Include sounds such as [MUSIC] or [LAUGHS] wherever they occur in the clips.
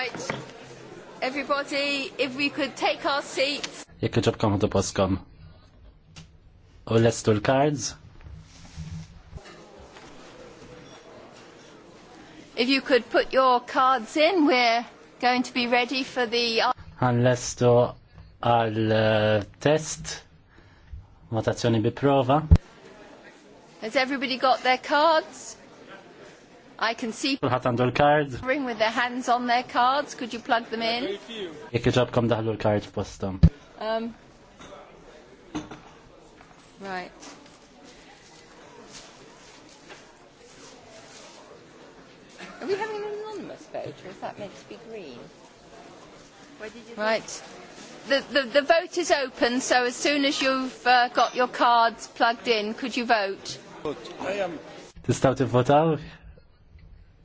Right, everybody, if we could take our seats. Jekk ġobkom ħadu poskom. U l-estu l-cards? If you could put your cards in, we're going to be ready for the... Għan l-estu għal-test, eh, votazzjoni bi prova. Has everybody got their cards? I can see people have their cards. Ring with their hands on their cards, could you plug them in? Thank you. Jekk iġobkom daħlu l-kard f'postom. Um, right. Are we having an anonymous vote, or is that meant to be green? Where did you Right. The, the, the vote is open, so as soon as you've uh, got your cards plugged in, could you vote? I am. Um... Tistaw tivvotaw?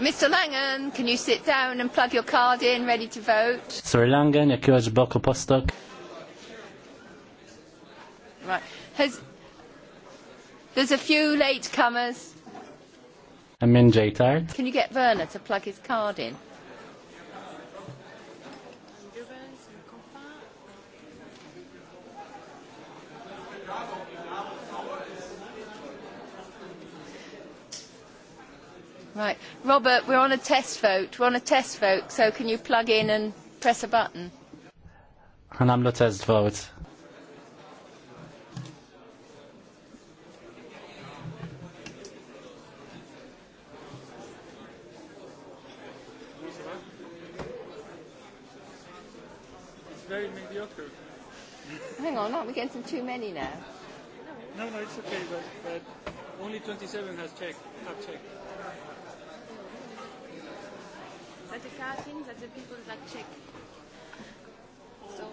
Mr. Langen, can you sit down and plug your card in, ready to vote? Sir Langen, jek joġbok u postok. Right. Has, there's a few latecomers. Emmin Can you get Werner to plug his card in? Right. Robert, we're on a test vote. We're on a test vote, so can you plug in and press a button? Għanamlu test vote. Hang on, aren't we getting too many now? No, no, it's okay, but, but only 27 has checked, have checked that the cartons, that the people that check. So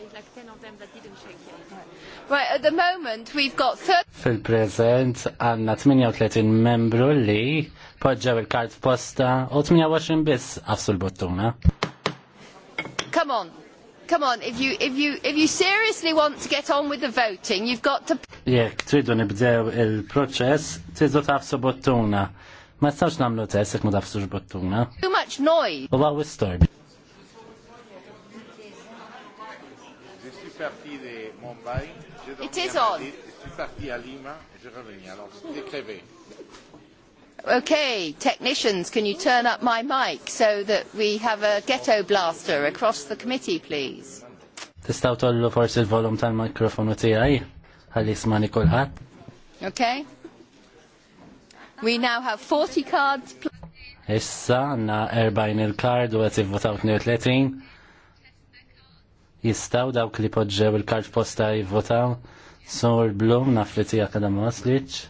there's like 10 of them that didn't check yet. Right, at the moment we've got 30... Fil-prezent għanna 38 membru li podġaw il-kart posta u 28 bis għafsu l-bottuna. Come on, come on, if you, if, you, if you seriously want to get on with the voting, you've got to... Jek, tridu nibdew il-proċess, tridu tafsu bottuna. Ma stawx namlu test jek ma tafsux bottuna. Too much noise. U għaw istorb. parti de Mumbai, Okay, technicians, can you turn up my mic so that we have a ghetto blaster across the committee, please? Tistaw tollu forse il-volum tal-mikrofonu tijaj, ħalli jismani kulħadd. Okay. We now have 40 cards. Issa għanna 40 il-kard u għet jivvotaw 32. Jistaw daw li podġew il-kard posta jivvotaw. Sur Blum naf li tijak għadha ma waslitx.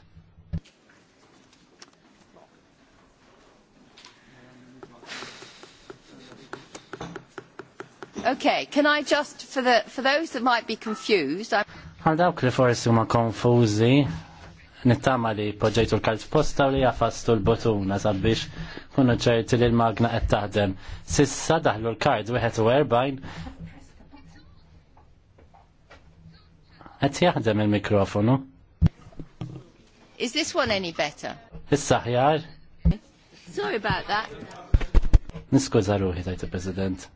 Okay, can I just, for, the, for those that might be confused, I'm... Għal dawk li forsi ma konfuzi, nittama li poġġejtu l-kart posta u li jaffastu l-botuna sabiex kunu ċerti li l-magna qed taħdem. Sissa daħlu l-kart 41 qed jaħdem il-mikrofonu. Is this one any better? Issa ħjar. Sorry about that. Niskuża ruħi tajt il-President.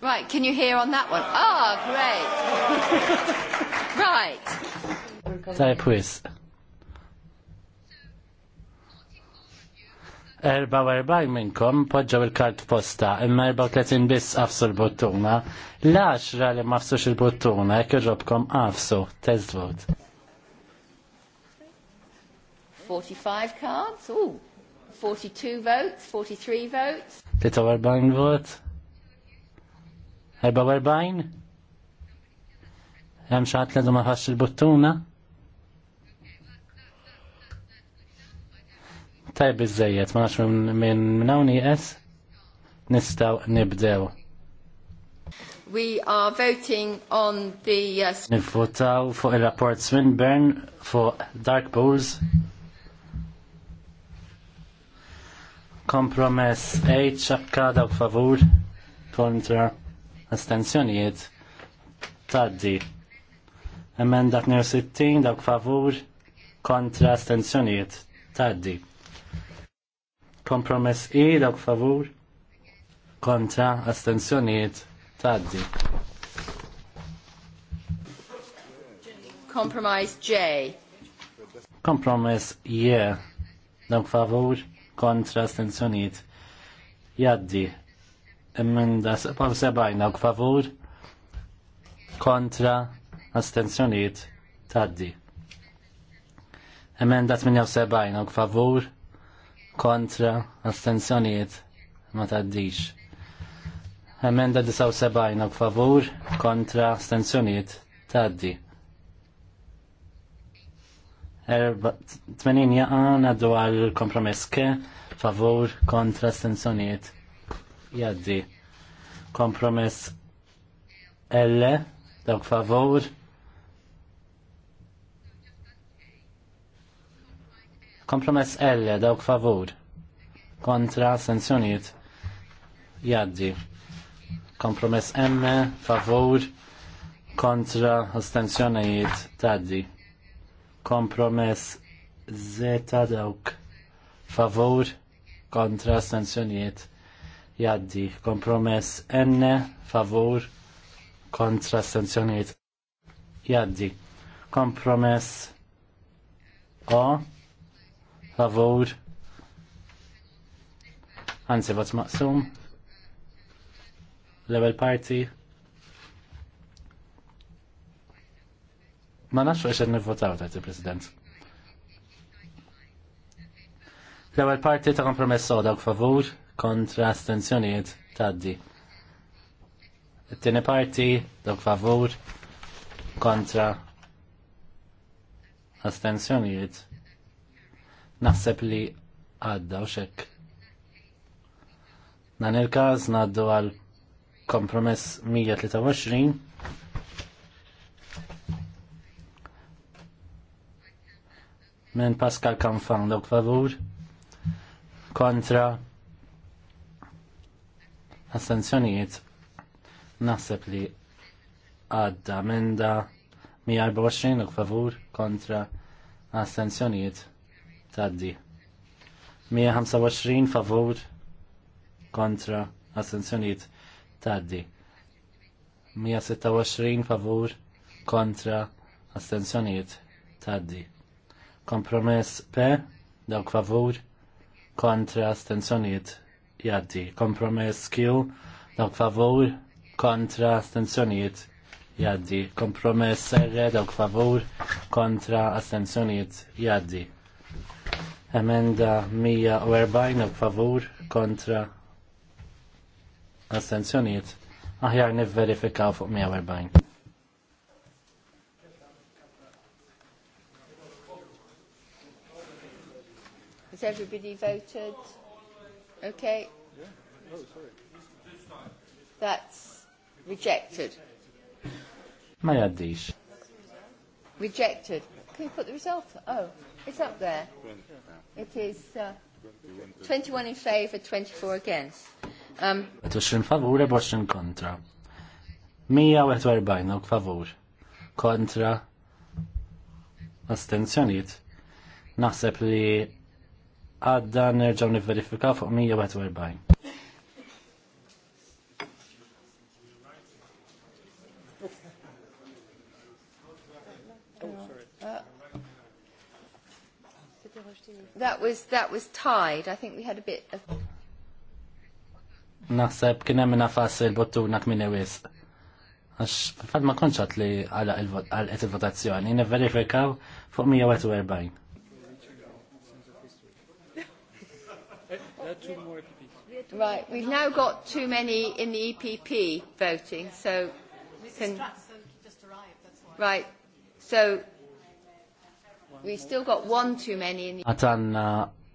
Right, can you hear on that one? oh, great. [LAUGHS] right. Sorry, please. Erba u erba minnkom podġaw il-kart posta, imma erba u tletin biss għafsu l bottuna L-axra li mafsux il bottuna jek irrobkom għafsu, test vote. 45 cards, ooh, 42 votes, 43 votes. 43 votes. 44 hemm xi ħadd li ma ħax il-buttuna. Taj iżejjed, ma nafx minn minn hawn ieqes nistgħu nibdew. We are voting on the... Uh, Nivvotaw fuq il-rapport Swinburne fuq Dark Bulls. Kompromess 8 xakka daw favur kontra astenzjonijiet taddi. Emenda 62 dawk favur kontra astenzjonijiet taddi. Kompromess i dawk favur kontra astenzjonijiet taddi. Compromise J. Compromise J. Yeah. Dawk favur kontra astenzjonijiet jaddi. Emenda sebajna u favur kontra astenzjoniet taddi. Emenda 78 u favur kontra astenzjoniet ma taddix. Emenda 79 u favur kontra astenzjoniet taddi. 80 jaqan għaddu għal kompromess ke favur kontra astenzjoniet jaddi. Kompromess L, dawk favor. Kompromess L, dawk favor. Kontra sanzjoniet jaddi. Kompromess M, favur. Kontra astensjonijiet taddi. Kompromess Z, dawk Favor. Kontra astensjonijiet jaddi kompromess n favur kontra astenzjoniet jaddi kompromess o favur Anzi, vot maqsum. Level party. Ma nafx għax għedni nivvotaw ta' president L-ewel parti ta' kompromess soda favur kontra astenzjonijiet taddi. It-tieni parti dok favur kontra astenzjonijiet naħseb li għadda u xek. Nan il-każ ngħaddu għal kompromess 123 Men Pascal Canfan dok favur kontra għas-sanzjonijiet naħseb li għadda menda 124 u favur kontra għas-sanzjonijiet taddi. 125 favur kontra għas-sanzjonijiet taddi. 126 favur kontra astenzjonijiet taddi. Kompromess P dawk favur kontra astenzjonijiet jaddi. Kompromess Q, dawk favur, kontra, astenzjonijiet jaddi. Kompromess R, dawk favur, kontra, astenzjonijiet jaddi. Emenda 140 dawk favur, kontra, astenzjonijiet. Aħjar verifikaw fuq 140. Has everybody voted? Okay. That's rejected. Ma jaddix. Rejected. Can you put the result? Oh, it's up there. It is uh, 21 in favor, 24 against. Um, 20 favur, 20 e kontra. 141 favur. Kontra. Astenzjoniet. Naħseb li għadda nerġaw nifverifika fuq 141. That was that was tied. I think we had a bit of Naħseb kien hemm nafas il-bottuna kmin wisq. Għax fad ma konċat li għalaq il-votazzjoni, nivverifikaw fuq 141. two more EPPs. Right, we've now got too many in the EPP voting, so... Can, right, so we still got one too many in the... Għatanna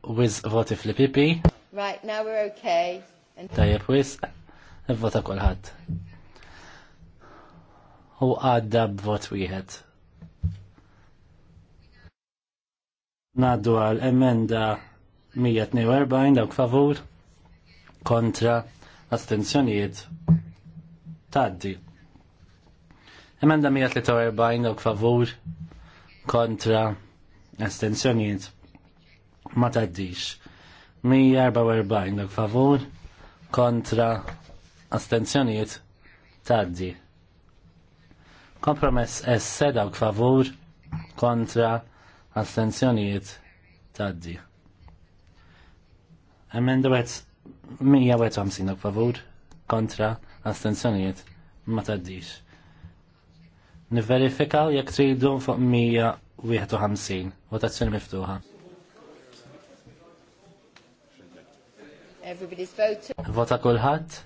wiz voti fl-EPP. Right, now we're okay. Tajjeb wiz, vota kolħat. U għadda b'vot wieħed. Naddu għal emenda 142 dawk favur kontra astenzjonijiet taddi. Emenda 143 dawk favur kontra astenzjonijiet ma taddix. 144 dawk favur kontra astenzjonijiet taddi. Kompromess S dawk favur kontra astenzjonijiet taddi. Emenda wet 150 favur kontra astensjonijiet, ma taddix. Niverifikaw jekk tridu fuq 151 votazzjoni miftuħa. Everybody's voted. Vota kulħadd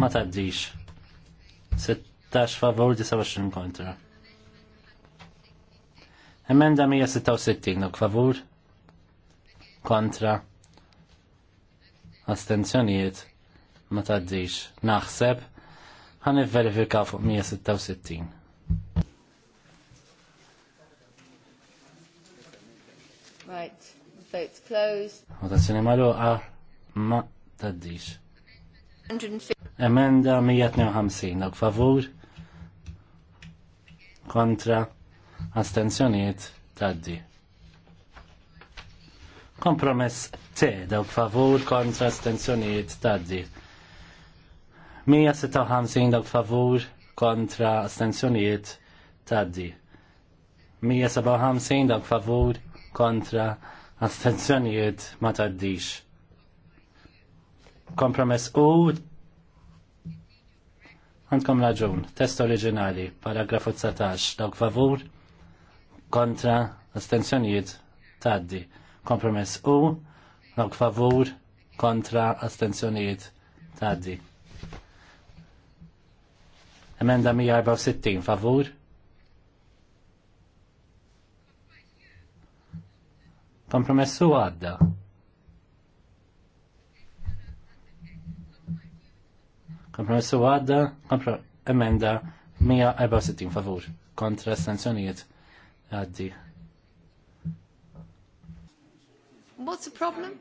ma taddix. 16 favor 29 kontra. Emenda 166 favur kontra astenzjonijiet ma taddix. Naħseb għan verifika fuq 166. Right, vote's closed. Votazzjoni maluqa ma taddix. Emenda 152, dak favur, kontra, astenzjoniet taddi. Kompromess T, dawk favur kontra astenzjonijiet taddi. 156 dawk favur kontra astenzjonijiet taddi. 157 dawk favur kontra astenzjonijiet ma taddix. Kompromess U għandkom raġun, test oriġinali, paragrafu 19, dawk favur kontra astenzjonijiet taddi. Kompromess U, dawk favur kontra astenzjoniet taddi. Emenda 164 favur. u għadda. u għadda, emenda 164 favur kontra astenzjonijiet taddi. What's the problem?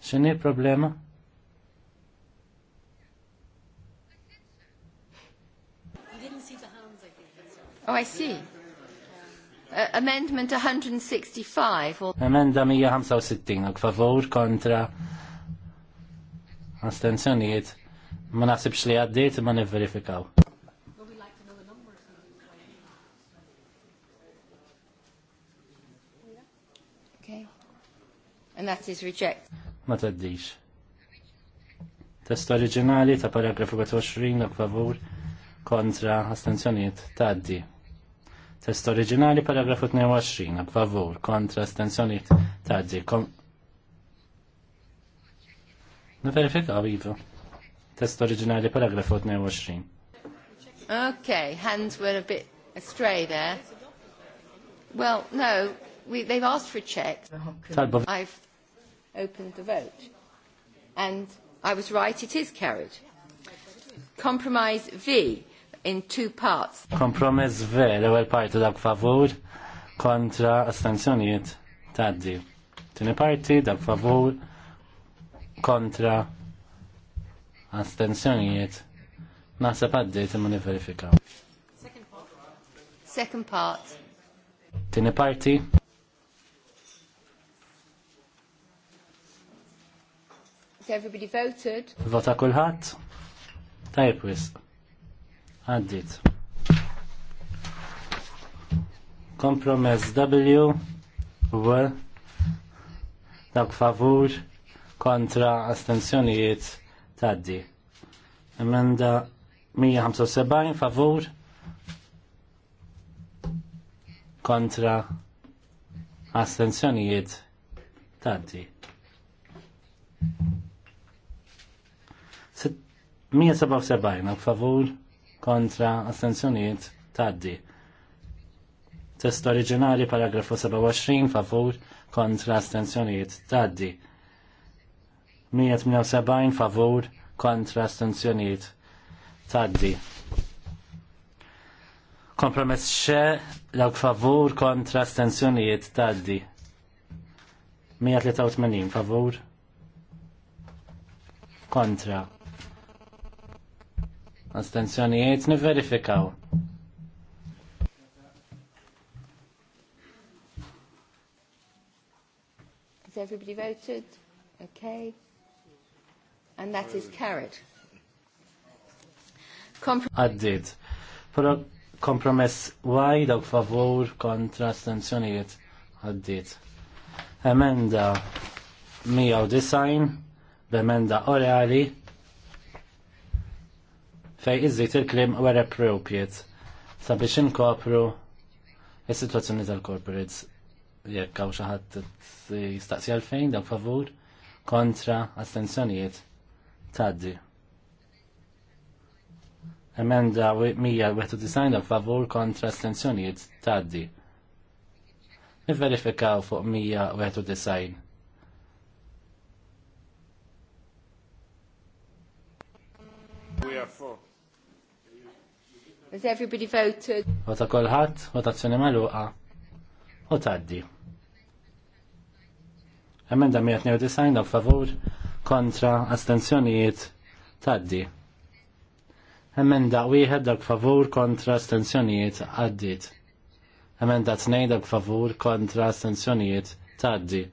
Xini problema? Oh, I see. Uh, amendment 165. Amenda 165, għak favor kontra astenzjonijiet. Ma naħsibx li għaddit ma nivverifikaw. and that is reject. Ma taddix. Test oriġinali ta' paragrafu 24 a favur kontra astenzjoniet taddi. Test oriġinali paragrafu 22 a favur kontra astenzjoniet taddi. Kom... Niverifikaw iva. Test oriġinali paragrafu 22. Okay, hands were a bit astray there. Well, no, we, they've asked for a check. I've opened the vote. And I was right, it is carried. Compromise V in two parts. Compromise V, l-ewwel parti dak favur kontra astenzjonijiet tgħaddi. Tieni parti dak favur kontra astenzjonijiet naħseb għaddejt imma niverifikaw. Second part. Tieni parti since everybody voted? Vota kulħadd? Tajb wis. Għaddit. Kompromess W u dak favur kontra astensjonijiet taddi. Emenda 175 favur kontra astensjonijiet taddi. 177 favur kontra astenzjoniet taddi. Test oriġinali paragrafu 27 favur kontra astenzjoniet taddi. 178 favur kontra astenzjoniet taddi. Kompromess xe lawk favur kontra astenzjoniet taddi. 183 favur kontra astenzjonijiet niverifikaw. Has everybody voted? Okay. And that is carried. Għaddit. Pro kompromess waj dawk favur kontra astenzjonijiet. Għaddit. Emenda 190 b'emenda oreali fej iżżid il-klim were appropriate sabiex inkopru il-situazzjoni tal-corporates jekk għaw xaħat ħadd jistaqsi għalfejn dawk favur kontra astensjonijiet taddi. Emenda 191 dawk favur kontra astensjonijiet taddi. Niverifikaw fuq 191. We are for. Has everybody voted? Vota kolħat, votazzjoni maluqa. U taddi. Emenda 192 daw favur kontra astenzjonijiet taddi. Emenda wieħed dak favur kontra astenzjonijiet għaddit. Emenda tnej dak favur kontra astenzjonijiet taddi.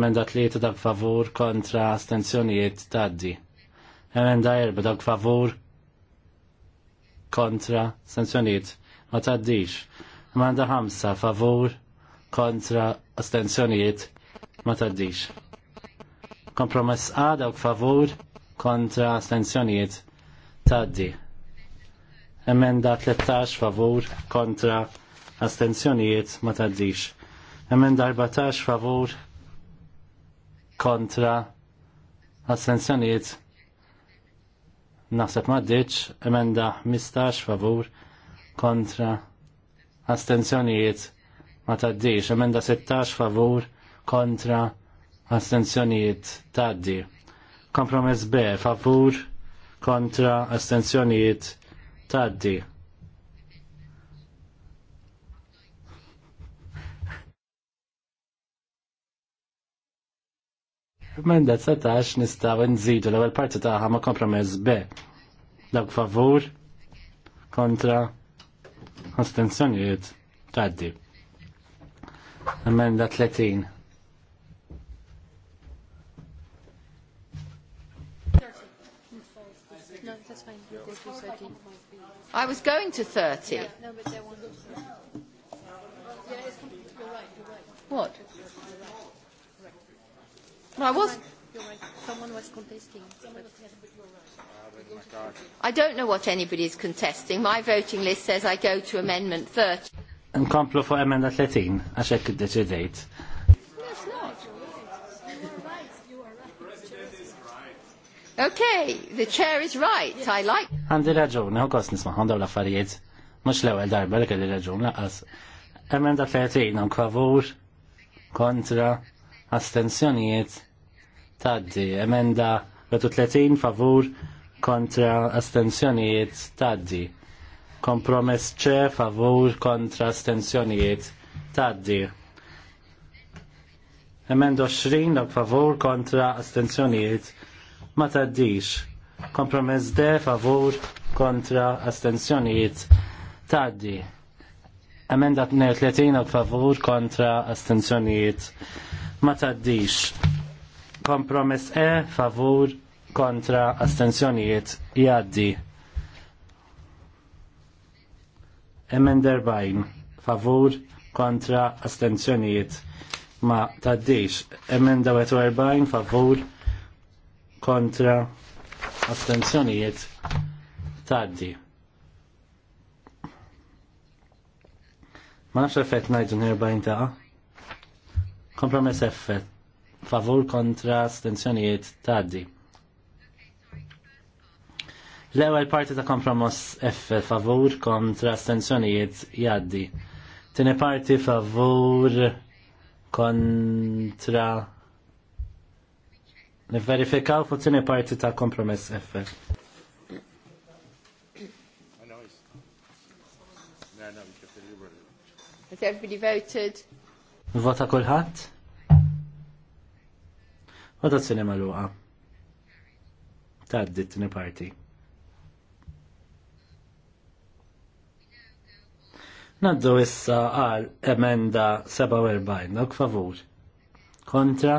Emenda tlieta dak favur kontra astenzjonijiet taddi. Emenda erba dak favur kontra astenzjoniet ma taddix. Manda ħamsa favur kontra astenzjoniet ma taddix. Kompromess A dawk favur kontra astenzjoniet taddi. Emenda 13 favur kontra astenzjoniet ma taddix. Emenda 14 favur kontra astenzjoniet Naħseb maddiċ, emenda 15 favur kontra astenzjonijiet ma taddiċ, emenda 16 favur kontra astenzjonijiet taddi. Kompromess B favur kontra astenzjonijiet taddi. Menda 19 nistaw nżidu l-ewwel parti taħħa ma' kompromess B. Dawk favur kontra astenzjonijiet tgħaddi. Emenda 30. I was going to 30. What? was. Someone was contesting. I don't know what anybody is contesting. My voting list says I go to Amendment 30. Nkomplu fuq Amenda 30, għax hekk iddeċidejt. Okay, the chair is right. I like. Għandi raġun, għu kos nisma, għandaw l-affarijiet. Mux l-ewel darba li kelli raġun, laqas. Emenda 30, għan kavur, kontra, astensjonijiet, taddi. Emenda 30 favur kontra astensjonijiet taddi. Kompromess ċe favur kontra astensjonijiet taddi. Emenda 20 favur kontra astensjonijiet ma taddix. Kompromess de favur kontra astensjonijiet taddi. Emenda 32 favur kontra astensjonijiet ma taddix. Kompromess E favur kontra astensjonijiet jaddi. Emenderbajn favur kontra astensjonijiet ma taddix. Emenda 40 favur kontra astensjonijiet taddi. Ma nafx effett najdu n'irbajn ta' kompromess effett favur kontra stenzjonijiet taddi. l ewel parti ta' kompromos F favur kontra stenzjonijiet jaddi. Tieni parti favur kontra Nifverifikaw fuq tieni parti ta' kompromess F. Has everybody voted? Vota kulħadd? Votazzjoni maluqa. Ta' d tini parti. Naddu issa għal emenda 47, dawk favur. Kontra,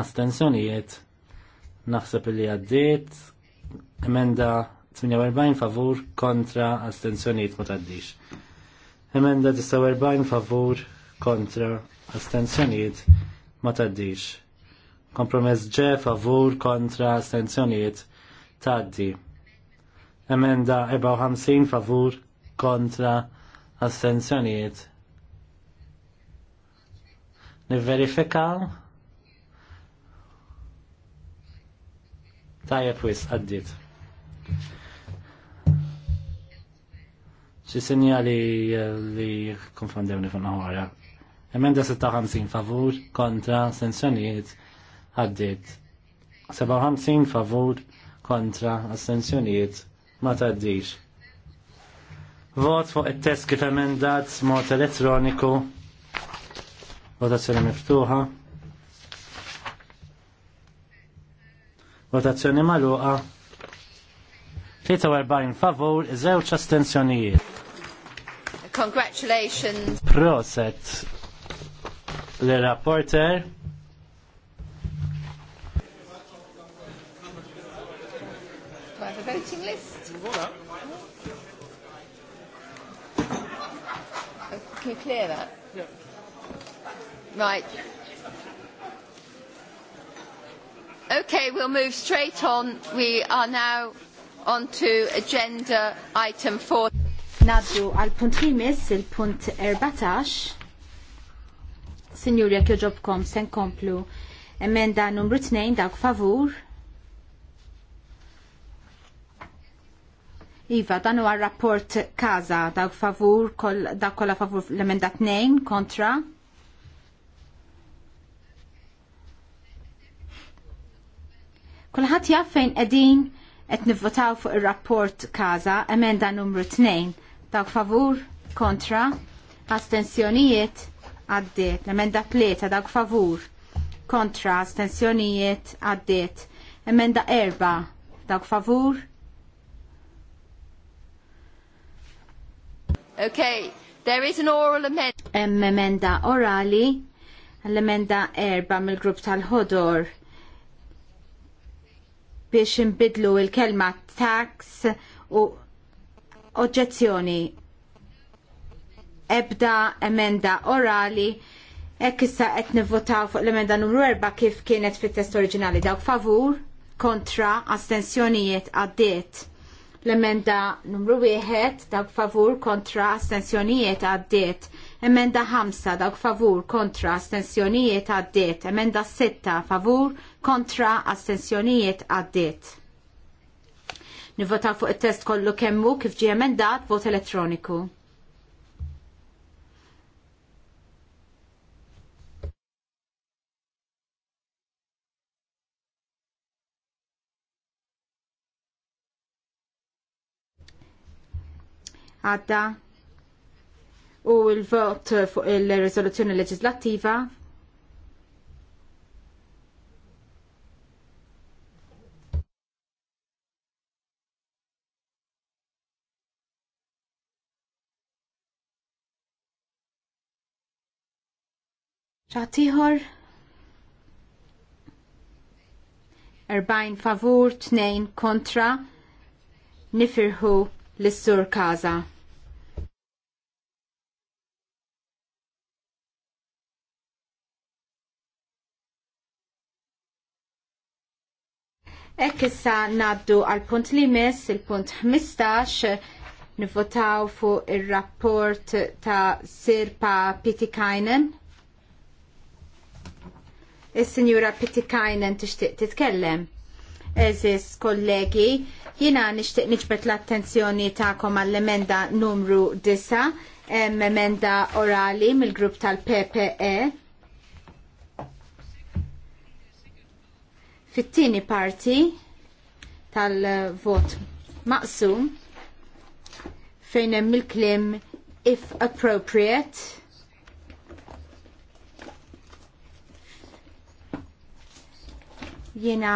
astensjonijiet, naħseb li għaddiet, emenda 48 favur, kontra, astensjonijiet ma taddix. Emenda 49 favur, kontra, astensjonijiet ma taddix Kompromess ġe favur kontra astenzjonijiet taddi. Emenda 54 favur kontra astenzjoniet. Niverifikaw? Tajjeb wis, għaddit. ċi sinjali eh, li konfondewni fan għara. Emenda 56 favur kontra astenzjoniet għaddit. 57 favur kontra astensjonijiet ma taddix. Vot fuq it-test kif emendat mod elettroniku. Votazzjoni miftuħa. Votazzjoni magħluqa. 43 favur, żewġ astensjonijiet. Congratulations. Proset. Le rapporter. voting list? Can you clear that? Yeah. Right. Okay, we'll move straight on. We are now on to agenda item four. Nadu al punt ħimis, il-punt 14. Signori, jek joġobkom, sen komplu. Emenda numru 2, dawk favur Iva, dan huwa rapport kaza, dak favur, kol, dak kolla favur l-emenda 2 kontra. Kulħadd jaf fejn qegħdin qed nivvotaw fuq ir-rapport kaza, emenda numru 2, dak favur, kontra, astensjonijiet għaddiet, l-emenda 3 dak favur, kontra, astensjonijiet għaddiet, emenda 4 dak favur, Okay, there is an oral amendment. emenda orali, l-emenda erba mill-grupp tal-ħodor biex imbidlu il-kelma tax u oġġezzjoni. Ebda emenda orali hekk issa qed nivvotaw fuq l-emenda numru 4 kif kienet fit-test oriġinali dawk favur kontra astensjonijiet għaddiet. L-emenda numru 1 dawk favur kontra astensjonijiet għaddiet. Emenda 5 dawk favur kontra astensjonijiet għaddiet. Emenda 6 favur kontra astensjonijiet għaddiet. Nivvotaw fuq it-test kollu kemmu kif ġie emendat vot elettroniku. għadda u l-vot fuq il-rezoluzzjoni leġislattiva ċatiħor 40 favur, 2 kontra, nifirħu l-sur kaza. Ek issa naddu għal punt li mis, il-punt 15, nivotaw fuq il-rapport ta' Sirpa Pitikainen. Is-Sinjura Pitikainen tixtieq titkellem. Eżis kollegi, jiena nixtieq nġbet l-attenzjoni tagħkom għall-emenda numru 9, emenda orali mill-grupp tal-PPE Fit-tieni parti tal-vot maqsum fejn hemm il kliem if appropriate. Jiena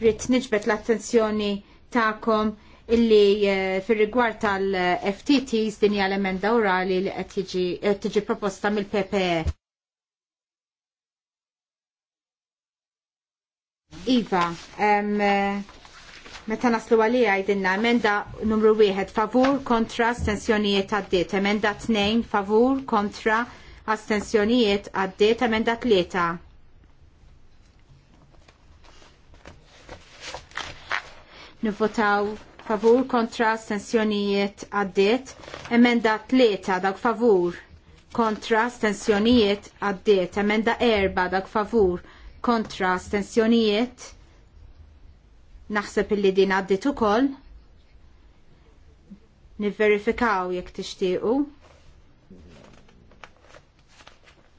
rrit niġbet l-attenzjoni tagħkom illi eh, fir-rigward tal-FTTs din hija l-emenda orali li qed tiġi proposta mill-PPE. Iva, eh, meta naslu għalli għajdinna, emenda numru 1 favur kontra astensjonijiet għaddiet, emenda 2 favur kontra astensjonijiet għaddiet, emenda 3 nivvotaw favur kontra astensjonijiet għaddiet, emenda tlieta dak favur kontra stensjonijiet għaddiet, emenda erba dak favur kontra stensjonijiet naħseb illi din għaddit ukoll nivverifikaw jekk tixtiequ.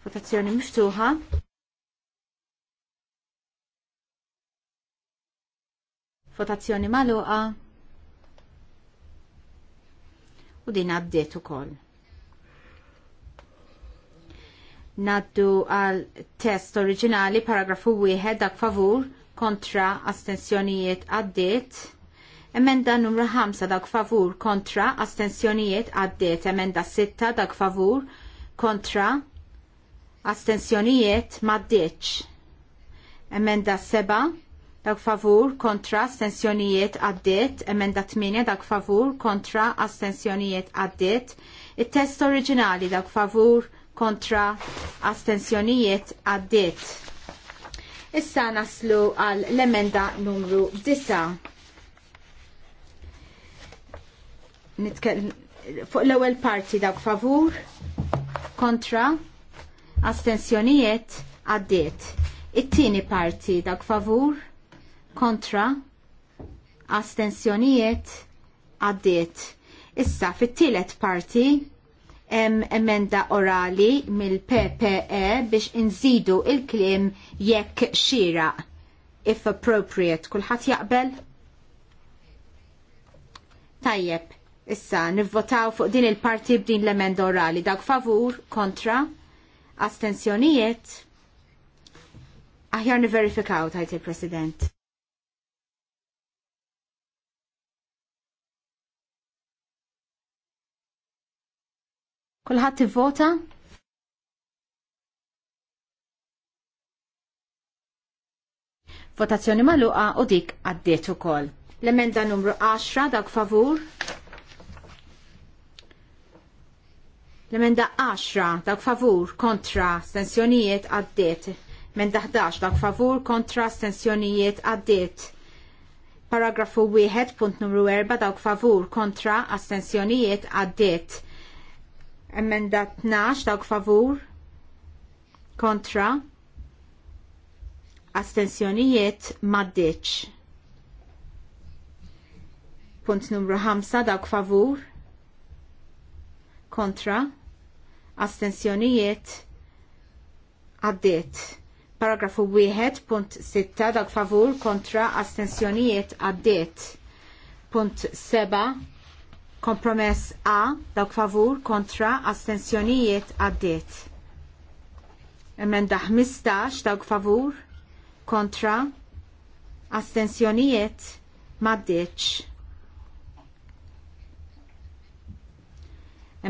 Votazzjoni miftuħa. Votazzjoni magħluqa. U din għaddiet ukoll. Naddu għal test oriġinali paragrafu wieħed dak favur kontra astensjonijiet għaddiet. Emenda numru 5 dak favur kontra astensjonijiet għaddiet. Emenda 6 dak favur kontra astensjonijiet maddiċ. Emenda 7 dak favur kontra astensjonijiet għaddiet, emenda 8 dak favur kontra astensjonijiet għaddiet, it-test oriġinali dak favur kontra astensjonijiet għaddiet. Issa naslu għal l-emenda numru 9. fuq l-ewwel parti dawk favur, kontra, astensjonijiet għaddiet. It-tieni parti dawk favur, kontra, astensjonijiet għaddiet. Issa fit-tielet parti em emenda orali mill-PPE biex inżidu il-klim jekk xira if appropriate. Kulħadd jaqbel? Tajjeb, issa nivvotaw fuq din il-parti b'din l-emenda orali. Dak favur, kontra, astensjonijiet. Aħjar niverifikaw tajt il-President. Kulħadd ivvota? Votazzjoni magħluqa u dik għaddiet ukoll. L-emenda numru 10 dak favur. L-emenda 10 dak favur kontra stensjonijiet għaddiet. Emenda 11 dak favur kontra stensjonijiet għaddiet. Paragrafu 1 punt numru 4 dak favur kontra astensjonijiet għaddiet Emenda 12 dawk favur kontra astensjonijiet maddiċ. Punt numru 5 dawk favur kontra astensjonijiet għaddiet. Paragrafu 1, punt 6, dawk favur kontra astensjonijiet għaddiet. Punt Kompromess A, dawk favur kontra astensjonijiet għaddiet. Emenda 15, dawk favur kontra astensjonijiet maddiċ.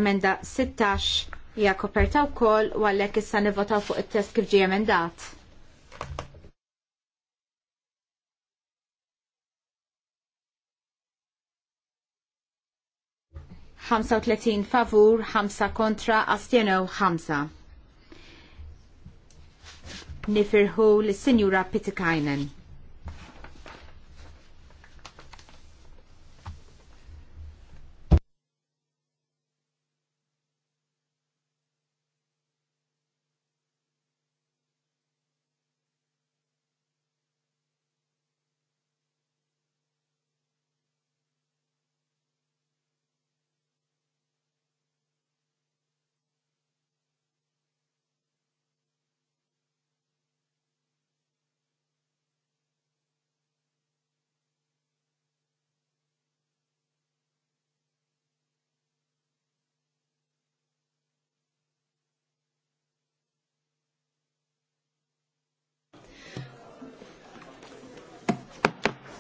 Emenda 16 hija koperta wkoll u għalhekk issa nivvotaw fuq it-test kif ġie emendat. 35 favur, 5 kontra, astjenew 5. Nifirħu l-Sinjura Pitikajnen.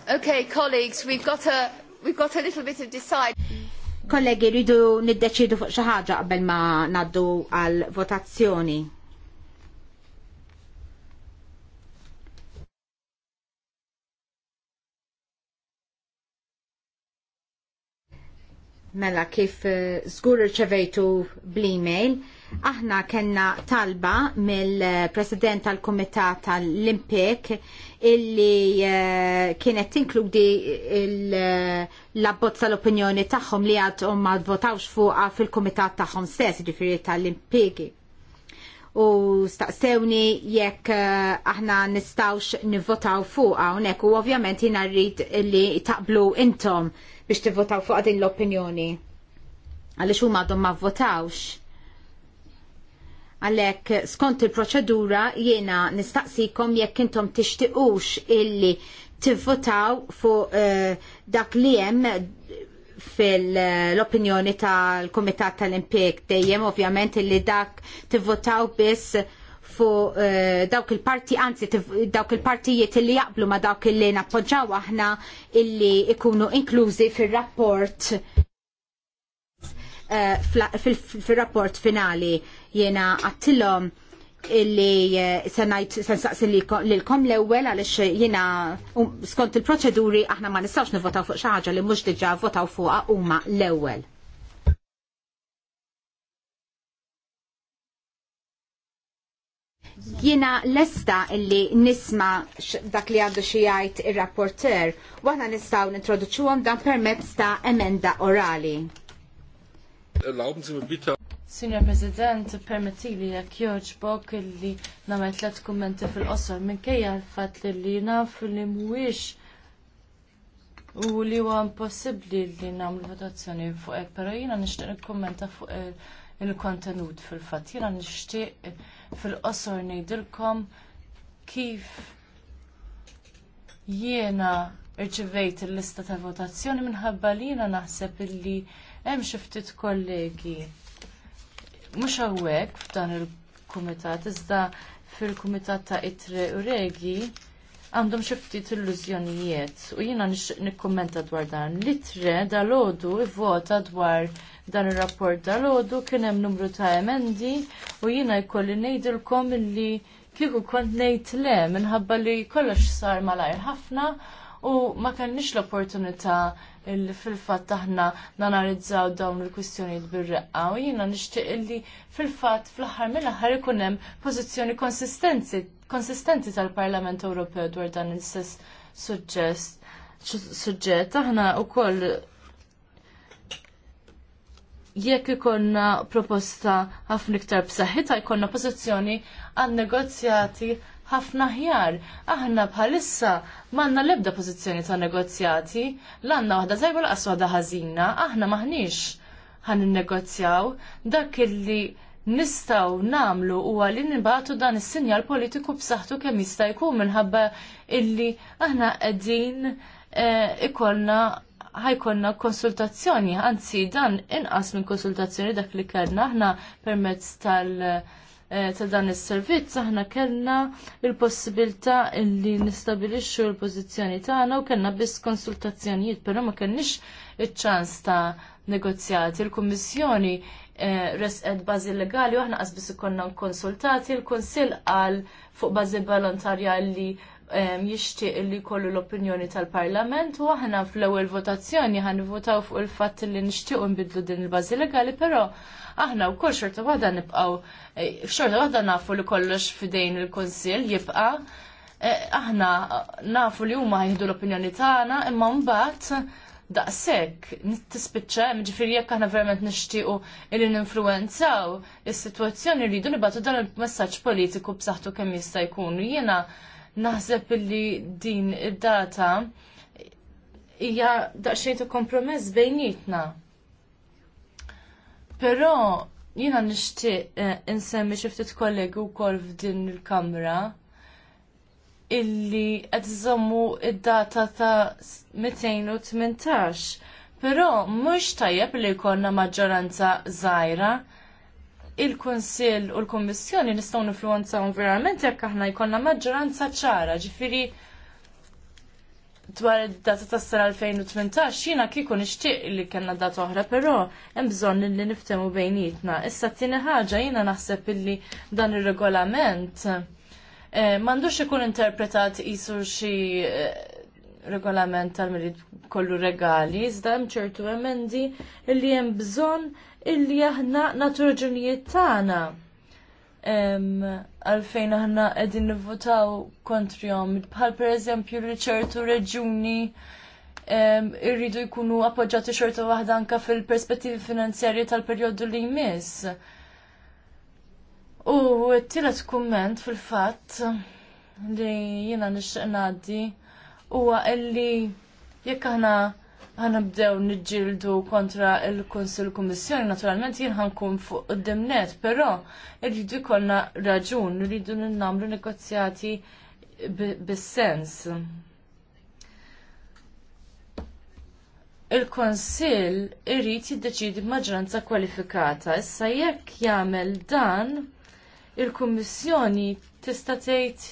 Okay, colleagues, we've got a we've got a little bit of decide. Kollegi, rridu niddeċidu fuq xi ħaġa qabel ma naddu għal votazzjoni. Mela kif eh, żgur irċevejtu bl-email, Aħna kellna talba mill-President tal komitat tal-Olimpik illi eh, kienet tinkludi eh, l-abbozza l-opinjoni tagħhom li għadhom ma votawx fuqha fil-Kumitat tagħhom stess, ġifiri tal-Olimpiki u staqsewni jekk eh, aħna nistawx nivvotaw fuqa, hawnhekk u ovvjament jiena rrid li taqblu intom biex tivvotaw fuqa din l-opinjoni. Għaliex huma għadhom ma vvotawx. Għalek, skont il-proċedura jiena nistaqsikom jekk intom tixtiqux illi tivvotaw fuq uh, dak li hemm fil-opinjoni tal-Komitat tal-Impjeg dejjem ovvjament illi dak tivvotaw biss fuq uh, dawk il-parti, anzi dawk il-partijiet illi jaqblu ma dawk illi nappoġġaw aħna illi ikunu inklużi fil-rapport Eh, fil-rapport finali jena għattilom illi sanajt eh, sansaqsin li l-kom l-ewel għalix jena um, skont il-proċeduri aħna ma nistawx nivotaw fuq xaħġa li mux diġa votaw fuqa huma l-ewel. Jena lesta illi nisma dak li għandu xijajt il-rapporter, waħna nistaw nintroduċuhom dan permezz ta' emenda orali. Erlauben Sie mir bitte. Signor President, permetti li jek joġbok li nagħmel tliet kummenti fil-qosor minkejja l fatt li li naf li mhuwiex u li huwa impossibbli li nagħmlu votazzjoni fuq hekk, però jiena nixtieq nikkummenta fuq il-kontenut fil-fatt. Jiena nixtieq fil-qosor ngħidilkom kif jiena rċivejt il-lista ta' votazzjoni minħabba li jiena naħseb illi Hemm xi ftit kollegi mhux hawnhekk f'dan il-kumitat iżda fil-kumitat ta' itri u regi għandhom xi ftit illużjonijiet u jiena nikkummenta dwar dan. L-itre dal-għodu vvota dwar dan ir-rapport dal-għodu kien hemm numru ta' emendi u jiena jkolli ngħidilkom li kieku kont ngħid le minħabba li kollox sar malajr ħafna u ma kellniex l-opportunità illi fil-fatt aħna nanalizzaw dawn il-kwistjonijiet bir-reqqa u jiena nixtieq illi fil-fatt fl-aħħar mill-aħħar ikun hemm pożizzjoni konsistenti tal-Parlament Ewropew dwar dan il-sess suġġett aħna wkoll jekk ikonna proposta ħafna iktar b'saħħitha jkollna pożizzjoni għan negozjati ħafna ħjar. Aħna bħalissa manna lebda pożizzjoni ta' negozjati, l-għanna waħda tajba laqas waħda ħażina, aħna maħniex ħan negozjaw dak illi nistaw namlu u għalli nibatu dan is sinjal politiku b'saħħtu kemm jista' jkun minħabba illi aħna qegħdin eh, ikollna ħajkonna konsultazzjoni, anzi dan inqas minn konsultazzjoni dak li kellna aħna permezz tal- Eh, ta' dan is-servizz aħna kellna il-possibilità li nistabilixxu l-pożizzjoni tagħna u kellna biss konsultazzjonijiet, però ma kellniex iċ-ċans ta' negozjati. Il-Kummissjoni eh, resqed bażi legali u aħna qasbis ikollna konsultati, il-Kunsill qal fuq bażi volontarja li jixtieq li jkollu l-opinjoni tal-Parlament u aħna fl-ewwel votazzjoni ħan votaw fuq il-fatt li nixtiequ nbidlu din il-bażi legali, però aħna wkoll xorta waħda nibqgħu eh, xorta waħda nafu li kollox f'idejn il-Kunsill jibqa' eh, aħna nafu li huma jieħdu l-opinjoni tagħna imma mbagħad daqshekk nittispiċċa hemm ġifieri jekk aħna verament nixtiequ illi ninfluenzaw is-sitwazzjoni rridu nibatu dan il-messaġġ politiku b'saħħtu kemm jista' jkun. Jiena naħseb illi din id-data hija daqsxejn ta' kompromess bejnietna. Però jiena nixtieq eh, insemmi xi ftit kollegi wkoll f'din il-kamra illi qed iżommu id-data ta' 218. Però mhux tajjeb li jkollna maġġoranza żgħira il-Kunsill u l-Kommissjoni nistgħu influenzaw verament jekk aħna jkollna maġġoranza ċara, ġifieri dwar id-data tas sena 2018 jiena kieku nixtieq li kellna data oħra, però hemm bżonn li niftemu bejnietna. Issa t-tieni ħaġa jiena naħseb illi dan ir-regolament eh, m'għandux ikun interpretat isu xi eh, regolament tal mirid kollu regali, iżda hemm ċertu emendi li hemm bżonn illi aħna naturġunijiet raġunijiet tagħna. Għalfejn aħna qegħdin nivvotaw kontrihom bħal pereżempju li ċertu reġuni irridu jkunu appoġġjati xorta waħda anka fil-perspettivi finanzjarji tal-perjodu li jmiss. U t-tielet kumment fil-fatt li jiena nixtieq ngħaddi huwa illi jekk aħna ħanibdew niġġieldu kontra il-Kunsill Kummissjoni, naturalment jien ħankun fuq id-dimnet, però rridu jkollna raġun, rridu nagħmlu negozjati bis-sens. il konsil irrid jiddeċidi b'maġġoranza kwalifikata. Issa jekk jagħmel dan, il-Kummissjoni tista' tgħid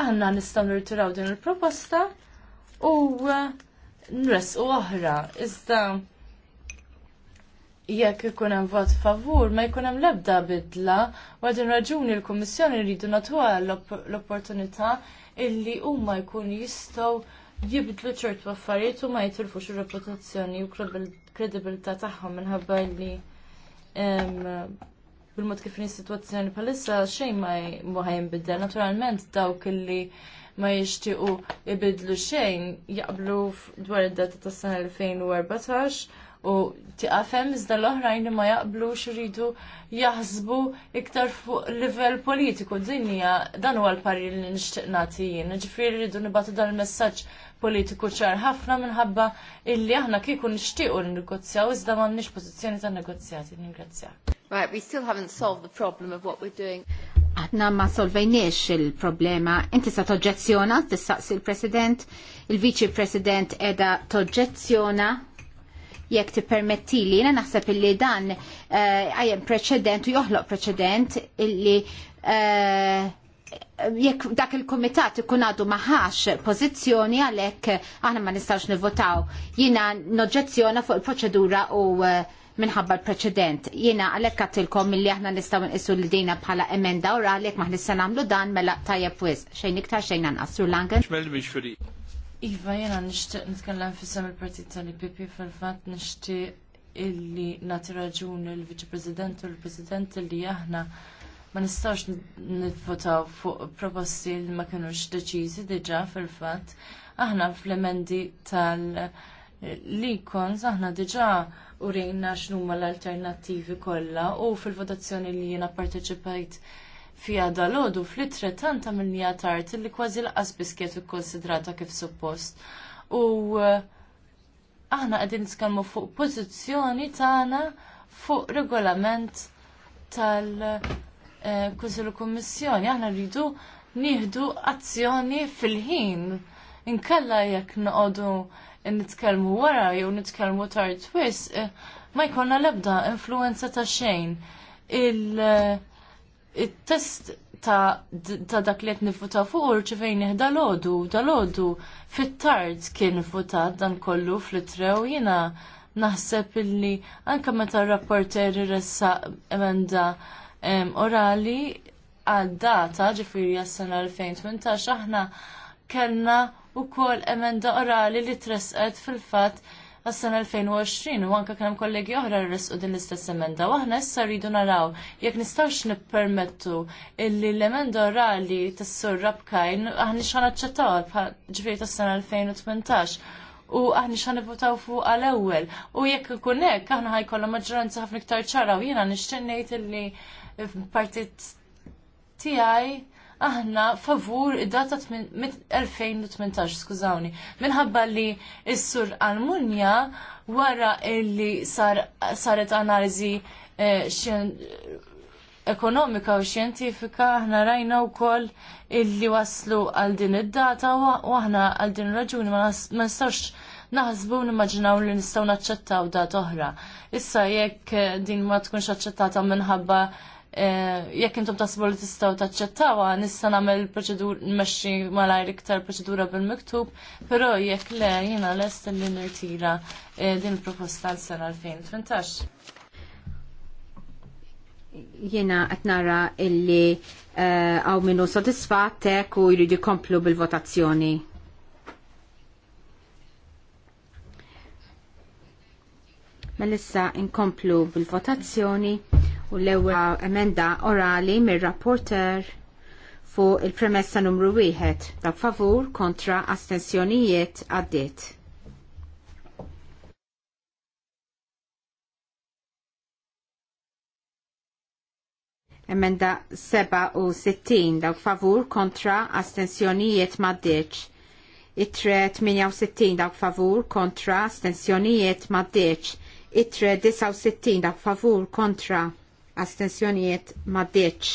aħna nistgħu nirturaw din il-proposta u uh, nresqu oħra. Iżda jekk ikun hemm vot favur ma jkun hemm l-ebda bidla u għadin raġuni l-Kummissjoni rridu natuha l-opportunità illi huma jkun jistgħu jibdlu ċertu affarijiet u ma jitilfux ir-reputazzjoni u kredibilità tagħhom minħabba li bil-mod kif in-sitwazzjoni bħalissa xejn ma bidda. Naturalment dawk illi ma jixtiequ ibidlu xejn jaqblu dwar id-data tas-sena 2014 u tiqafem iżda l-oħrajn li ma jaqblux iridu jaħsbu iktar fuq livell politiku. Din hija dan huwa l parri li nixtieq nagħti jien. Ġifieri rridu nibgħatu dan il-messaġġ politiku ċar ħafna minħabba illi aħna kieku nixtiequ negozjaw iżda m'għandniex pożizzjoni ta' negozjati. Ningrazzjak. Right, we still haven't solved the problem of what we're doing. Aħna ma solvejniex il-problema. Inti sa toġġezzjona, tistaqsi il-President, il-Viċi President edha toġġezzjona jekk tippermetti li jena naħseb illi dan eh, għajem preċedent u joħloq preċedent illi eh, jekk dak il-komitat ikun għadu maħax pozizjoni għalek aħna ma nistax nivotaw jina noġġezzjona fuq il-proċedura u uh, minħabba l-preċedent. Jiena għalhekk għatilkom milli aħna nistgħu nqissu l dina bħala emenda u għalhekk maħna nista' nagħmlu dan mela tajjeb wis. Xejn iktar xejn anqasru langen. Iva, jiena nixtieq nitkellem fissam il-partit tal-IPP fil fatt nixtieq illi nagħti raġun il-Viċi President u l-President illi aħna ma nistawx nitvotaw fuq proposti li ma kienux deċiżi diġa fil-fatt. Aħna fl-emendi tal-Likons aħna diġa u rejna x'numa l-alternattivi kollha u fil-votazzjoni li jiena parteċipajt fija dal-ħodu fl-itre tant għamilnija tard li kważi laqas biskiet ikkonsidrata kif suppost. U eh, aħna qegħdin nitkellmu fuq pożizzjoni tagħna fuq regolament tal-Kunsill eh, Kommissjoni, Kummissjoni. Aħna rridu nieħdu azzjoni fil-ħin. Inkella jekk noqogħdu nitkellmu wara jew nitkellmu tard twis eh, ma jkollna l-ebda influenza ta' xejn. Eh, il-test ta', ta dak li qed nifuta' fuq urċivejn dal-ħodu, dal-ħodu fit-tard kien votat dan kollu fl-itrew jiena naħseb illi anke meta r-rapporter ressa emenda orali għal data ġifieri għas-sena 2018 aħna kellna u kol emenda orali li tresqet fil-fat għas-sena 2020 u anka kienem kollegi oħra rresqu din l-istess emenda. U aħna issa rridu naraw jekk nistgħux nippermettu illi l-emenda orali tas-sur Rabkajn aħna xan aċċettawha ġifieri tas-sena 2018 u aħna xan votaw fuq għal-ewwel. U jekk ikun hekk aħna ħajkollha maġġoranza ħafna iktar ċara u jiena nixtieq illi partit tiegħi aħna favur id-data 2018, skużawni, minħabba li s-sur għal Munja wara illi sar, saret analizi eh, ekonomika u xjentifika aħna rajna wkoll illi waslu għal din id-data u aħna għal din raġuni ma nistgħux naħsbu nimmaġinaw li nistgħu naċċettaw data oħra. Issa jekk eh, din ma tkunx aċċettata minħabba Eh, jekk intom tasbu li tistgħu taċċettawha nista' nagħmel proċedur nmexxi malajr iktar proċedura bil-miktub, però jekk le jiena lest li nirtira eh, din il-proposta l-sena Jiena qed nara illi eh, għaw uh, minnu hekk u jridu komplu bil-votazzjoni. Melissa inkomplu bil-votazzjoni u l-ewwel emenda orali mir-rapporter fuq il-premessa numru wieħed ta' favur kontra astensjonijiet għaddiet. Emenda 67 daw favur kontra astensjonijiet maddeċ. Itre 68 daw favur kontra astensjonijiet maddeċ. Itre 69 daw favur kontra astensjonijiet deċ.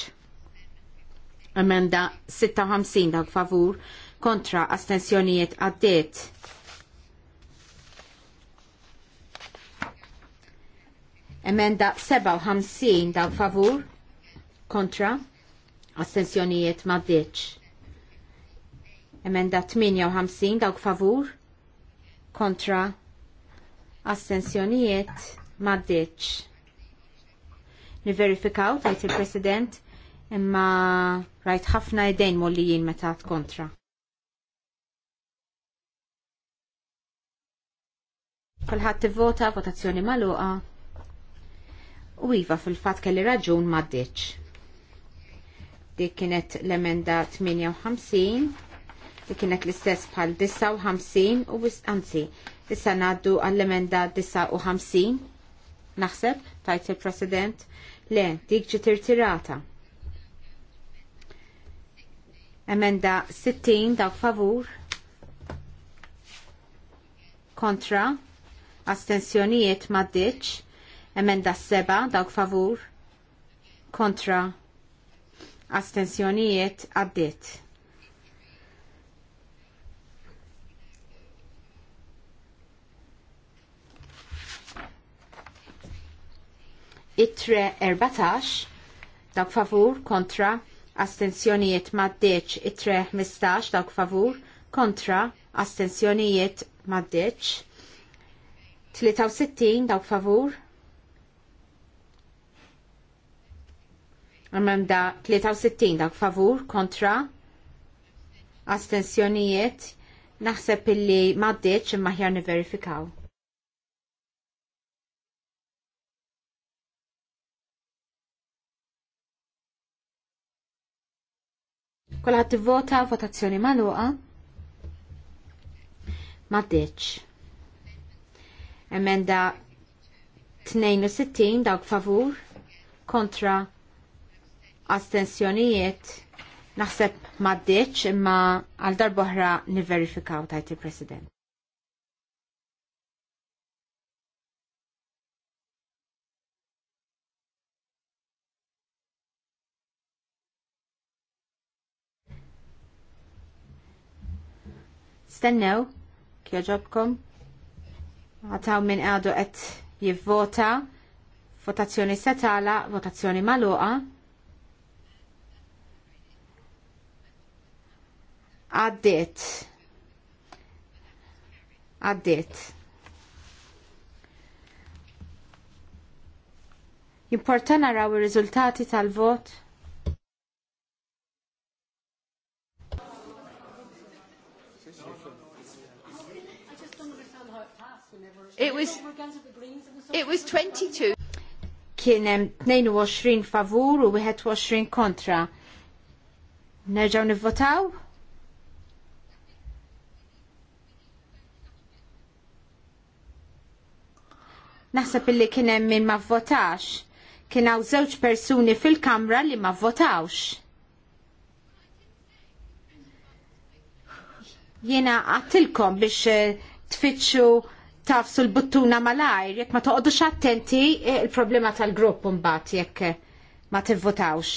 Emenda 56 dak favur kontra astensjonijiet għaddiet. Emenda 57 dak favur kontra astensjonijiet maddeċ. Emenda 58 dak favur kontra astensjonijiet maddeċ niverifikaw tajt il-President imma rajt ħafna idejn mollijin meta kontra. Kulħadd vota votazzjoni magħluqa. U iva fil-fatt kelli raġun m'għaddiċ. Dik kienet l-emenda 58, dik kienet l-istess bħal 59 u anzi, issa ngħaddu għall-emenda 59 naħseb tajt il-President Le, dik ġi tirtirata. Emenda 60 daw favur. Kontra. Astensjonijiet maddiċ. Emenda 7 da favur. Kontra. Astensjonijiet għaddit. it-tre 14 dawk favur kontra astensjonijiet maddeċ it-tre 15 dawk favur kontra astensjonijiet maddeċ 63 dawk favur da 63 dawk favur kontra astensjonijiet naħseb illi maddeċ imma ħjar niverifikaw. Kolħat vota votazzjoni maluqa. Ma deċ. Emenda 62 dawk favur kontra astensjonijiet naħseb ma deċ imma għal darboħra niverifikaw tajt il-President. Stennew, kjoġobkom, għataw minn għadu għet jivvota, votazzjoni setala, votazzjoni maluqa. Għaddit. Għaddit. Importanti naraw ir-riżultati tal-vot. It was, it was 22. Kienem 22 favur u 21 kontra. Nerġaw nivvotaw? Naħseb illi kienem min ma Kien Kienaw żewġ persuni fil-kamra li ma vvotawx. Jiena għattilkom biex eh, tfittxu tafsu l-buttuna mal mal-ajr, jekk ma toqodux attenti eh, il-problema tal-grupp mbagħad jekk eh, ma tivvotawx.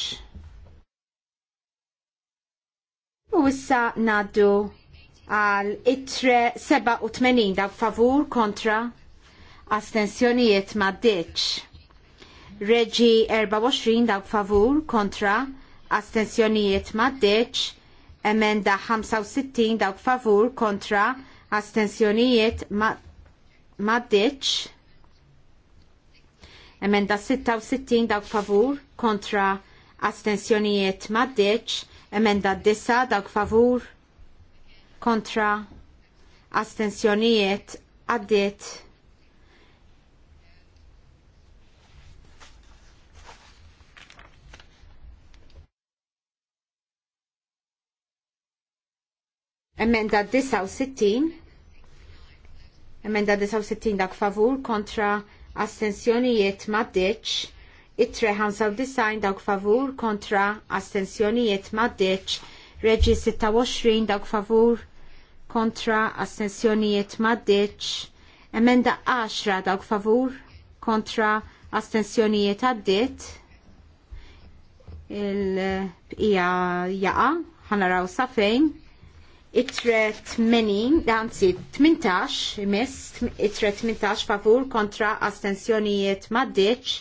U issa naddu għal itre 87 dak favur kontra astensjonijiet ma ditx. Reġi 24 dak favur kontra astensjonijiet ma ditx. Emenda 65 dak favur kontra astensjonijiet ma maddeċ. Emenda 66 dawk favur kontra astensjonijiet maddeċ. Emenda 9 dawk favur kontra astensjonijiet għaddit Emenda 69 Emenda 69 dak favur kontra astensjonijiet maddeċ. Itre design dak favur kontra astensjonijiet maddeċ. Reġi 26 dak favur kontra astensjonijiet maddeċ. Emenda 10 dak favur kontra astensjonijiet għaddit. il ija jaqa ħanaraw sa safejn itre 80, anzi 18, mis, itre 18 favur kontra astensjonijiet maddeċ,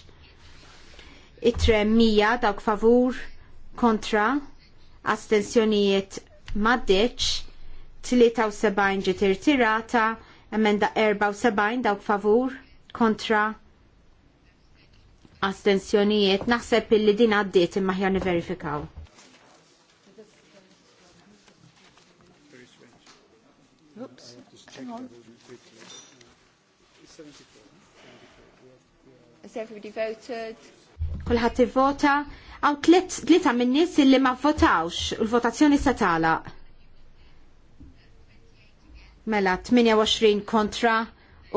itre 100 dawk favur kontra astensjonijiet maddeċ, 73 ġiet irtirata, emenda 74 dawk favur kontra astensjonijiet. Naħseb illi din għaddiet imma ħja niverifikaw. hang on. Kulħadd ivvota. Għaw tlieta minn nies illi ma votawx u l-votazzjoni se tagħlaq. Mela 28 kontra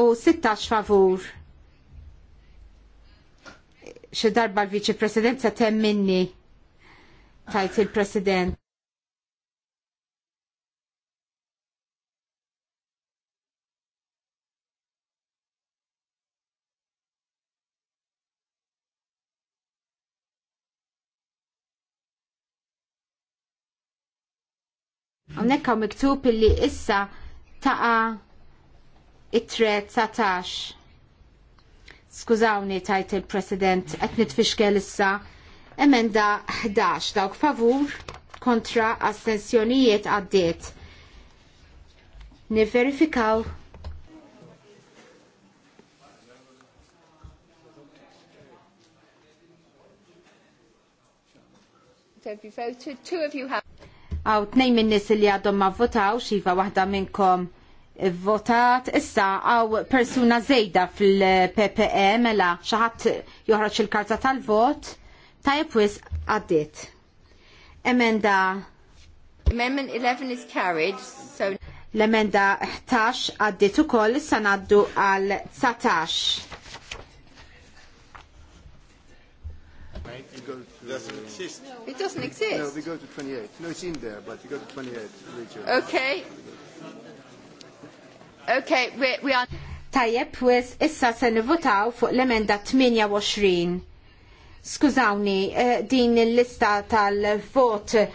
u 16 favur. Xi darba l-Viċi President se temm minni tajt il-President. hawnhekk hawn miktub illi issa taqa' it-tre satax. Skużawni tajt il-President, qed nitfixkel issa. Emenda 11 dawk favur kontra astensjonijiet għaddiet. Niverifikaw you Two of you have. Għaw tnejn minn nis li għadhom ma votaw, xiva waħda minnkom votat, issa għaw persuna zejda fil-PPE mela xaħat joħroġ il-karta tal-vot, tajab wis għaddit. Emenda. Amendment 11 is carried, so. L-emenda 11 għaddit u koll, issa naddu għal 19. right? You go to, it doesn't exist. It doesn't exist. No, we go to 28. No, it's in there, but you go to 28. Richard. Okay. Okay, we, we are... Tajjeb, wis issa se nivotaw fuq l-emenda 28. Skużawni, uh, din il-lista tal-vot uh,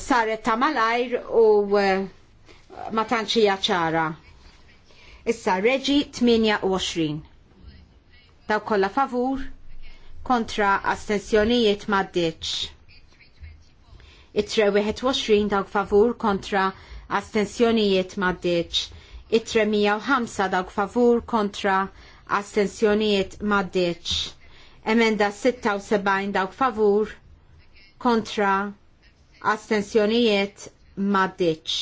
saret ta' malajr u uh, ma tantxija ċara. Issa reġi 28. Daw kolla favur? kontra astensjonijiet maddiċ. Itre 21 dawk favur kontra astensjonijiet maddiċ. Itre 105 dawk favur kontra astensjonijiet maddiċ. Emenda 76 dawk favur kontra astensjonijiet maddiċ.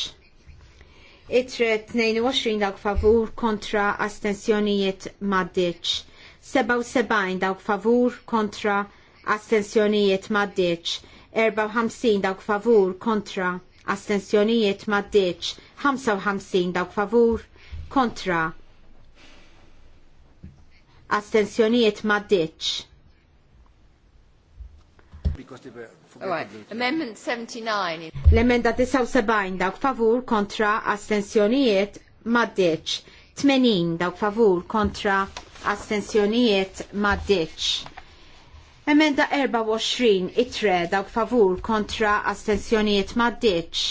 Itre 22 dawk favur kontra astensjonijiet maddiċ 77 dawk favur kontra astensjonijiet maddeċ, 54 dawk favur kontra astensjonijiet maddeċ, 55 dawk favur kontra astensjonijiet maddeċ. Amendment 79. L-emenda 79 dawk favur kontra astensjonijiet maddeċ, 80 dawk favur kontra astensjonijiet maddiċ. Emenda 24 itre dawk favur kontra astensjonijiet maddiċ.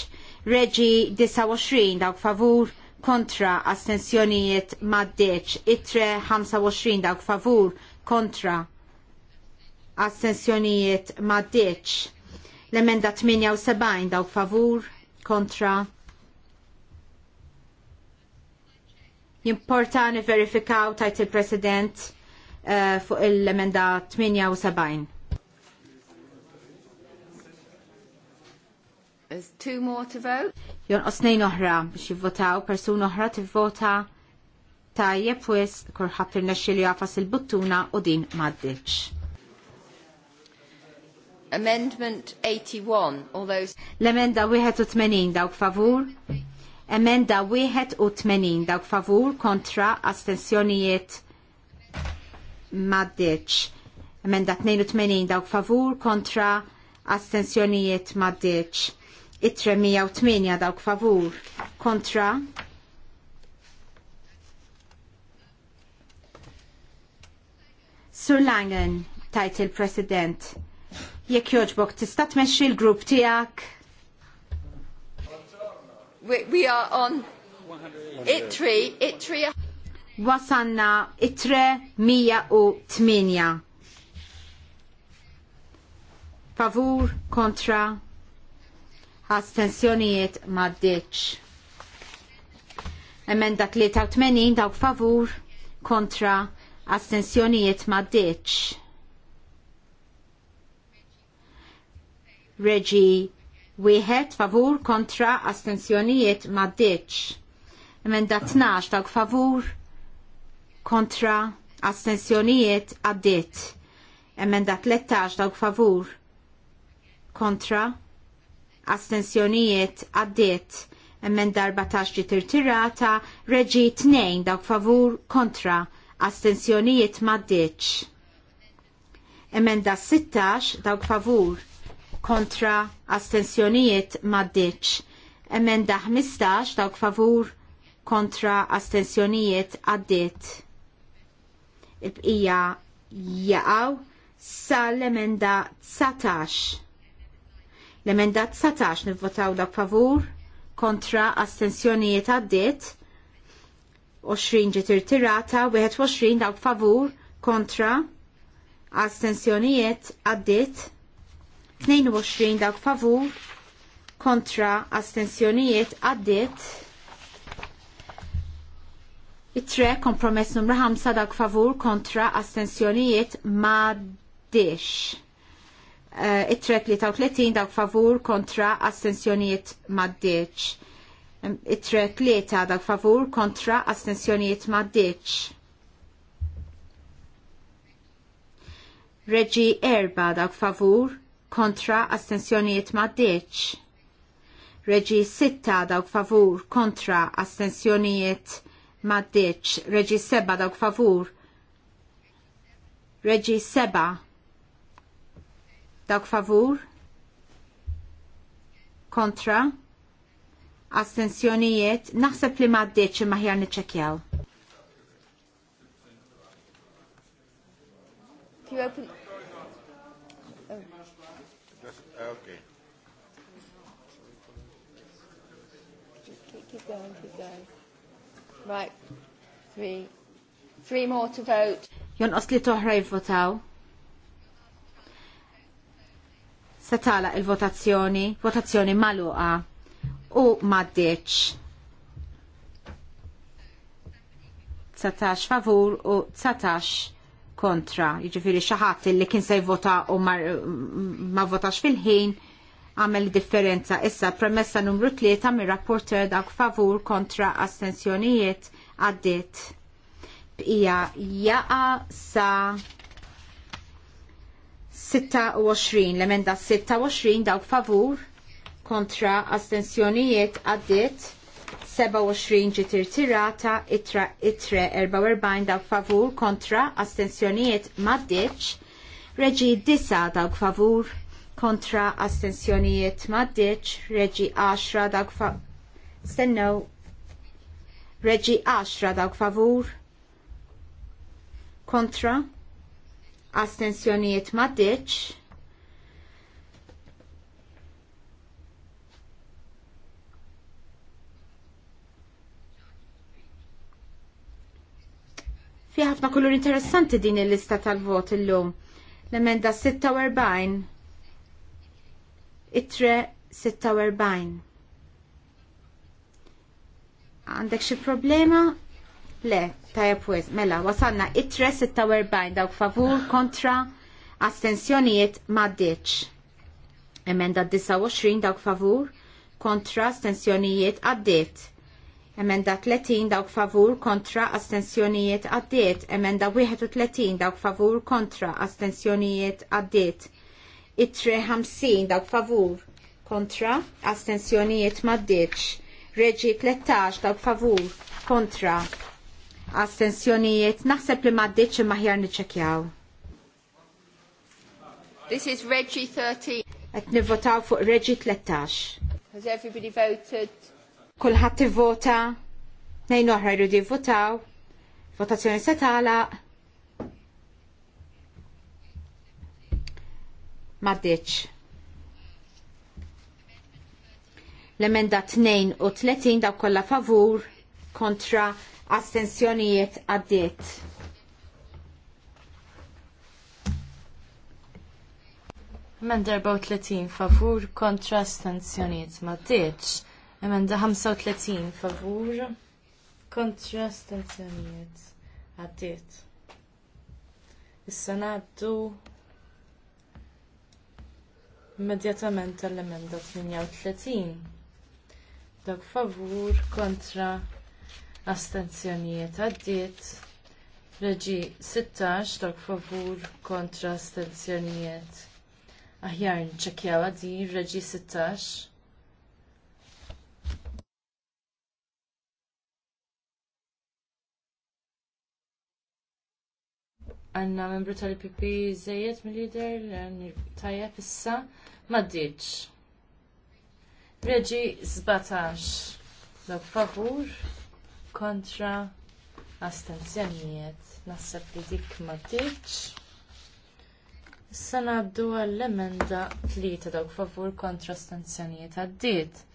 Reġi 29 dawk favur kontra astensjonijiet maddeċ. Itre 25 dawk favur kontra astensjonijiet maddeċ. L-emenda 78 dawk favur kontra Jimportan verifikaw tajt il-President uh, fuq il-emenda 78. There's two more to vote. Jon osnejn oħra biex jivvotaw, persun oħra tivvota tajjeb wis kurħat irnexxi li jafas il-buttuna u din maddiċ. Amendment 81, all those... L-emenda 81 dawk favur, Emenda 81 dawk favur kontra astensjonijiet maddeċ. Emenda 82 dawk favur kontra astensjonijiet maddeċ. Itre tmenja dawk favur kontra Sur Langen, title president jekk joġbok tista' tmexxi l-grupp tiegħek? we, we are on itri, itri. Wasanna itre tminja. Favur kontra astensjonijiet maddiċ. Emenda tmenin dawk favur kontra astensjonijiet maddiċ. Reġi Wieħed favur kontra astensjonijiet maddiċ. Emenda 12 dawk favur kontra astensjonijiet għaddiet. Emenda 13 dawk favur kontra astensjonijiet għaddiet. Emenda 14 ġiet irtirata, reġi 2 dawk favur kontra astensjonijiet maddiċ. Emenda 16 dawk favur kontra astensjonijiet maddiċ. Emenda 15 dawk favur kontra astensjonijiet għaddit. Il-bqija jaqaw sal-emenda 19. L-emenda 19 nivvotaw dawk favur kontra astensjonijiet għaddit. 20 ġiet irtirata, 21 dawk favur kontra astensjonijiet għaddit. 22 dak favur kontra astensjonijiet għaddit it-tre kompromess numru 5 dak favur kontra astensjonijiet ma Uh, eh, it-tre 33 dak favur kontra astensjonijiet ma It-tre 3 dak favur kontra astensjonijiet ma Reġi erba dak favur kontra astensjonijiet maddeċ. Reġi sitta dawk favur kontra astensjonijiet maddeċ. Reġi seba dawk favur. Reġi seba. dawk favur kontra astensjonijiet naħseb li maddeċ imma ħjar niċċekjaw. Do you open going to go. Right, three. Three more to vote. Jonqos li toħra jivvotaw. Setala il-votazzjoni, votazzjoni maluqa u maddeċ. Satax favur u 19 kontra. Jiġifieri xi ħadd li kien se jvota u ma votax fil-ħin għamel differenza. Issa premessa numru 3 mir rapporter dak favur kontra astensjonijiet għaddit. B'ija jaqa sa 26, l-emenda 26 dawk favur kontra astensjonijiet għaddit 27 ġiet tirata itra itre 44 dawk favur kontra astensjonijiet maddiċ, reġi 9 dawk favur kontra astensjonijiet maddiċ, reġi 10 dawk fa... Stennow, reġi 10 dawk favur, kontra, astensjonijiet maddiċ, Fi ħafna kullur interessanti din il-lista tal-vot illum. L-emenda 46 Itre 46. Għandek xi problema? Le, tajja wiz. Mela, wasanna itre 46 dawk favur kontra astensjonijiet maddiċ. Emenda 29 dawk favur kontra astensjonijiet għaddiet. Emenda 30 dawk favur kontra astensjonijiet għaddiet. Emenda 31 dawk favur kontra astensjonijiet għaddiet it ħamsin dawk favur kontra astensjonijiet maddiċ. Reġi 13 dawk favur kontra astensjonijiet naħseb li maddiċ ħjar niċċekjaw. This is Reggie 13. Qed nivvotaw fuq Reggie 13. Has everybody voted? Kulħadd tivvota? Nejn oħra jridu jivvotaw. Votazzjoni se tagħlaq. Maddiċ. L-emenda 32 daw kolla favur kontra astensjonijiet għaddiet. Emenda 34 favur kontra astensjonijiet maddiċ. Emenda 35 favur kontra astensjonijiet għaddiet. Is-sanaddu immedjatament tal-emenda 38. Dak favur kontra astenzjonijiet għaddiet. Reġi 16 dak favur kontra astenzjonijiet. Aħjar nċekjaw għaddi, reġi 16. għanna membru tal-IPP zejiet mill-lider, tajjeb issa, maddiċ. Reġi 17, dawk favur, kontra astenzjonijiet, naħseb li dik maddiċ. Issa ngħaddu għall-emenda tlieta dawk favur kontra astenzjonijiet għaddiet.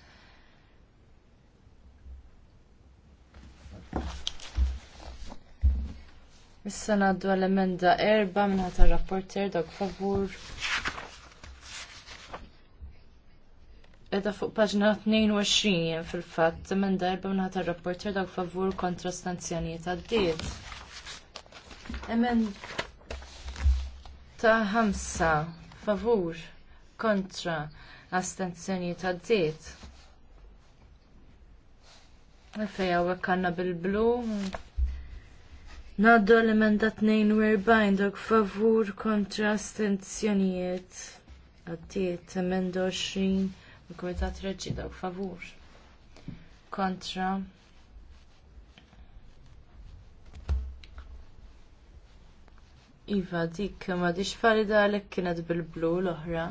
Issa naddu għal-emenda erba minnata rapporter dawk favur. Edha fuq paġna 22 fil-fatt, emenda erba minnata rapporter dawk favur kontra stanzjoniet għaddiet. Emenda ħamsa favur kontra astenzjoniet għaddiet. Fejja għawek bil-blu, Naddu l-emenda 42 dok favur kontra astenzjonijiet. Għattiet, emenda 20 il-Komitat Reġi dok favur kontra Iva, dik ma diċ farida għalek kienet bil-blu l-oħra.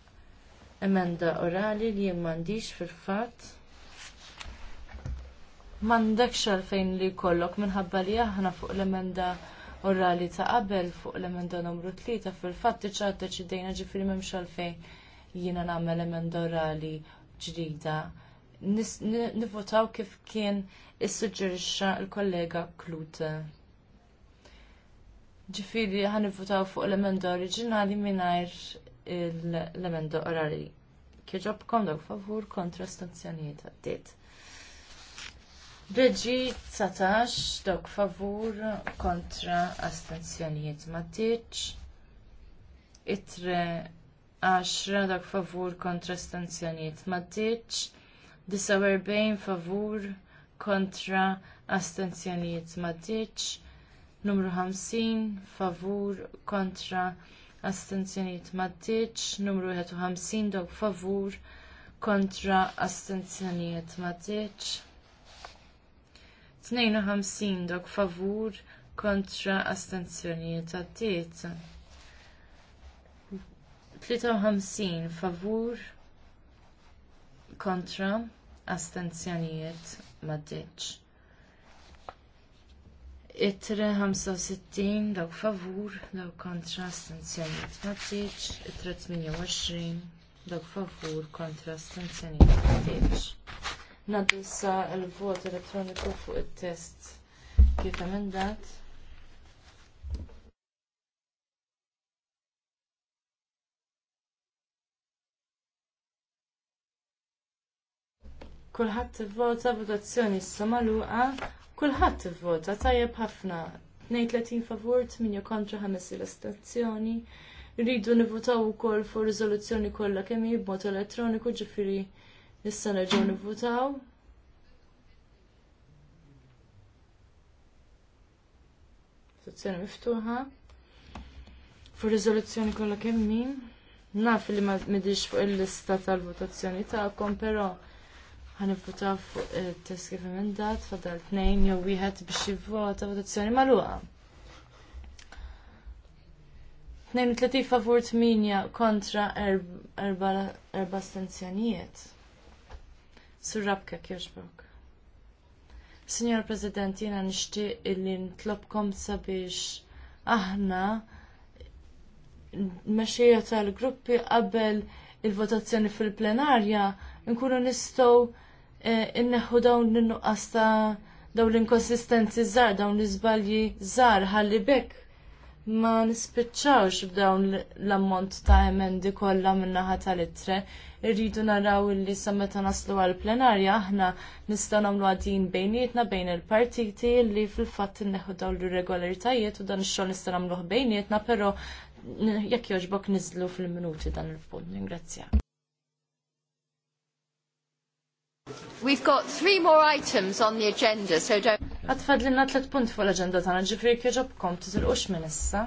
emenda orali li jimmandix fil-fat. Mandekx xalfejn li kollok minħabba li aħna fuq l-emenda orali ta' qabel fuq l-emenda numru 3 fil-fat tiċċat deċidejna ġifiri memx xalfejn jiena nagħmel emenda orali ġrida. Nivotaw kif kien issuġġerixxa l-kollega Klute. Ġifiri ħan votaw fuq l-emenda oriġinali mingħajr l emendo orari. Kieġobkom dawk favur kontra stanzjonijiet għaddit. Reġi 19 dok favur kontra astenzjonijiet matiċ. Itre 10 dok favur kontra astenzjonijiet matiċ. 49 favur kontra astenzjonijiet matiċ. Numru 50 favur kontra astenzjonijiet astenzjoniet maddiċ, numru 51 dawk favur kontra astenzjoniet maddiċ. 52 dawk favur kontra astenzjoniet għaddiet. 53 favur kontra astenzjonijiet maddiċ. Itre 65 dawk favur, dawk kontra astenzjonijiet matiċ, itre 28 dawk favur kontra astenzjonijiet matiċ. Naddu issa vot elettroniku fuq it test kif emendat. Kulħadd ivvota votazzjoni s-samaluqa Kulħadd ivvota tajjeb ħafna 32 favor, 8 kontra 5 l-astazzjoni. Rridu nivvotaw ukoll fuq riżoluzzjoni kollha kemm hi b'mod elettroniku ġifieri issa nerġgħu nivvotaw. Votazzjoni miftuħa. fu riżoluzzjoni kollha kemm min. Naf li ma midix fuq il-lista tal-votazzjoni tagħkom, però ħanivvota fuq il teskif kif emendat, fadal tnejn jew wieħed biex jivvota votazzjoni magħluqa. 32 favur 8 kontra 4 stanzjonijiet. Rabka kjoġbok. Signor President, jena nishti illi nitlobkom sabiex aħna meċxija tal-gruppi qabel il-votazzjoni fil-plenarja nkunu nistow Eh, inneħħu dawn l-nuqqas ta' dawn l-inkonsistenzi żgħar, dawn l-iżbalji żgħar ħalli bekk ma nispiċċawx b'dawn l-ammont ta' emendi kollha min-naħa tal-ittre. Irridu naraw illi sa meta naslu għall plenarja aħna nistgħu nagħmlu għadin bejnietna bejn il-partiti li fil-fatt inneħu dawn l-irregolaritajiet u dan ix-xogħol nistgħu nagħmluh bejnietna, però jekk jogħġbok niżlu fil-minuti dan il-punt. Ningrazzjak. We've got three more items on the agenda, so don't... Għatfadlinna tlet punt fuq l-agenda tagħna ġifri kieġobkom titilqux minn minissa.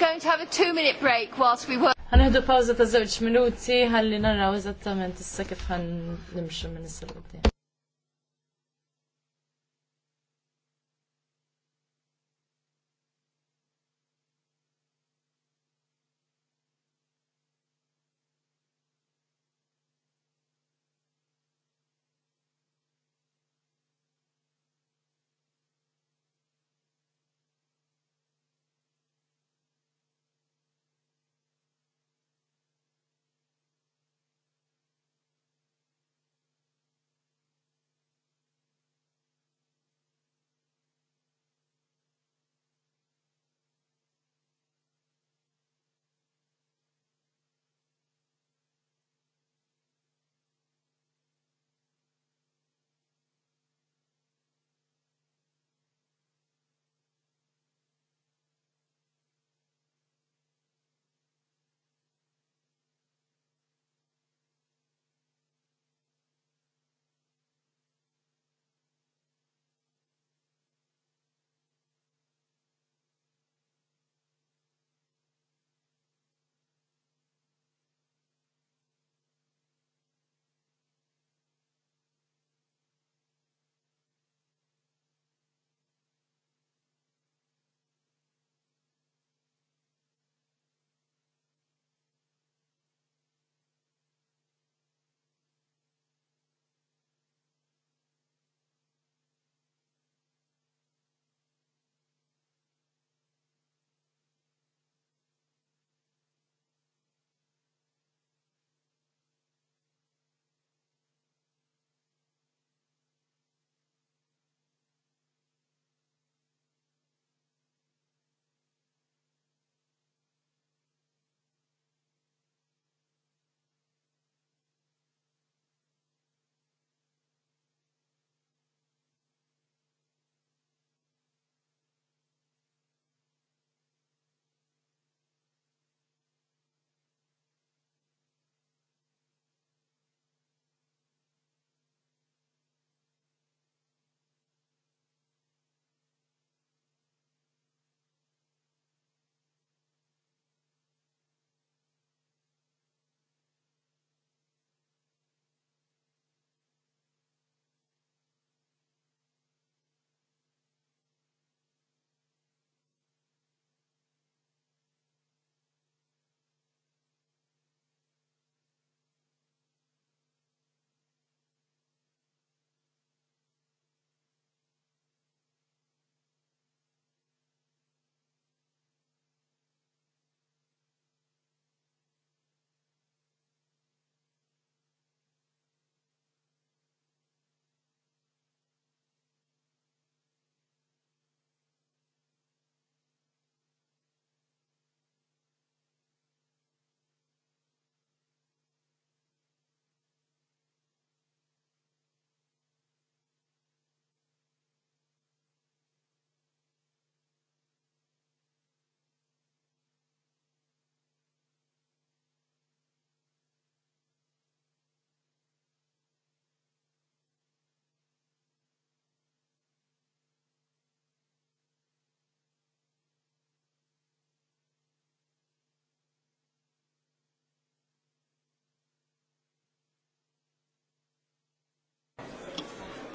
going to have a two-minute break whilst we work. Għan għadu pawza ta' zewċ minuti, għalli naraw eżattament issa kif għan nimxu minn issa l-għobdi.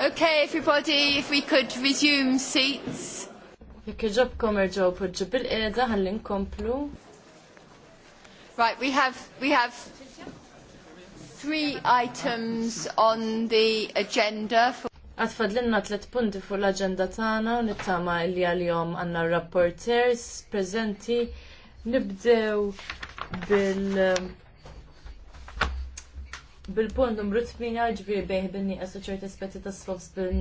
Okay, everybody, if we could resume seats. iġobkom nkomplu. Right, we have we have three items on the agenda for Għatfad l-inna tlet punti fuq l-agenda tagħna u nittama li għal-jom għanna rapporters prezenti nibdew bil- bil-punt numru 8 ġviri bejħ bil nieqes ċerti aspetti ta' swaps bil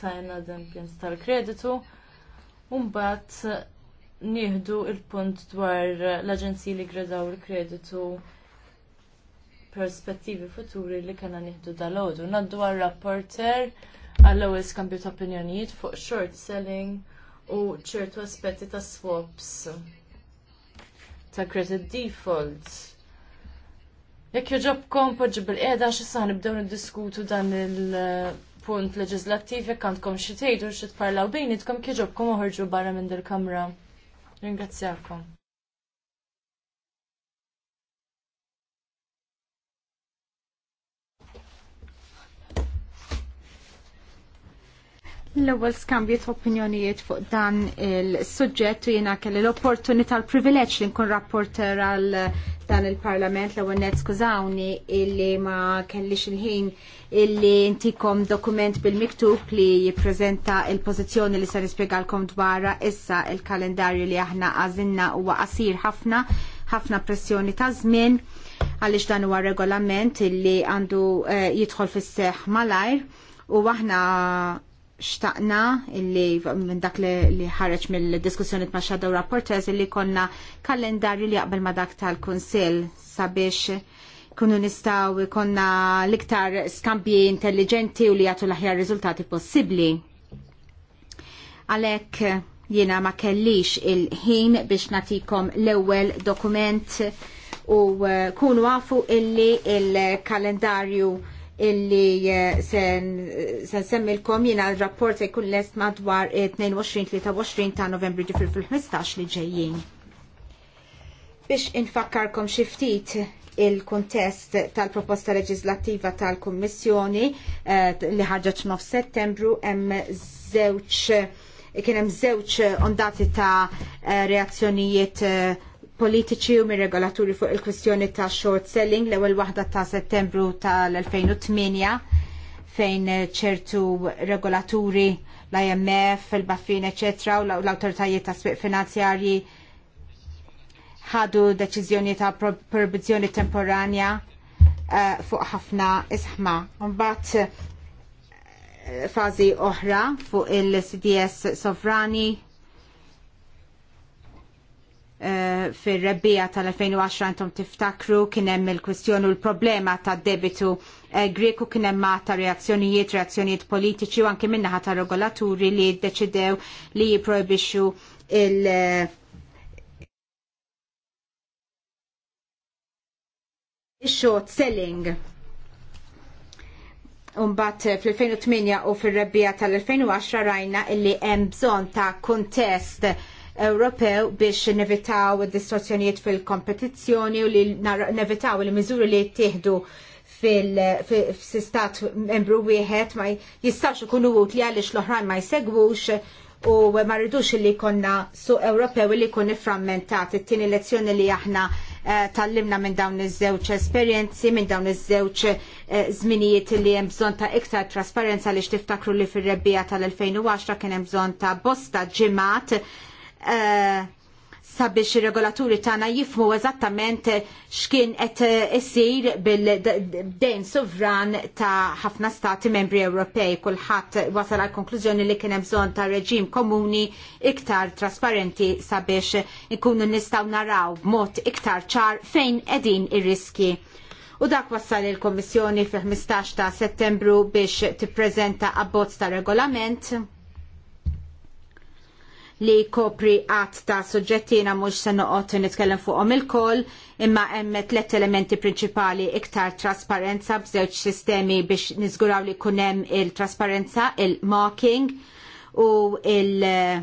tajna dempjens tal-kreditu. Umbat nieħdu il-punt dwar l-aġenziji li gredaw il-kreditu perspettivi futuri li kena nieħdu dal ħodu Naddu għal rapporter għall ewwel skambju ta' opinjonijiet fuq short selling u ċertu aspetti ta' swaps ta' credit defaults Jekk joġobkom poġġi bil-qiegħda x'issa nibdew niddiskutu dan il-punt leġislattiv jekk għandkom xi tgħidu xi tparlaw bejnietkom kieġobkom oħorġu barra minn il kamra Ringrazzjakom. L-ewwel skambju ta' opinjonijiet fuq dan il-suġġett u jiena kelli l-opportunità l-privileġġ li nkun rapporter għal dan il-Parlament l ewwel nett skużawni illi ma kellix il-ħin illi intikom dokument bil-miktub li jippreżenta il-pożizzjoni li se nispjegalkom dwarha issa il-kalendarju li aħna għażilna huwa qasir ħafna ħafna pressjoni ta' żmien għaliex dan huwa regolament illi għandu eh, jidħol fis-seħħ malajr u aħna xtaqna illi minn dak li ħareġ mill-diskussjoni ma' Shadow Rapporters illi konna kalendarju li jaqbel ma' dak tal-Kunsill sabiex kunu nistaw konna liktar skambji intelligenti u li jagħtu l-aħjar riżultati possibbli. Għalhekk jiena ma kellix il-ħin biex natikom l-ewwel dokument u eh, kunu għafu illi il-kalendarju il kalendarju illi eh, se semmilkom jina rapport se jkun lest madwar 22-23 eh, ta' novembri ġifri fil-15 li ġejjin. Biex infakkarkom xiftit il-kontest tal-proposta leġislativa tal-Kommissjoni eh, li ħarġet 9 settembru hemm żewġ kien hemm żewġ ondati ta' reazzjonijiet politiċi u mir-regolaturi fuq il-kwistjoni ta' short selling l-ewwel waħda ta' Settembru tal-2008 fejn ċertu regolaturi l-IMF, il-Baffin, eccetera, u l-autoritajiet ta' sbiq finanzjarji ħadu deċiżjoni ta' proibizjoni temporanja uh, fuq ħafna isħma. Mbagħad fazi eh, fażi oħra fuq il-CDS sovrani Eh, fir-rebbija tal-2010 għandhom tiftakru kien hemm il-kwistjoni u l-problema tad debitu eh, Greku kien hemm ta' reazzjonijiet, reazzjonijiet politiċi u anke minnaħa ta' regolaturi li jiddeċidew li jipprojbixxu il- eh, short selling. Umbat fil 2008 u fil-rebbija tal-2010 rajna illi hemm bżonn ta' kontest Ewropew biex nevitaw distorsjonijiet fil-kompetizzjoni u li nevitaw il-miżuri li jittieħdu fil-sistat membru wieħed ma jistax ikunu li għaliex l-oħrajn ma jsegwux u ma rridux li konna su Ewropew li kun frammentat it-tieni lezzjoni li aħna eh, tallimna minn dawn iż-żewġ esperjenzi, minn dawn iż-żewġ eh, żminijiet li hemm bżonn ta' iktar trasparenza li xtiftakru li fir-rebbija tal-2010 kien hemm bżonn ta' bosta ġimgħat Eh, sabiex ir-regolaturi tagħna jifmu eżattament x'kien qed isir bil-dejn sovran ta' ħafna stati membri Ewropej kulħadd wasal għal konklużjoni li kien hemm bżonn ta' reġim komuni iktar trasparenti sabiex ikunu nistgħu naraw b'mod iktar ċar fejn qegħdin ir-riski. U dak wassal il kummissjoni fil-15 ta' Settembru biex tippreżenta abbozz ta' regolament li jkopri għat ta' soġġettina mhux se noqgħod nitkellem fuqhom il kol imma hemm tliet elementi prinċipali iktar trasparenza b'żewġ sistemi biex niżguraw li jkun hemm il-trasparenza, il-marking u il-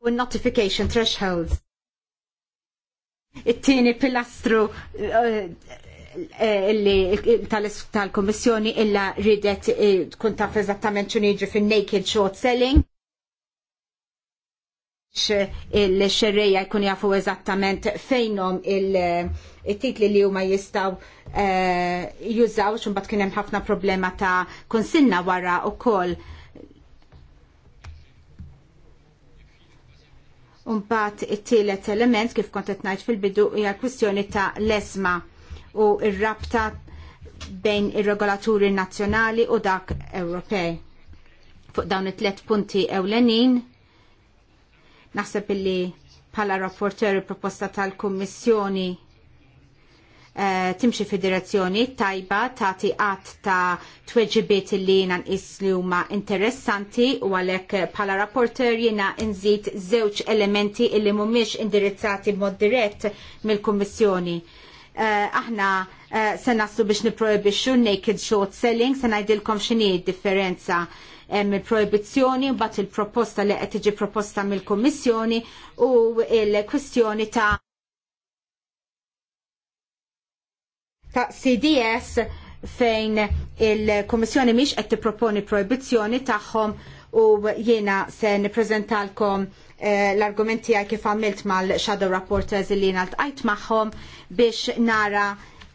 u notification thresholds. It-tieni pilastru uh, Eh, eh, tal-Kommissjoni illa ridet eh, tkun taf eżattament x'un jiġri fin-naked short selling il-xerreja jkun jafu eżattament fejnom il-titli li huma jistaw jużaw xumbat kien hemm ħafna problema ta' konsinna wara wkoll. Umbat it-tielet element kif kont qed ngħid fil-bidu hija kwistjoni ta' lesma' u r rabta bejn ir-regolaturi nazzjonali u dak Ewropej. Fuq dawn it-tlet punti ewlenin, naħseb illi bħala rapporter proposta tal-Kummissjoni uh, timxi fid direzzjoni tajba tagħti tiqat ta' tweġibiet li jina nqis li huma interessanti u għalhekk bħala rapporter jiena nżid żewġ elementi illi mhumiex indirizzati mod dirett mill-Kummissjoni Eh, aħna eh, se naslu biex niprojbixxu naked short selling, se ngħidilkom x'inhi differenza hemm il-proibizzjoni mbagħad il-proposta li qed tiġi proposta mill-Kummissjoni u l-kwistjoni ta' ta' CDS fejn il-Kummissjoni mhix qed tipproponi proibizzjoni tagħhom u jiena se nippreżentalkom Eh, l-argumenti għaj kif għamilt mal-shadow rapporters li jina l maħħom biex nara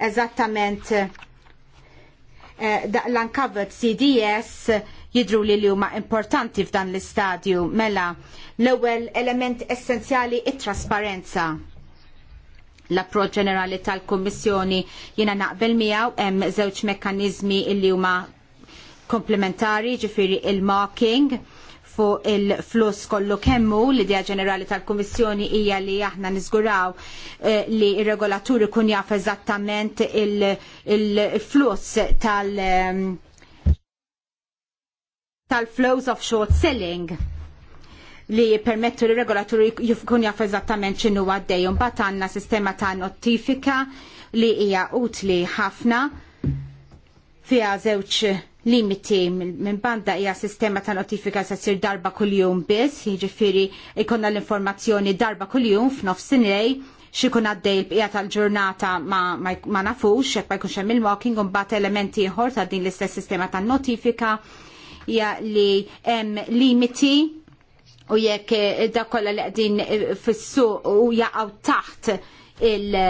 eżattament eh, l-uncovered CDS jidru li li huma importanti f'dan l-istadju mela l-ewwel element essenzjali it-trasparenza l-approċ ġenerali tal-Kommissjoni jiena naqbel miegħu hemm żewġ mekkaniżmi li huma komplementari ġifiri il-marking fuq il flus kollu kemmu l-idea ġenerali tal-Kummissjoni hija li aħna niżguraw eh, li ir-regolatur ikun jaf eżattament il-fluss tal- ehm, tal-flows of short selling li permettu l regolaturi jkun jaf eżattament x'inhu għaddej. bat għandna sistema ta' notifika li hija utli ħafna fiha żewġ limiti minn banda hija sistema ta' notifika se sir darba kuljum biss, jiġifieri ikonna l-informazzjoni darba kuljum xi kun għaddej l-bqija tal-ġurnata ma, ma, ma nafux, jekk ma jkunx hemm il-walking, u mbagħad elementi ieħor ta' din l-istess sistema ta' notifika hija li hemm limiti u jekk eh, dak kollha li qegħdin eh, fis-suq u jaqgħu taħt il-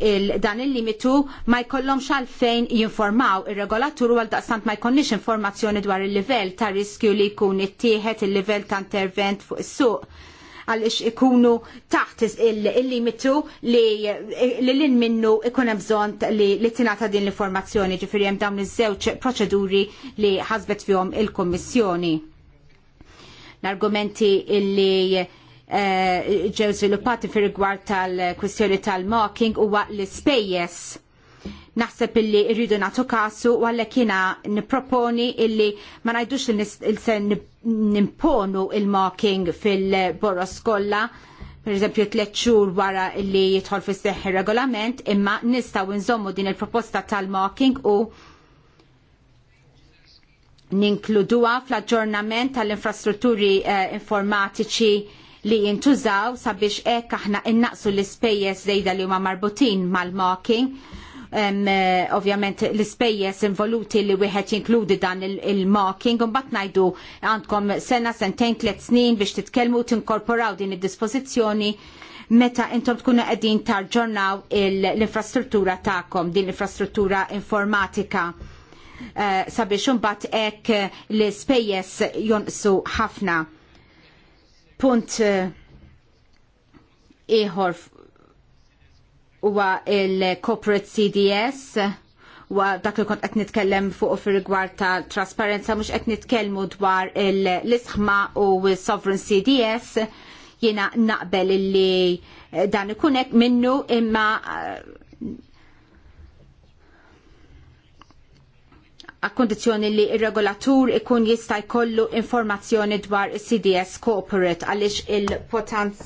il dan il-limitu ma jkollhomx għalfejn jinformaw ir-regolatur għal daqsant ma jkollniex informazzjoni dwar il-livell ta' riskju li jkun ittieħed il-livell ta' intervent fuq is-suq għalix ikunu taħt il-limitu li l-in minnu ikun bżon li tinata din l-informazzjoni ġifiri jem dawn iż-żewġ proċeduri li ħasbet fjom il-Kommissjoni. L-argumenti illi Eh, ġew żviluppati fi rigward tal-kwistjoni tal-mocking huwa l-ispejjeż naħseb illi rridu nagħtu kasu u għallek jina niproponi illi ma ngħidux li se nimponu il mocking fil-boros kollha, pereżempju tliet xhur wara illi jidħol fis seħħ regolament imma nistgħu nżommu din il-proposta tal mocking u ninkluduha fl-aġġornament tal-infrastrutturi uh, informatiċi li jintużaw sabiex hekk aħna innaqsu l-ispejjeż żejda li huma marbutin mal mocking Um, eh, ovvjament l-ispejjeż involuti li wieħed jinkludi dan il mocking imbagħad il ngħidu għandkom sena, sentejn, tliet snin biex titkellmu tinkorporaw din id-dispożizzjoni meta intom tkunu qegħdin tarġornaw l-infrastruttura tagħkom, din l-infrastruttura informatika. Uh, sabiex imbagħad hekk l-ispejjeż jonqsu ħafna Punt eh, ieħor huwa il-Corporate CDS wa dak li kont qed nitkellem fuq fir rigward ta' trasparenza mhux qed nitkellmu dwar l-isħma u sovereign CDS jiena naqbel illi eh, dan ikun hekk minnu imma eh, għakondizjoni li il-regolatur ikun jista' kollu informazzjoni dwar CDS corporate għaliex il-potenz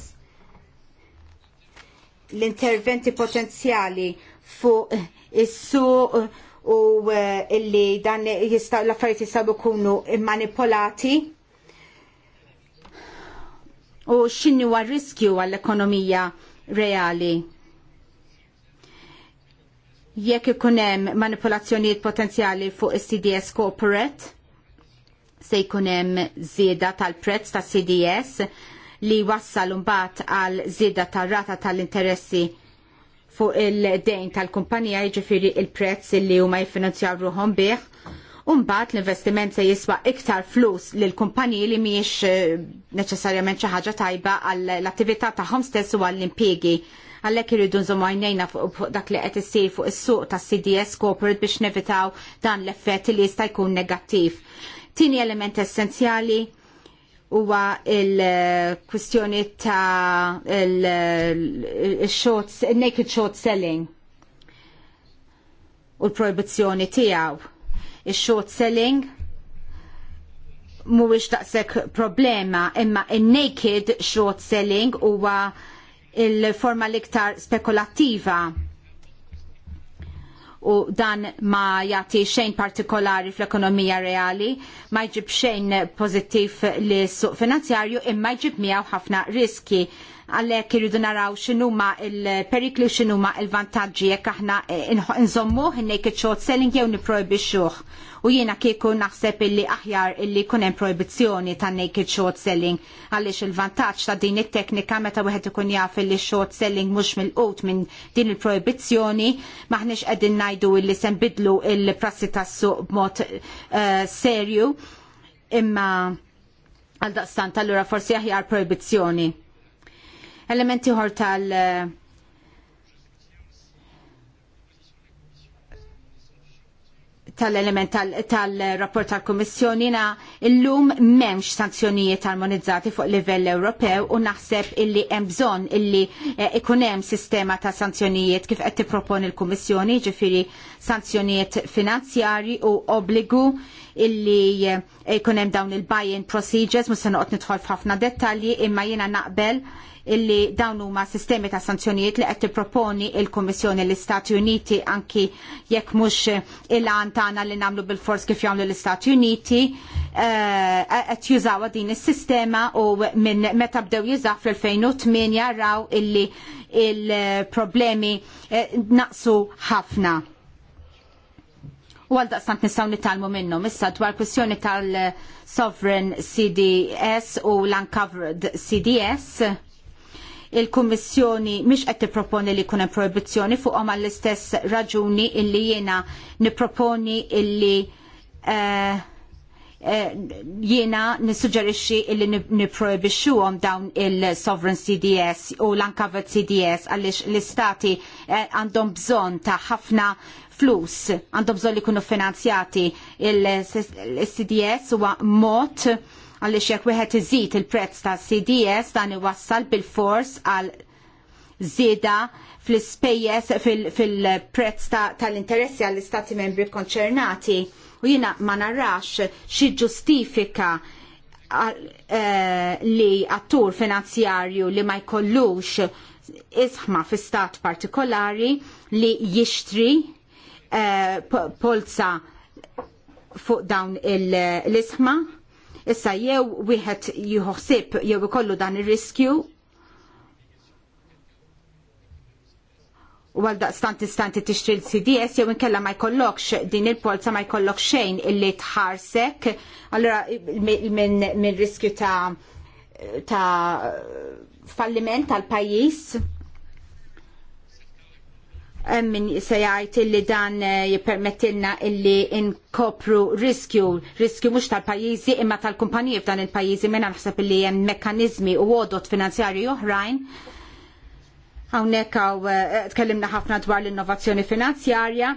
l-interventi potenzjali fuq is-su u eh, illi dan jista' l-affarijiet jistgħu jkunu manipolati u x'inhu riskju għall-ekonomija reali jekk ikun hemm manipulazzjonijiet potenzjali fuq is-CDS corporate se jkun hemm żieda tal-prezz tas CDS li wassal imbagħad għal żieda tar-rata tal-interessi fuq il-dejn tal-kumpanija jiġifieri l prezz li huma jiffinanzjaw ruhom bih u mbagħad l-investiment se jiswa iktar flus lill kumpaniji li mhijiex eh, neċessarjament xi ħaġa tajba għall attività tagħhom stess u għall-impjiegi għallek irridu nżomu għajnejna fuq dak li qed issir fuq is-suq ta' cds corporate biex nevitaw dan l-effett li jista' jkun negattiv. Tieni element essenzjali huwa il-kwistjoni ta' il naked short selling u l-proibizzjoni tiegħu. Ix-short selling mhuwiex daqshekk problema, imma in-naked short selling huwa il-forma l-iktar spekulattiva u dan ma jagħti xejn partikolari fl-ekonomija reali, ma jġib xejn pożittiv li suq finanzjarju imma jġib miegħu ħafna riski għalhekk irridu naraw x'inhuma il-perikli u x'inhuma il-vantaġġi jekk aħna eh, nżommuh in-naked short selling jew xuħ. U jiena kieku naħseb illi aħjar illi jkun hemm proibizzjoni ta' naked short selling għaliex il-vantaġġ ta' din it-teknika meta wieħed ikun jaf illi short selling mhux mill minn din il-proibizzjoni maħniex qegħdin ngħidu illi se nbidlu il-prassi tas-suq b'mod eh, serju imma għal daqstant allura forsi aħjar proibizzjoni elementi ħor tal- eh, tal-element tal-rapport tal-Kommissjoni na illum memx sanzjonijiet armonizzati fuq livell Ewropew u naħseb illi hemm bżonn illi eh, ikunem hemm sistema ta' sanzjonijiet kif qed tipproponi l-Kummissjoni, ġifiri sanzjonijiet finanzjari u obbligu illi eh, ikunem hemm dawn il-buy-in procedures, mhux se noqgħod nidħol f'ħafna dettalji imma jiena naqbel illi dawn huma sistemi ta' sanzjonijiet li qed tipproponi il-Kummissjoni l-Istati Uniti anki jekk mhux il-għan tagħna li nagħmlu bil-fors kif jagħmlu l-Istati Uniti eh, qed jużawha din is-sistema u minn meta bdew jużaw fl-2008 raw illi il-problemi eh, naqsu ħafna u għaldaqstant nistaw nitalmu minnu. Issa dwar kwestjoni tal-Sovereign CDS u l-Uncovered CDS il-Kummissjoni mhix qed tipproponi li jkun hemm proibizzjoni fuqhom għall-istess raġuni illi jiena nipproponi illi eh, eh, jiena nissuġġerixxi illi nipprojbixxuhom dawn il-Sovereign CDS u l-Uncovered CDS għaliex l-istati eh, għandhom bżonn ta' ħafna flus għandhom bżonn li jkunu finanzjati il-CDS huwa mod għaliex jekk wieħed iżid il-prezz ta' CDS dan iwassal bil-fors għal zida fl-ispejjeż fil-prezz tal-interessi għall-istati membri konċernati u jiena ma narax xi ġustifika eh, li attur finanzjarju li ma jkollux isħma fi stat partikolari li jixtri eh, polza fuq dawn l-isħma Issa jew wieħed jħossib jew ikollu dan ir-riskju u għal daqstant istanti tixtri l-CDS jew inkella ma jkollokx din il-polza ma jkollokx xejn illi tħarsek allora minn riskju ta' ta' falliment tal-pajis min se jgħid illi dan eh, jippermettilna illi inkopru riskju, riskju mhux tal-pajjiżi imma tal-kumpaniji f'dan il-pajjiżi minna naħseb illi hemm mekkaniżmi u għodot finanzjarji oħrajn. Hawnhekk hawn eh, tkellimna ħafna dwar l-innovazzjoni finanzjarja.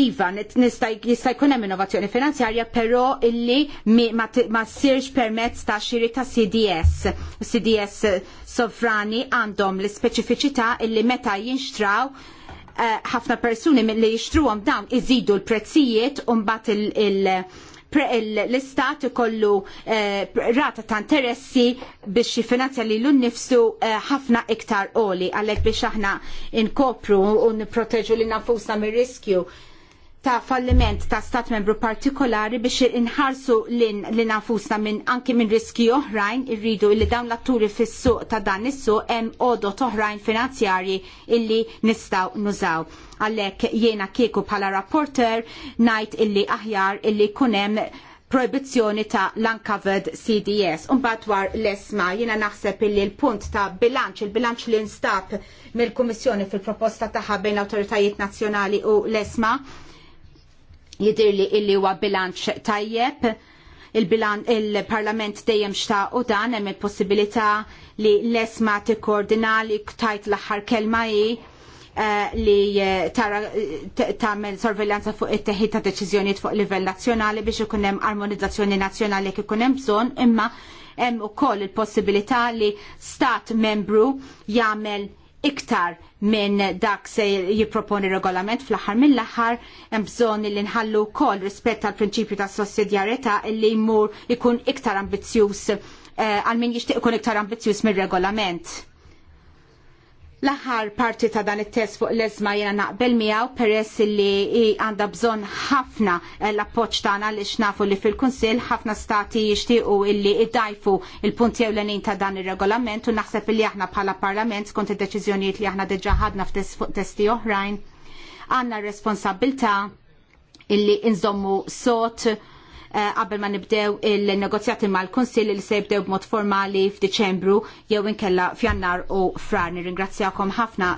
Iva, jista' jkun hemm innovazzjoni finanzjarja, però illi ma ssirx permezz ta' xiri ta' CDS. CDS eh, sovrani għandhom l-ispeċifiċità illi meta jinxtraw Eh, ħafna persuni mill-li jixtruhom dawn iżidu l-prezzijiet u mbagħad il- l-istat ikollu eh, rata ta' interessi biex jifinanzja li l nifsu eh, ħafna iktar oli għalek biex aħna inkopru u niproteġu li nafusna mir riskju ta' falliment ta' stat membru partikolari biex inħarsu l-nafusna minn anki minn riski oħrajn irridu illi dawn l-atturi fis-suq ta' dan is-suq hemm għodot oħrajn finanzjarji illi nistaw nużaw. Għalhekk jiena kieku bħala rapporter ngħid illi aħjar illi kunem proibizzjoni ta' l-uncovered CDS. Unbat dwar l-esma, jina naħseb illi l-punt ta' bilanċ, il-bilanċ li nstab mill-Kummissjoni fil-proposta taħħa bejn l-autoritajiet nazjonali u l-esma, li illi huwa bilanċ tajjeb il-parlament il dejjem xta' u dan hemm il-possibilità li l-esma tikkoordina li tajt l-aħħar kelma hi uh, eh, li eh, tara tagħmel sorveljanza fuq it-teħid ta' deċiżjonijiet fuq livell nazzjonali biex ikun hemm armonizzazzjoni nazzjonali jekk ikun hemm bżonn imma hemm ukoll il-possibilità li stat membru jagħmel iktar minn dak se jipproponi regolament fl-aħħar mill-aħħar hemm bżonn li nħallu wkoll rispett għall prinċipju ta' sussidjarjetà li jmur ikun iktar ambizzjuż eh, għal min jixtieq ikun iktar ambizzjuż mir-regolament. L-aħħar parti ta' dan it-test fuq l-ezma jena naqbel miegħu peress li għandha bżonn ħafna eh, l-appoġġ tagħna li xnafu li fil-Kunsill ħafna stati jixtiequ illi iddajfu il-punti ewlenin ta' dan ir-regolament u naħseb li aħna bħala Parlament skont id-deċiżjonijiet li aħna diġà ħadna fuq testi oħrajn għandna r responsabilta illi inżommu sot Eh, qabel ma nibdew il-negozjati mal-Kunsill li se jibdew b'mod formali f'Diċembru jew inkella f'Jannar u frar. Nirringrazzjakom ħafna.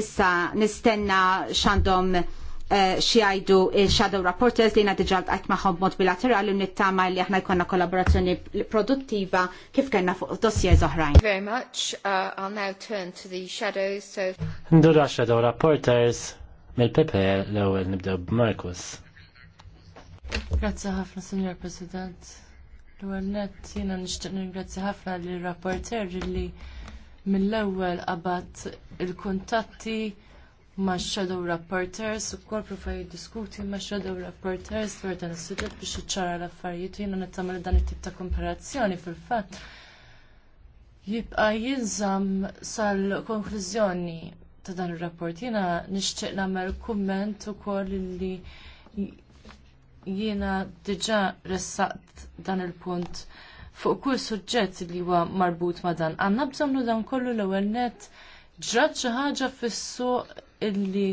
Issa nistenna xandom eh, xi jgħidu il-shadow rapporters li diġà għajt magħhom b'mod bilaterali u nittama li aħna jkollna kollaborazzjoni produttiva kif kellna fuq dossiers oħrajn. Very much. Uh, I'll now turn to the shadows. So... Ndura shadow rapporters mill-PPL l-ewwel nibdew b'Markus. Grazzi ħafna, Signor President. L-għannet jina nishtiq ringrazzi ħafna li rapporter li mill-ewwel qabad il-kuntatti ma' shadow rapporters u kol profaj diskuti ma' shadow rapporters dwar dan is-suġġett biex iċċara l-affarijiet jiena nittamel dan it-tip ta' komparazzjoni fil-fatt. Jibqa' jinżamm sal-konklużjoni ta' dan ir-rapport. Jiena nixtieq nagħmel kumment ukoll li jiena diġa ressaqt dan il-punt fuq kull suġġett li huwa marbut ma' dan. Għandna bżonnu dan kollu l-ewwel net ġrat xi ħaġa fissu illi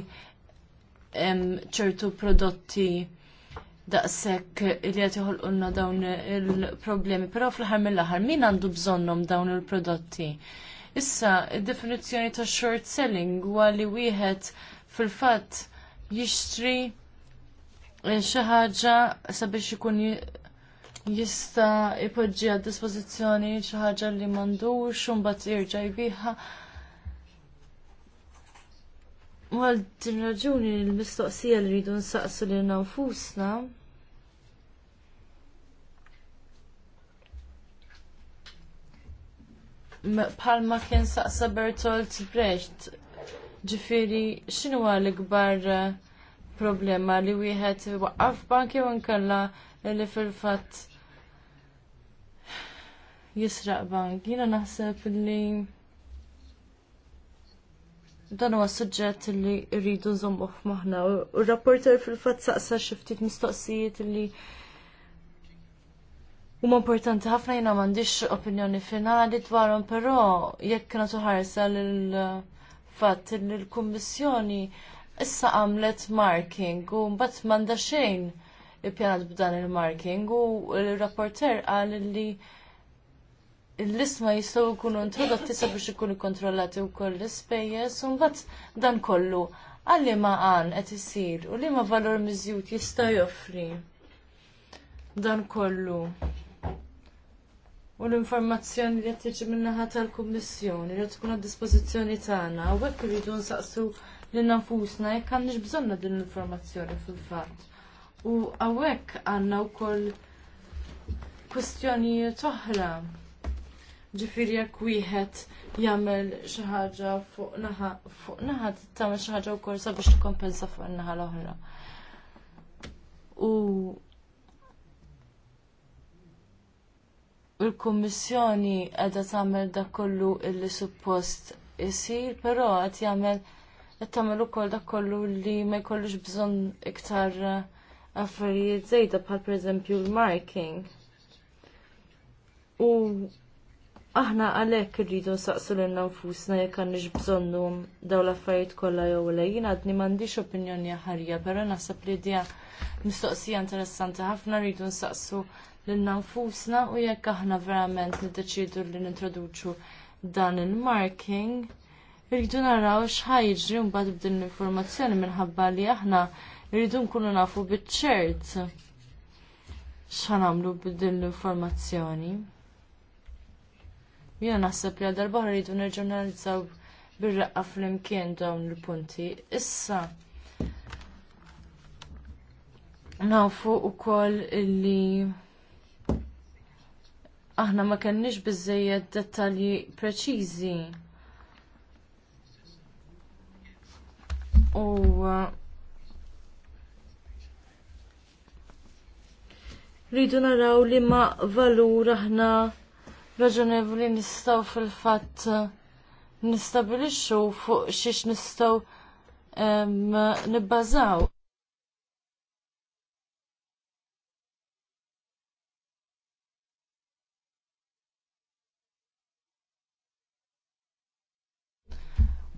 ċertu prodotti daqshekk li qed joħolqulna dawn il-problemi, però fl-aħħar mill-aħħar min għandu bżonnhom dawn il-prodotti. Issa, id-definizzjoni ta' short selling huwa li wieħed fil-fatt jixtri xi ħaġa sabiex ikun jista ipoġġi għad dispożizzjoni xi ħaġa li m'għandux u mbagħad jerġa' jbiħha. Għal din raġuni l-mistoqsija li rridu nsaqsu lil nfusna palma kien saqsa Bertolt Brecht ġifiri xinu għal gbar problema li wieħed waqaf bank jew inkella li fil-fatt jisraq bank. Jiena naħseb li dan huwa suġġett li rridu nżommu f'maħna. U r-rapporter fil-fatt saqsa xi ftit mistoqsijiet li huma importanti ħafna jiena m'għandix opinjoni finali dwarhom, però jekk kienet ħarsa lil fatt li l-Kummissjoni issa għamlet marking u mbagħad m'għandha xejn ippjanat b'dan il-marking u l-rapporter qal li l-isma jistgħu jkunu introdotti sabiex ikunu kontrollati wkoll l-ispejjeż u mbagħad dan kollu għalli ma għan qed isir u li ma valur miżjud jista' joffri dan kollu. U l-informazzjoni li qed tiġi min-naħa tal-Kummissjoni li tkun għad dispożizzjoni tagħna u hekk iridu nsaqsu Li nafusna jekk għandix bżonna din l-informazzjoni fil-fatt. U għawek għanna u koll kustjoni oħra. Ġifiri jekk wieħed jagħmel xi ħaġa fuq naħa fuq naħa tagħmel xi ħaġa wkoll sabiex tikkompensa fuq in-naħa l-oħra. U il-Kummissjoni qiegħda tagħmel dak kollu illi suppost isir, però qed jagħmel qed u ukoll dak kollu li ma jkollux bżonn iktar eh, affarijiet żejda bħal pereżempju l-marking. U aħna għalhekk irridu nsaqsu lil nfusna jekk għandix bżonnu dawn l-affarijiet kollha jew le. għadni m'għandix opinjoni ħarja, però naħseb li dija mistoqsija interessanti ħafna rridu nsaqsu lil nfusna u jekk aħna verament niddeċidu li nintroduċu dan il-marking irridu naraw x'ħajġri mbagħad b'din l-informazzjoni minħabba li aħna rridu nkunu nafu biċ-ċert x'ħanamlu b'din l-informazzjoni. Jiena naħseb li għal darba rridu nerġurnalizzaw bir-raqqa fl-imkien dawn il-punti. Issa, nafu u koll aħna ma kenniex bizzejjed dettalji preċiżi u uh, rridu naraw li ma valur aħna raġonevoli nistaw fil-fatt uh, nistabilixxu fuq xiex nistaw um, nibbażaw.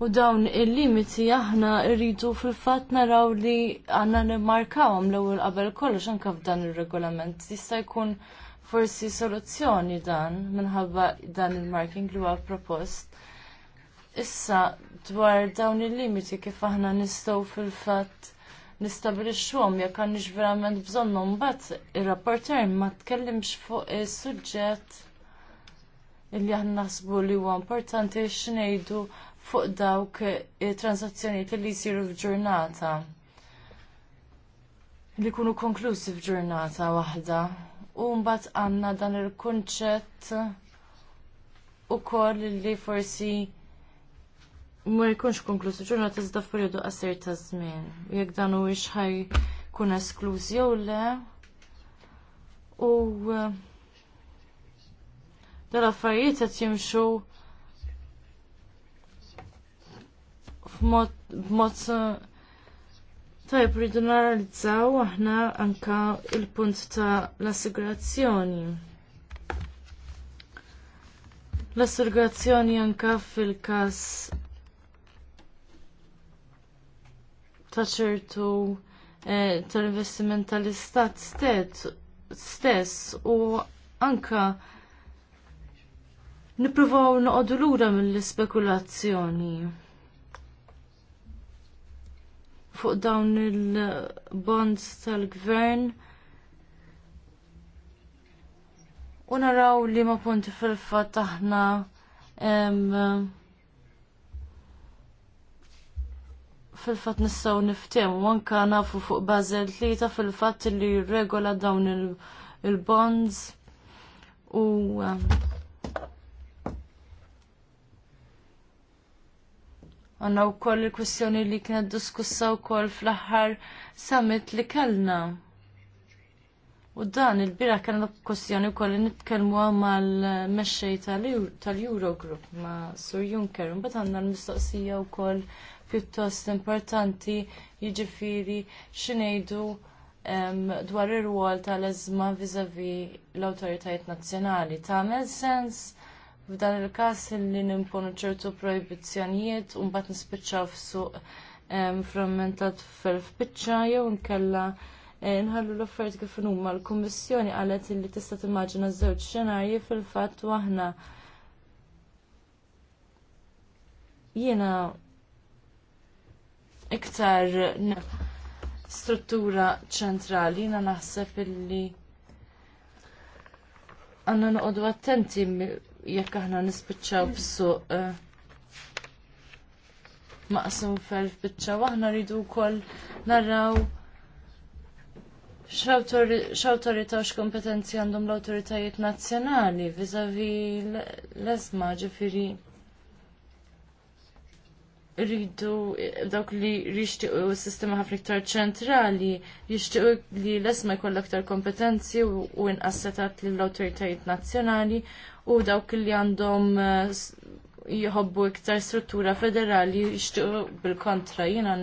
U dawn il-limiti aħna rridu fil-fat naraw li għanna nimmarkawhom l-ewwel qabel kollox anke f'dan ir-regolament. Jista' jkun forsi soluzzjoni dan minħabba dan il-marking li huwa propost. Issa dwar dawn il-limiti kif aħna nistgħu fil-fatt nistabilixxuhom jekk għandix verament bżonnhom mbagħad ir-rapporter ma tkellimx fuq is-suġġett illi aħna naħsbu li huwa importanti x'ngħidu fuq dawk transazzjonijiet li jsiru f'ġurnata li jkunu konklusi f'ġurnata waħda. U mbagħad għandna dan il-kunċett ukoll li forsi ma jkunx konklusi ġurnata iżda f'perjodu qasir ta' żmien. Jekk dan huwiex ħaj kun esklużi jew le. U eh, dal-affarijiet qed jimxu f'mod eh, tajb rridu naralizzaw aħna anka il-punt ta' l-assigurazzjoni. L-assigurazzjoni anka fil-kas ta' ċertu eh, tal-investiment tal-istat stess u anka Nipruvaw noqogħdu lura mill-ispekulazzjoni fuq dawn il-bonds tal-gvern. U naraw li ma punti fil-fat aħna fil-fat nistaw u anka nafu fuq li tlieta fil-fat li regola dawn il-bonds u Għanna u koll il-kwestjoni li kienet diskussa u koll fl-ħar summit li kellna. U dan il-bira kena kwestjoni u koll nitkelmu mal mesċej tal-Eurogroup ma Sur Juncker. Mbagħad għandna l-mistoqsija u koll pjuttost importanti jiġifieri xinejdu dwar ir-rwol tal-eżma vis-a-vis l-awtoritajiet nazzjonali. Tagħmel sens f'dan il-każ li nimponu ċertu projbizzjonijiet u mbagħad nispiċċaw f'suq frammentat fil-fpiċċa jew nkella eh, nħallu l-offert kif huma l-Kummissjoni qalet li tista' timmaġina żewġ xenarji fil-fatt waħna jiena iktar struttura ċentrali jiena naħseb illi għandna noqogħdu attenti jekk aħna nispiċċaw b'suq, eh, maqsum felf biċċa aħna rridu wkoll narraw x'awtorità u x'kompetenzi għandhom l-awtoritajiet nazzjonali viżavi l-ezma ġifieri rridu dawk li jixtiequ s-sistema ħafna iktar ċentrali, jixtiequ li l-esma jkollha aktar kompetenzi u inqas lill awtoritajiet nazzjonali u dawk li għandhom eh, jħobbu iktar struttura federali jixtiequ bil-kontra jiena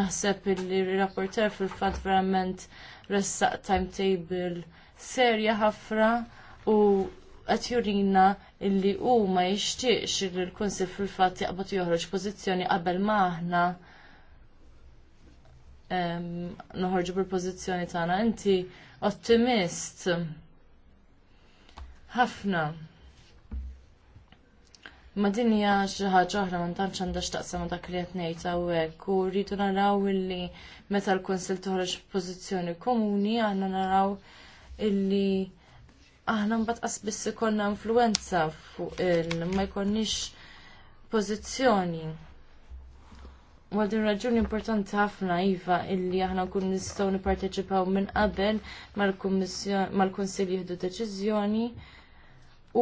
naħseb li rapporter fil-fatt verament ressaq timetable serja ħafna u qed jurina illi u ma jixtieqx li l-Kunsil fil-fatt jaqbad joħroġ pożizzjoni qabel ma aħna noħorġu bil-pożizzjoni tagħna. Inti ottimist ħafna. Ma din hija xi ħaġa oħra ma tantx għandha x'taqsam dak li qed ngħid hawnhekk u rridu naraw illi meta l-Kunsill toħroġ pożizzjoni komuni aħna naraw illi aħna mbagħad qasbiss ikollna influenza fuq il ma jkollniex pożizzjoni. Ma din raġuni importanti ħafna iva illi aħna nkun nistgħu nipparteċipaw minn qabel mal-Kunsill jieħdu deċiżjoni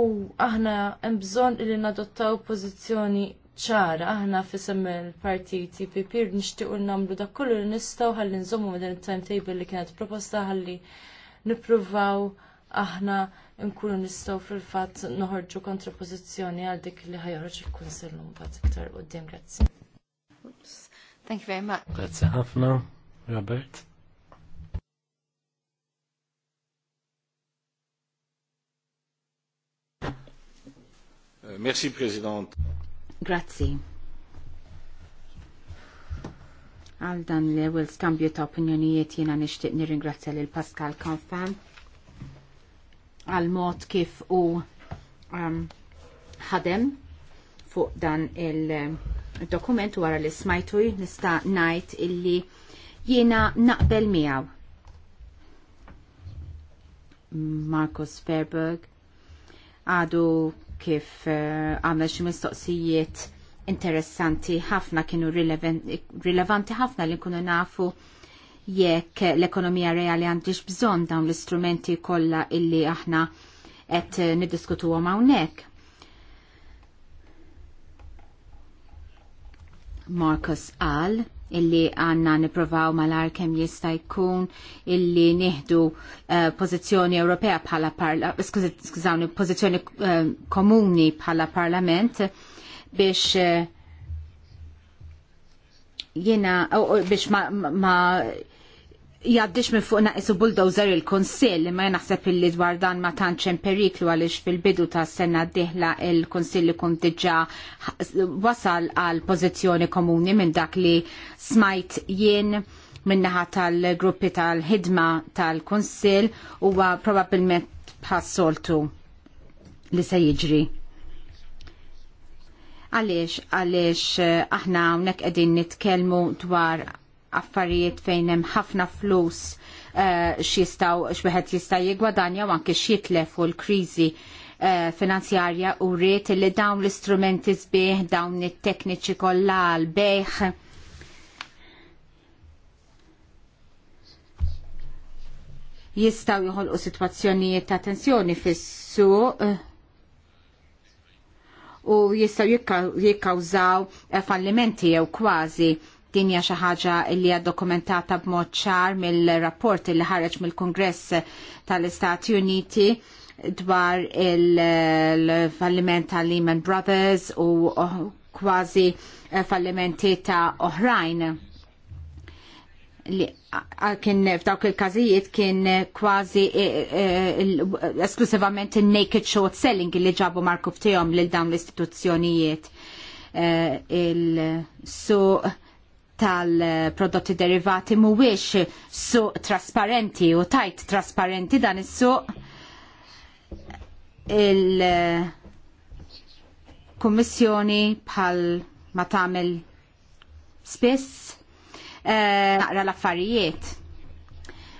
u aħna hemm bżonn illi nadottaw pożizzjoni ċara aħna fisem il partiti pipir nixtiequ namlu da kollu li nistgħu ħalli nżommu din it-timetable li kienet proposta ħalli nippruvaw aħna nkunu nistgħu fil-fatt noħorġu kontrapożizzjoni għal dik li ħajħorġ il-Kunsill mbagħad iktar quddiem grazzi. Thank you very much. Grazzi ħafna, Robert. Euh, merci, President. Grazzi. Għal dan li għu l skambju ta' opinjonijiet jena nishtiq nirringrazzja l Pascal Confant għal mod kif u um, ħadem fuq dan il-dokument um, wara li smajtu nista' ngħid illi jiena naqbel miegħu. Marcus Fairberg għadu kif uh, għamel xi mistoqsijiet interessanti ħafna kienu rilevanti ħafna li nkunu nafu jekk l-ekonomija reali għandix bżon dawn l-istrumenti kollha illi aħna qed niddiskutuhom hawnhekk. Marcus qal illi għanna niprovaw malar kem jista' jkun illi nieħdu uh, pożizzjoni Ewropea bħala parla, skużawni, uh, komuni bħala parlament biex uh, eh, jena, uh, biex ma, ma jaddix minn fuq naqisu bulldozer il-Konsil imma naħseb illi dwar dan ma tantx hemm periklu għaliex fil-bidu ta' sena d-dieħla il-Konsil ikun diġà wasal għal pożizzjoni komuni minn dak li smajt jien minnaħa tal-gruppi tal-ħidma tal-Konsil huwa probabbilment bħas-soltu li se jiġri. Għaliex, għaliex eh, aħna hawnhekk qegħdin nitkellmu dwar affarijiet fejn hemm ħafna flus uh, eh, x'jistgħu x'wieħed jista' jigwadanja u anke x'jitlef u l-kriżi eh, finanzjarja u rrit li dawn l-istrumenti sbieħ dawn it-tekniċi kollha l-bejħ. jistaw joħolqu sitwazzjonijiet ta' tensjoni fis-suq eh, u jistaw jikkawżaw fallimenti jew kważi din hija xi ħaġa li hija dokumentata b'mod ċar mill-rapport li ħareġ mill-Kungress tal-Istati Uniti dwar il-falliment ta' Lehman Brothers u kważi fallimenti ta' oħrajn kien f'dawk il-każijiet kien kważi e, e, esklusivament il-naked short selling li ġabu markub tiegħhom lil dawn l-istituzzjonijiet e, il su tal-prodotti derivati mhuwiex suq trasparenti u tajt trasparenti dan is-suq il-Kummissjoni bħal ma tagħmel spiss eh, naqra l-affarijiet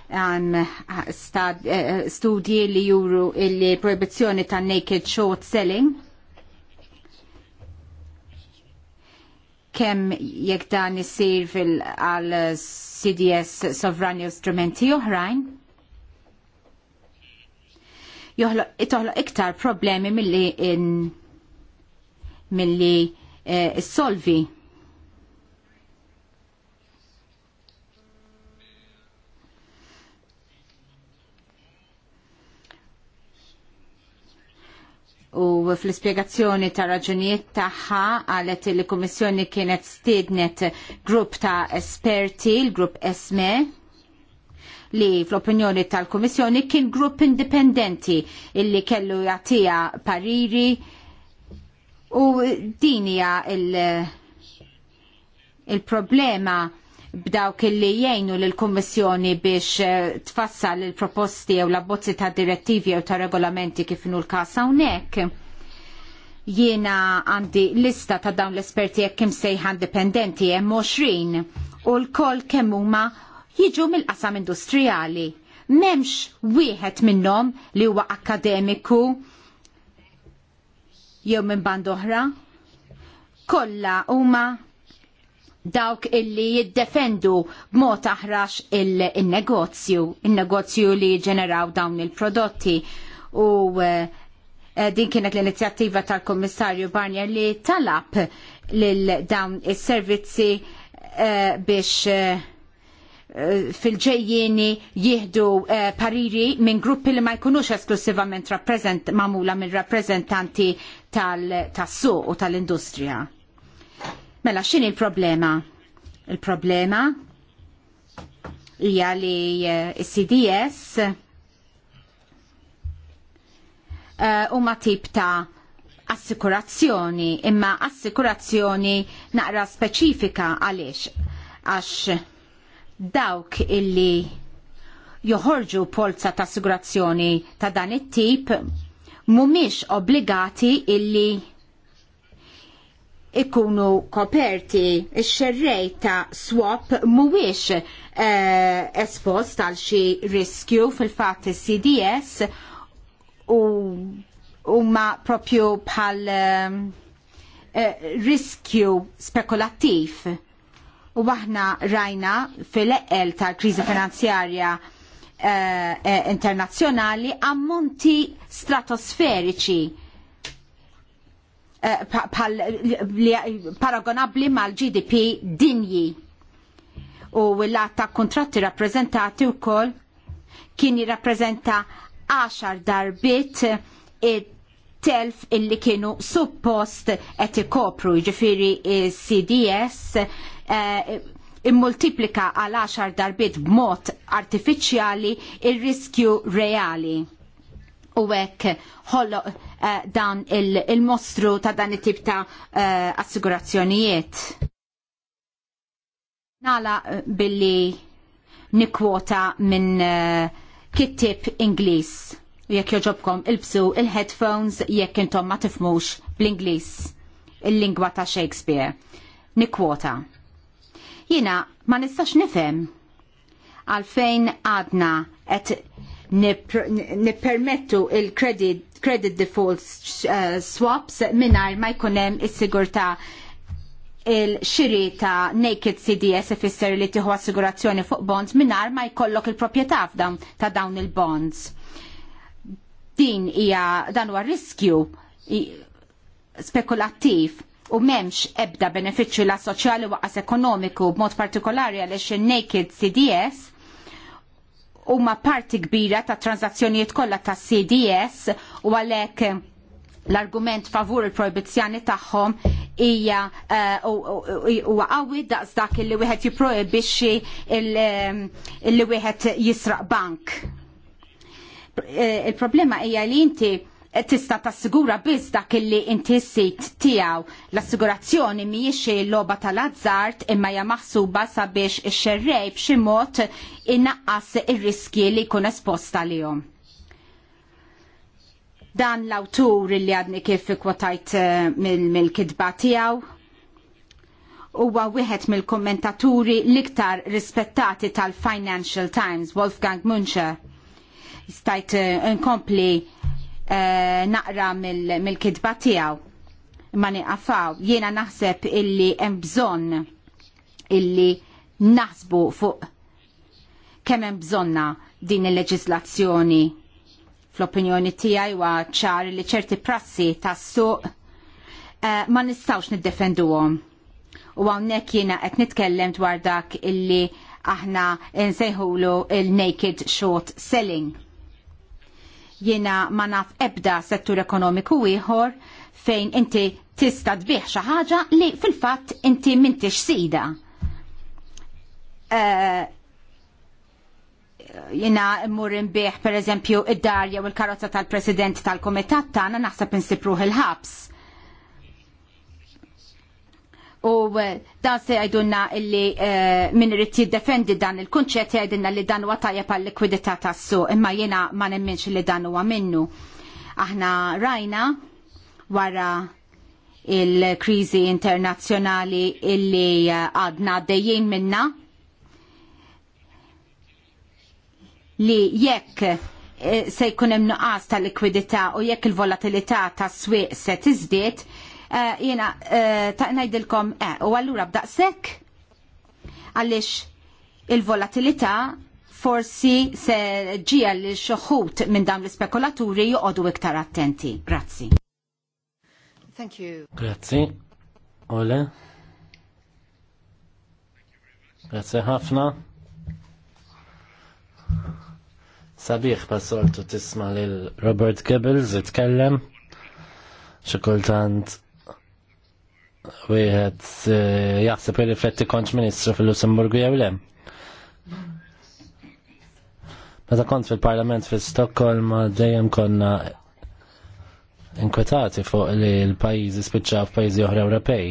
għan eh, eh, studji li juru il-proibizjoni ta' naked short selling kemm jekk dan isir fil għal CDS sovrani u strumenti oħrajn itoħlo iktar problemi milli in, eh, solvi. u fl-ispiegazzjoni ta' raġunijiet tagħha qalet li l-Kummissjoni kienet stednet grupp ta' esperti, l-grupp ESME, li fl-opinjoni tal-Kummissjoni kien grupp indipendenti illi kellu jatija pariri u din hija il-problema il problema b'dawk illi jgħinu lill kummissjoni biex eh, tfassal il-proposti jew l-abbozzi ta' direttivi jew ta' regolamenti kif inhu l-każ hawnhekk. Jiena għandi lista ta' dawn l-esperti jekk kim sejħan dipendenti hemm 20 u l-koll kemm huma jiġu mill-qasam industrijali. M'hemmx wieħed minnhom li huwa akademiku jew minn band oħra. Kollha huma dawk illi jiddefendu b'mod aħrax il-negozju, il-negozju li ġeneraw dawn il-prodotti. U eh, eh, din kienet l-inizjattiva tal-Kommissarju Barnier li talab l dawn is-servizzi eh, biex fil ġejjini jieħdu pariri minn gruppi li ma jkunux esklusivament mamula minn rappreżentanti tal-suq u tal-industrija. Mela, x'inhi il problema Il-problema hija li eh, CDS eh, huma ma tip ta' assikurazzjoni, imma assikurazzjoni naqra speċifika għaliex għax dawk illi joħorġu polza ta' assigurazzjoni ta' dan it-tip mhumiex obbligati illi ikunu koperti x-xerrej ta' swap mhuwiex eh, espost għal xi riskju fil-fatt CDS u huma propju bħal eh, eh, riskju spekulattiv. U aħna rajna fil-eqel tal-kriżi finanzjarja uh, internazzjonali ammonti stratosferiċi Eh, paragonabli mal-GDP dinji u l-att ta' kontratti rappresentati u kol kien jirrappresenta 10 darbit telf illi kienu suppost qed kopru ġifiri CDS eh, immultiplika għal 10 darbit b'mod artifiċjali il riskju reali u hekk ħolloq eh, dan il-mostru ta' dan it-tip ta' eh, assigurazzjonijiet. Nala eh, billi nikwota minn kittib Ingliż. Jekk joġobkom ilbsu il-headphones jekk intom ma tifmux bl-Ingliż il-lingwa ta' Shakespeare. Nikwota. Jina ma nistax nifhem għalfejn għadna qed nippermettu il-credit credit default uh, swaps mingħajr ma jkun hemm is-sigurtà il-xiri ta' Naked CDS ifisser li tieħu assigurazzjoni fuq bonds mingħajr ma jkollok il-proprjetà ta' dawn il-bonds. Din hija dan huwa riskju spekulattiv u memx ebda beneficju la soċjali waqas ekonomiku b'mod partikolari għaliex in naked CDS huma parti kbira ta' tranzazzjonijiet kollha ta' CDS u għalhekk l-argument favur il-proibizzjoni tagħhom hija eh, huwa qawwi daqs dak li wieħed jipprojbixxi eh, illi wieħed jisraq bank. Eh, il-problema hija li inti Eh, tista tassigura biss dak illi inti sit tiegħu. L-assigurazzjoni mhijiex l logħba tal-azzart imma hija maħsuba sabiex ix-xerrej b'xi mod innaqqas ir-riski li jkun esposta jom. Dan l-awtur li għadni kif kwotajt eh, mill-kidba tiegħu huwa wieħed mill-kommentaturi l-iktar rispettati tal-Financial Times, Wolfgang Muncher. Stajt eh, inkompli Eh, naqra mill-kidba tiegħu. Ma niqafaw, jiena naħseb illi hemm bżonn illi naħsbu fuq kemm hemm bżonna din il-leġislazzjoni. Fl-opinjoni tiegħi huwa ċar li ċerti prassi tas-suq eh, ma nistgħux niddefenduhom. U hawnhekk jiena qed nitkellem dwar dak illi aħna nsejħulu il-naked short selling Jiena ma naf ebda settur ekonomiku ieħor fejn inti tista tbieħ xi ħaġa li fil-fatt inti m'intix sida. Eh, jiena jina immur imbieħ per eżempju id-dar jew il-karozza tal-president tal-komitat tagħna naħseb insipruħ il-ħabs. U eh, dan se għajdunna illi minn eh, min irid jiddefendi dan il-kunċett għajdunna li dan huwa tajjeb għal likwidità tas-suq, imma jiena ma nemminx li dan huwa minnu. Aħna rajna wara il-kriżi internazzjonali illi eh, għadna għaddejjin minna li jekk se jkun hemm nuqqas ta' likwidità u jekk il-volatilità tas swieq se tizdiet, Eh, jena eh, ta' ngħidilkom eh, u allura b'daqshekk għaliex il-volatilità forsi se ġija li xoħut minn dawn l-spekulaturi joqodu iktar attenti. Grazzi. Thank you. Grazzi. Ole. Grazzi ħafna. Sabiħ pasoltu tisma lil Robert Goebbels itkellem. Xikultant wieħed eh, jaħseb rifletti kontx ministru fil-Lussemburgu jew le. Meta kont fil-Parlament fi Stockholm dejjem konna inkwetati fuq li l-pajjiżi spiċċa f'pajjiżi oħra Ewropej.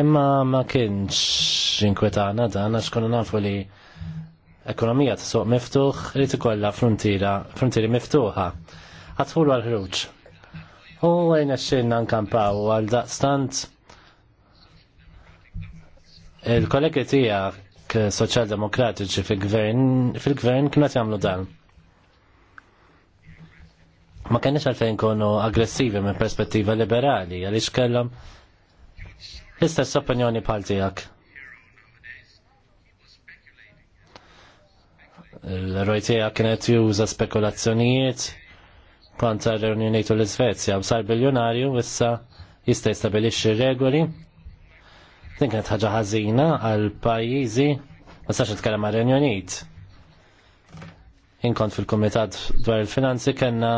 Imma ma kienx inkwetana dan għax konna nafu li ekonomija ta' suq miftuħ li tikolla frontiri miftuħa. Għatħulu għal-ħruġ. U għajna xejn nkampaw għal daqstant Il-kollegi tijak soċal demokratiċi fil-gvern kienu jagħmlu dan. Ma kenniex għalfejn konu aggressivi minn perspettiva liberali, għaliex kellhom l-istess opinjoni bħal tiegħek. l-rojtija kienet juża spekulazzjonijiet kontra r-Unjoniet l-Svezja. Bsar biljonarju issa jista' jistabilixi regoli Din kienet ħaġa ħażina għal pajjiżi ma sax nitkellem għal Unit. Inkont fil-Kumitat dwar il-Finanzi kellna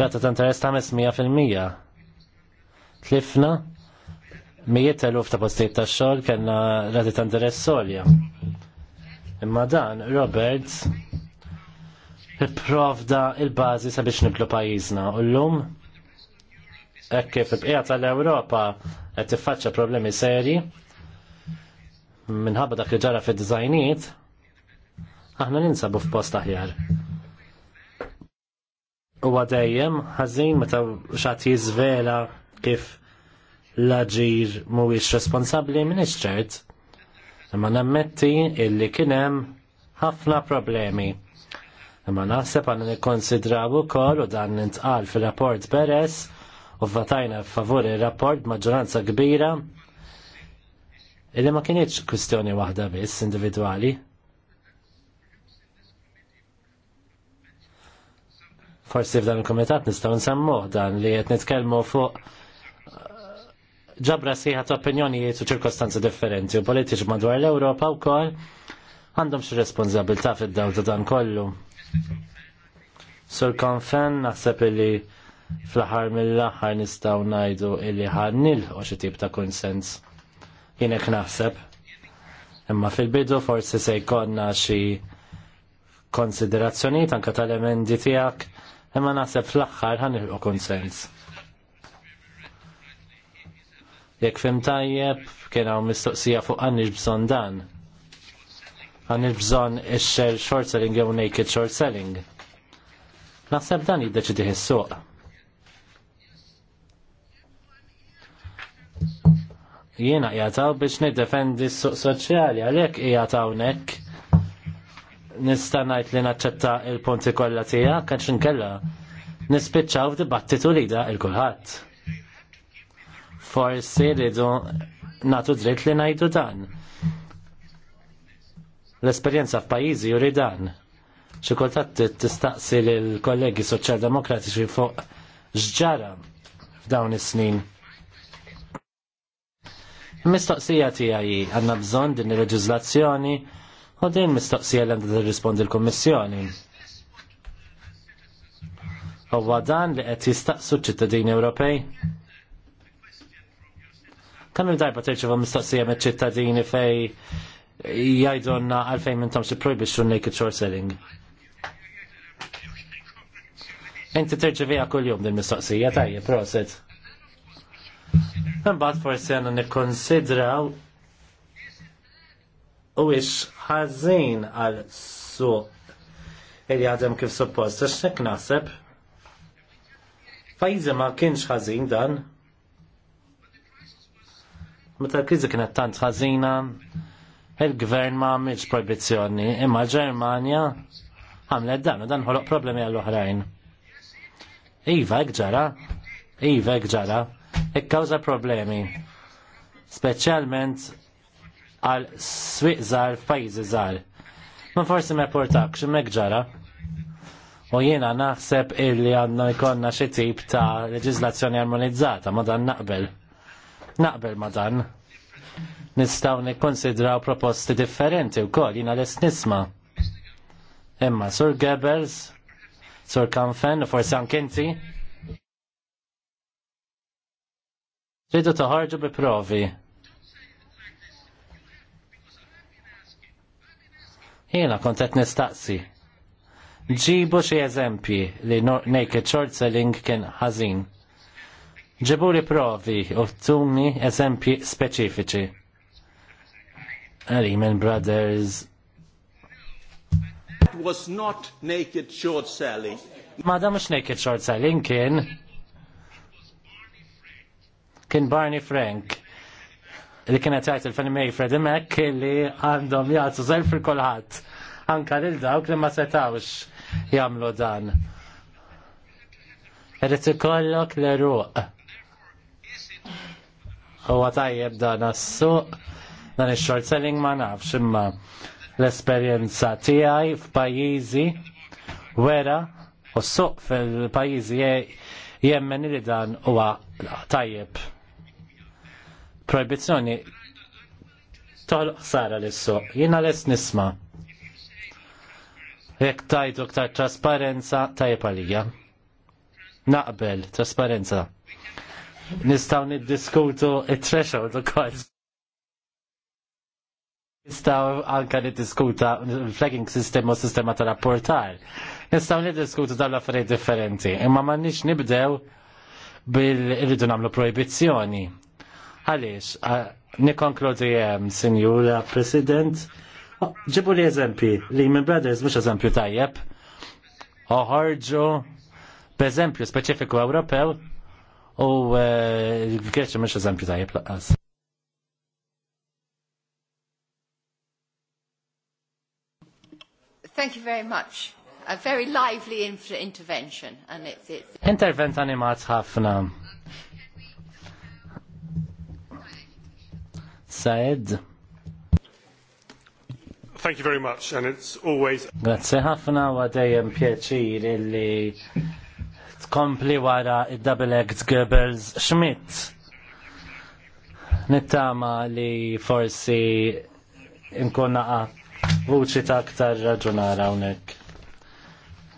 rata ta' interess ta' 500%. Tlifna mijiet eluf ta' postijiet ta' xogħol kellna rata ta' interess solja. Imma dan, Robert, Provda il-bazi sabiex niblu pajizna. U l-lum, hekk kif il tal-Ewropa qed tiffaċċa problemi serji minħabba dak li ġara fid-dizajniet, aħna ninsabu f'post aħjar. Huwa dejjem ħażin meta xat jiżvela kif l aġir mhuwiex responsabbli minn ċert. Imma nammetti illi kien hemm ħafna problemi. Imma naħseb għandna nikkonsidraw ukoll u dan intqal fir rapport peress u vvatajna favori rapport maġġoranza kbira illi ma kienieċ kwistjoni waħda biss individwali. Forsi f'dan il-komitat nistgħu nsemmuh dan li qed nitkellmu fuq uh, ġabra sieħat opinjonijiet u ċirkostanzi differenti u politiċi madwar l-Ewropa wkoll għandhom xi responsabilità fid-dawl ta' dan kollu. Sur konfen naħseb li fl-ħar mill-ħar nistaw najdu illi ħannil u xi tip ta' konsens. Jienek naħseb. Imma fil-bidu forsi se jkonna xi konsiderazzjonijiet anke tal-emendi tiegħek, imma naħseb fl-aħħar ħanilqu konsens. Jekk fim tajjeb kena u mistoqsija fuq għandix bżonn dan. Għandix bżonn ix-short selling jew naked short selling. Naħseb dan jiddeċidi s-suq jiena jataw biex nidefendi s-suq soċjali, għalek nista' nistanajt li naċċetta il-punti kollha tiegħek għax inkella nispiċċaw f'dibattitu li da il-kulħadd. Forsi ridu natu dritt li ngħidu dan. L-esperjenza f'pajjiżi juri dan. Xi kultant tistaqsi lill kollegi soċjaldemokratiċi fuq x'ġara f'dawn is-snin Mistoqsija tiegħi għandna bżonn din il-leġiżlazzjoni u din mistoqsija li għandha tirrispondi l-Kummissjoni. U għadan li għet jistaqsu ċittadini Ewropej? Kemm il-darba tirċeva mistoqsija me ċittadini fej jajdonna għalfejn minn tomx prohibition naked short selling. Inti tirċevija kull-jum din mistoqsija, tajje, proset. Mbagħad forsi għandna nikkonsidraw u ix ħażin għal suq li għadem kif suppost, għax nek naħseb. Pajjiżi ma kienx ħażin dan. Meta l-kriżi kienet tant ħażina, il-gvern ma għamilx proibizzjoni, imma l-Ġermanja għamlet dan u dan ħoloq problemi għall-oħrajn. Iva, ġara, Iva, ġara ikkawża e problemi. Specialment għal swiq zar, f'pajjiżi żgħar. Ma forsi me portak, hemmhekk ġara. U jiena naħseb illi għandna jkollna xi tip ta' leġiżlazzjoni armonizzata ma dan naqbel. Naqbel ma dan. Nistgħu nikkonsidraw proposti differenti wkoll jiena lest nisma. Imma Sur Goebbels, Sur Kanfen, forsi anke inti, Ridu toħorġu bi provi. Jena kontet nistaqsi. Ġibu xie eżempji li naked short selling kien ħazin. Ġibu li provi u tumni eżempji speċifiċi. Lehman Brothers. That was not naked short selling. Ma da mux naked short selling kien kien Barney Frank li kienet jgħid il-fenimej Freddy Mac li għandhom jgħatu zel fil kulħadd anka lil dawk li ma setawx jagħmlu dan. Irrid ikollok l ruq Huwa tajjeb dan as-suq dan ix-short selling ma nafx imma l-esperjenza tiegħi f'pajjiżi wera u suq fil pajizi jemmen li dan huwa tajjeb proibizzjoni Tolq sara l issu Jina les nisma. Jek tajdu ktar trasparenza tajb għalija. Naqbel, trasparenza. Nistaw niddiskutu il threshold ukoll. Nistaw anka niddiskuta l-flagging system u sistema tal-apportar. Nistaw niddiskutu tal affarijiet differenti. Imma ma nix nibdew bil ridu namlu proibizzjoni għalix, nikonkludi jem, Sinjura President, ġibu li eżempi, li Lehman Brothers mux eżempju tajjeb, oħorġu eżempju specifiku Ewropew u l-Greċja e, mhux eżempju tajjeb laqas. Thank you very much. A very lively intervention. And it's, it's... Intervent animat ħafna Saed. Thank you very much and it's always Grazie ħafna wa dejjem pjaċir illi tkompli wara id-double act Goebbels Schmidt. Nittama li forsi nkun naqa' vuċi ta' aktar raġunara hawnhekk.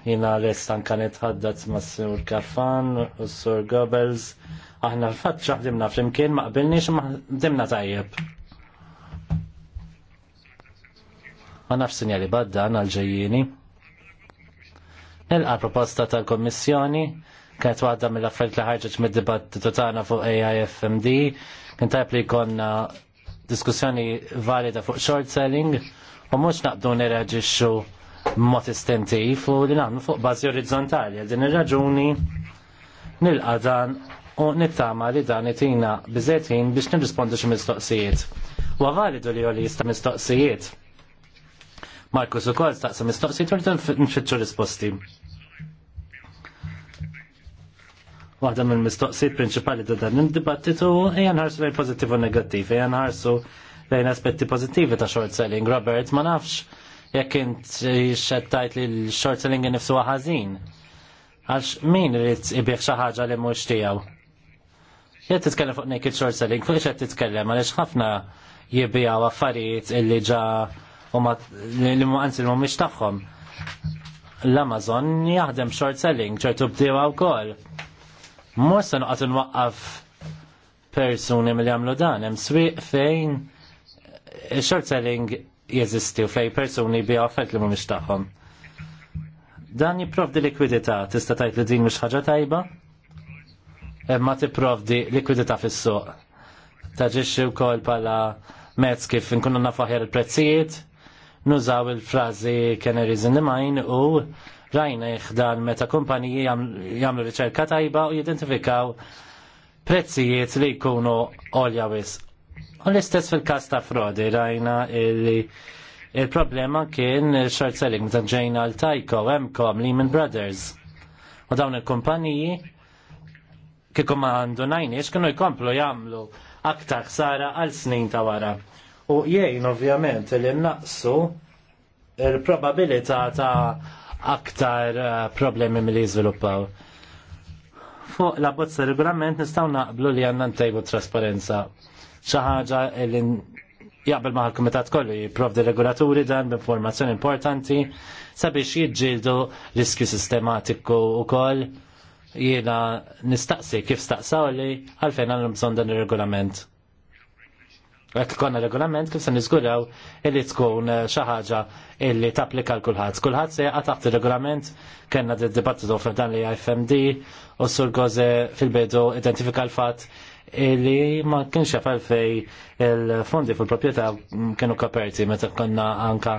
Jina l-est kanet ħaddat ma' s-sur Kafan u s-sur Goebbels. Aħna l-fat xaħdimna flimkien ma' qbilniex ma' maħdimna tajjeb. Ma' nafx sinjali badda għana l-ġejjini. Nelqa proposta tal-Kommissjoni kienet waħda mill-affarijiet li ħarġet mid-dibattitu tagħna fuq AIFMD, kien tajb li jkollna diskussjoni valida fuq short selling u mhux naqbdu nirreġixxu ma tistenti u li nagħmlu fuq bażi orizzontali. Din ir-raġuni nilqa' dan u nittama li dan itina biżejt biex nirrispondu xi mistoqsijiet. Huwa validu li li jista' mistoqsijiet. Markus ukoll staqsa mistoqsijiet u nfittxu risposti. Waħda mill mistoqsijiet prinċipali ta' dan id-dibattitu hija nħarsu lejn pożittiv u negattiv, hija nħarsu lejn aspetti pożittivi ta' short selling. Robert ma nafx jekk int eh, xettajt li l-short selling nifsu ħażin. Għax min rrit ibieħ xi ħaġa li mhux tiegħu? Jekk titkellem fuq naked short selling, fuq xed titkellem għaliex ħafna jibbijaw affarijiet illi ġa li mu għanzi li mhumiex tagħhom. L-Amazon jaħdem short selling, ċertu bdiewa wkoll. Mhux se noqgħod waqqaf persuni mill-jagħmlu dan, hemm swieq fejn short selling jeżisti u flej persuni bi għafet li mhumiex tagħhom. Dan jipprovdi likwidità, tista' tajt li din mhux ħaġa tajba? Imma tipprovdi likwidità fis Taġiċi u wkoll bħala mezz kif nkunu nafaħjar il-prezzijiet, nużaw il-frażi canaries in the mine u rajna jħdan meta kumpaniji jagħmlu riċerka tajba u jidentifikaw prezzijiet li jkunu olja wisq U l-istess fil-kas ta' frodi rajna illi il-problema kien short selling ta' ġejna l-Tajko, Emcom, Lehman Brothers. U dawn il-kumpaniji kikum ma għandu najniex kienu jkomplu jamlu aktar ħsara għal snin ta' wara. U jgħin ovvjament li naqsu il-probabilità ta' aktar eh, problemi mill jizviluppaw. Fuq la bozza regolament nistaw naqblu li għanna ntejbu trasparenza xaħġa ħaġa li jaqbel maħal kumitat kollu jipprovdi regolaturi dan b'informazzjoni importanti sabiex jidġildu riskju sistematiku wkoll jiena nistaqsi kif staqsaw li għalfejn għallum bżonn dan ir-regolament. Jekk konna regolament kif se niżguraw illi tkun eh, xi ħaġa illi tapplika l kulħadd. Kulħadd se jaqa' taħt ir-regolament kellna dibattitu f'dan li IFMD u sur goze fil bedu identifika l-fatt li ma kienx jafar fej il-fondi fil-propieta kienu kaperti meta konna anka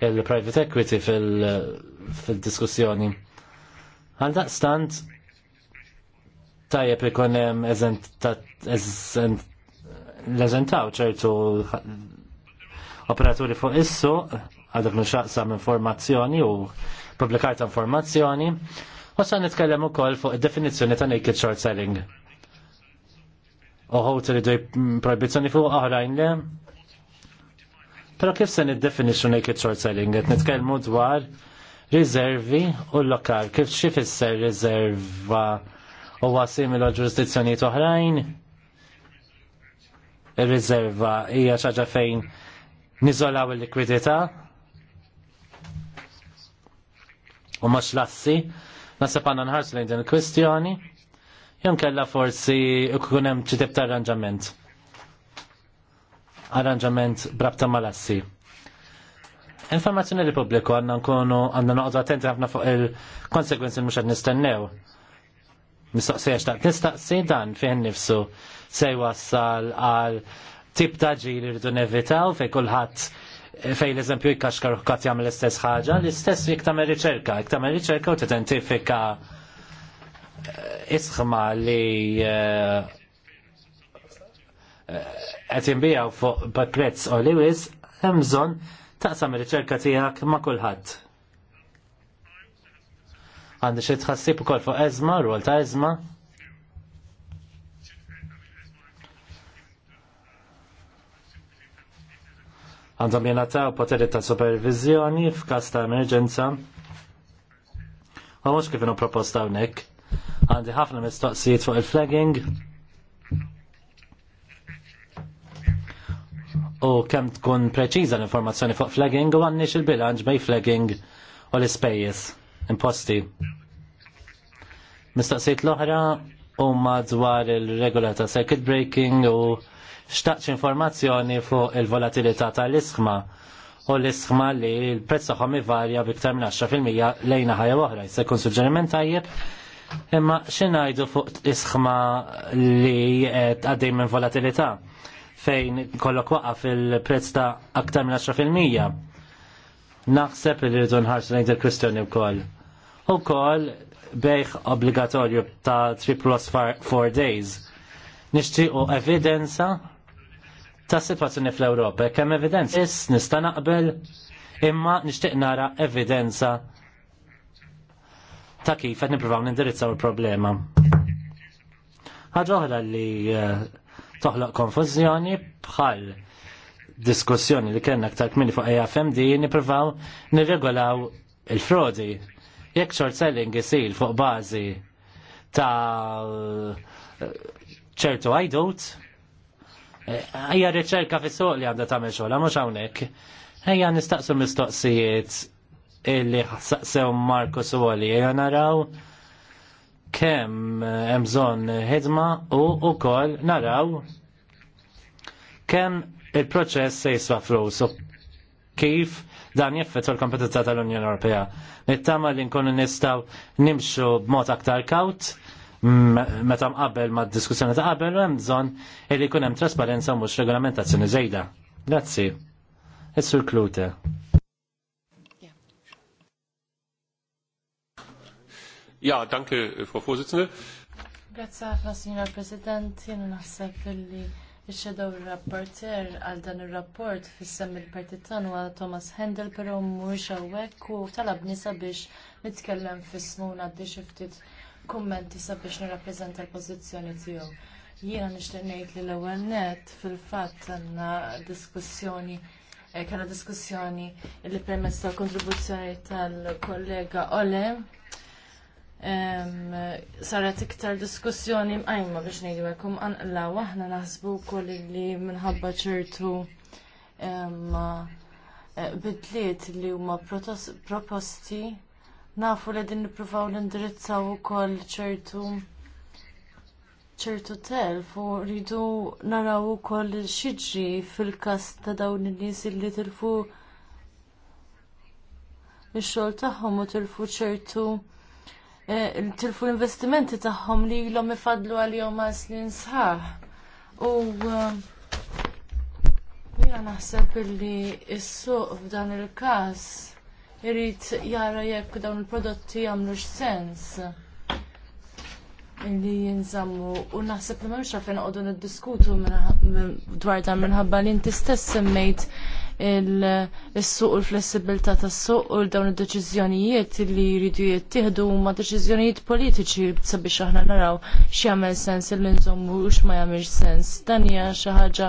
il-private equity fil-diskussjoni. Għal daqstant, tajjeb ikonem l-eżentaw ċertu operaturi fuq issu għadak nxaqsam informazzjoni u publikar informazzjoni. U sa' nitkellem ukoll fuq id definizzjoni ta' naked short selling uħut li doj prohibizjoni fuq oħrajn le. Pero kif se niddefinixu naked short selling? Qed nitkellmu dwar riservi u lokal. Kif xi fisser rizerva u simili il ġurisdizzjonijiet oħrajn? Ir-riserva hija xi ħaġa fejn niżolaw il-likwidità u mhux lassi. Nasab għandna nħarsu lejn din il-kwistjoni jom kella forsi kunem ċitib ta' arranġament. Arranġament brabta malassi. Informazzjoni li pubbliku għanna nkunu għanna noqdu attenti ħafna fuq il-konsekwenzi mux għad nistennew. Mistoqsi għax ta' nistaqsi dan fiħin nifsu se wassal għal tip ta' ġili rridu nevitaw fej kullħat fej l-eżempju jikkaxkar uħkat jagħmel l-istess ħaġa, l-istess jik riċerka, jik riċerka u t-identifika isħma li eh, eh, qed jinbijaw fuq prezz u liwis hemm bżonn taqsam il riċerka tiegħek ma' kulħadd. Għandi xi tħassib ukoll fuq ezma rwol ta' eżma. Għandhom jenataw poteri ta' supervizjoni f'każ ta' emerġenza. Ma mhux kif proposta hawnhekk. Għandi ħafna mistoqsijiet fuq il-flagging. U kemm tkun preċiża l-informazzjoni fuq flagging u għandniex il-bilanċ bej flagging u l-ispejjeż imposti. Mistoqsijiet l-oħra huma dwar il-regola ta' circuit breaking u xtaqx informazzjoni fuq il-volatilità tal-isħma u l-isħma li l-prezz tagħhom ivarja biktar minn 10% lejna ħajja oħra. Se jkun suġġeriment tajjeb Imma xinajdu fuq isħma li għaddej minn volatilità fejn kollok waqa fil-prezz ta' aktar minn 10%. Naħseb li rridu nħarsu ngħid il-kwistjoni wkoll. Ukoll bejħ obbligatorju ta' 3 plus 4 days. Nixtiequ evidenza ta' situazzjoni fl-Ewropa. Kemm evidenza? Is nista' naqbel imma nixtieq nara evidenza ta' kif qed nippruvaw nindirizzaw il-problema. Ħaġa oħra li eh, toħloq konfużjoni bħal diskussjoni li kellna aktar kmini fuq AFMD nippruvaw nirregolaw il-frodi. Jekk short selling isil fuq bażi ta' eh, ċertu għajdut, Ejja eh, riċerka fis suq li għandha tagħmel xogħla mhux hawnhekk. Ejja nistaqsu mistoqsijiet illi saqsew Marko Suoli jew naraw kemm eh, hemm bżonn ħidma u wkoll naraw kemm il-proċess se jiswa flus u kif dan jaffetwa l-kompetenza tal-Unjoni Ewropea. Nittama li nkunu nistaw nimxu b'mod aktar kaut meta mqabel ma' diskussjoni ta' qabel u hemm bżonn li jkun hemm trasparenza u mhux regolamentazzjoni żejda. Grazzi. Is-Sur Klute. Ja, danke, äh, Frau Vorsitzende. Grazie, Signor President. Jena naħseb li il-Shadow Rapporter għal dan il-rapport fissem il-partitan huwa Thomas Handel, pero mhuwiex hawnhekk u talabni sabiex nitkellem fis-smu xi ftit kummenti sabiex nirrappreżenta l-pożizzjoni tiegħu. Jiena nixtieq ngħid li l-ewwel net fil-fatt għandna diskussjoni eh, kellha diskussjoni li permezz tal-kontribuzzjoni tal-kollega Ole saret iktar diskussjoni mqajma biex ngħidu għakum għanqla waħna naħsbu wkoll li minħabba ċertu eh, bidliet li huma proposti nafu li din nippruvaw l-indirizzaw ukoll ċertu ċertu tel u rridu naraw ukoll xiġri fil każ ta' dawn in-nies li tilfu il xogħol tagħhom u tilfu ċertu Eh, tilfu investimenti tagħhom li ilhom ifadlu għalihom jom għaslin sħaħ. U eh, jiena naħseb li s-suq f'dan il-każ irid jara jekk dawn il-prodotti x sens li jinżammu u naħseb li m'hemmx għodun id niddiskutu dwar dan minħabba li inti stess semmejt il-suq u l-flessibilità tas-suq u dawn id-deċiżjonijiet li jridu jittieħdu huma deċiżjonijiet politiċi sabiex aħna naraw x'jagħmel sens il nżommu u x'ma jagħmilx sens. Dan hija xi ħaġa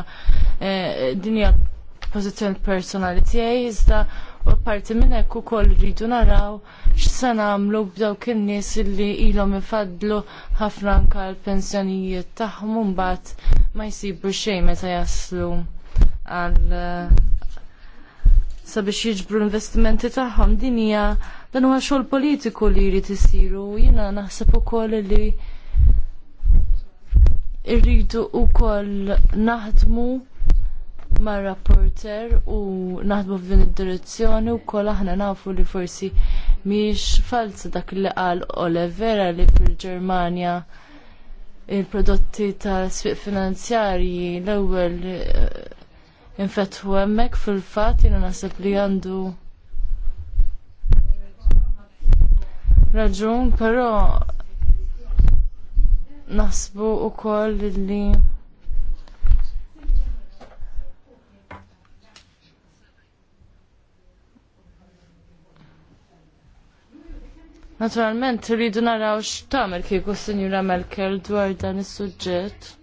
eh, din hija pożizzjoni personali tiegħi iżda u parti minn hekk ukoll rridu naraw x'se nagħmlu b'dawk in-nies li ilhom ifadlu ħafna anke l-pensjonijiet tagħhom mbagħad ma jsibu xejn meta jaslu għal eh, sabiex jiġbru investimenti tagħhom din hija dan huwa xogħol politiku li jrid isiru jiena naħseb ukoll li irridu wkoll naħdmu ma' rapporter u naħdmu f'din id-direzzjoni u aħna nafu li forsi miex falsa dak li qal Olivera li fil-Ġermanja il-prodotti ta' swieq finanzjarji l-ewwel Infettħu hemmhekk fil-fatt jiena naħseb li għandu raġun, però naħsbu wkoll li Naturalment, rridu naraw x'tagħmel kieku Sinjura Merkel dwar dan is-suġġett.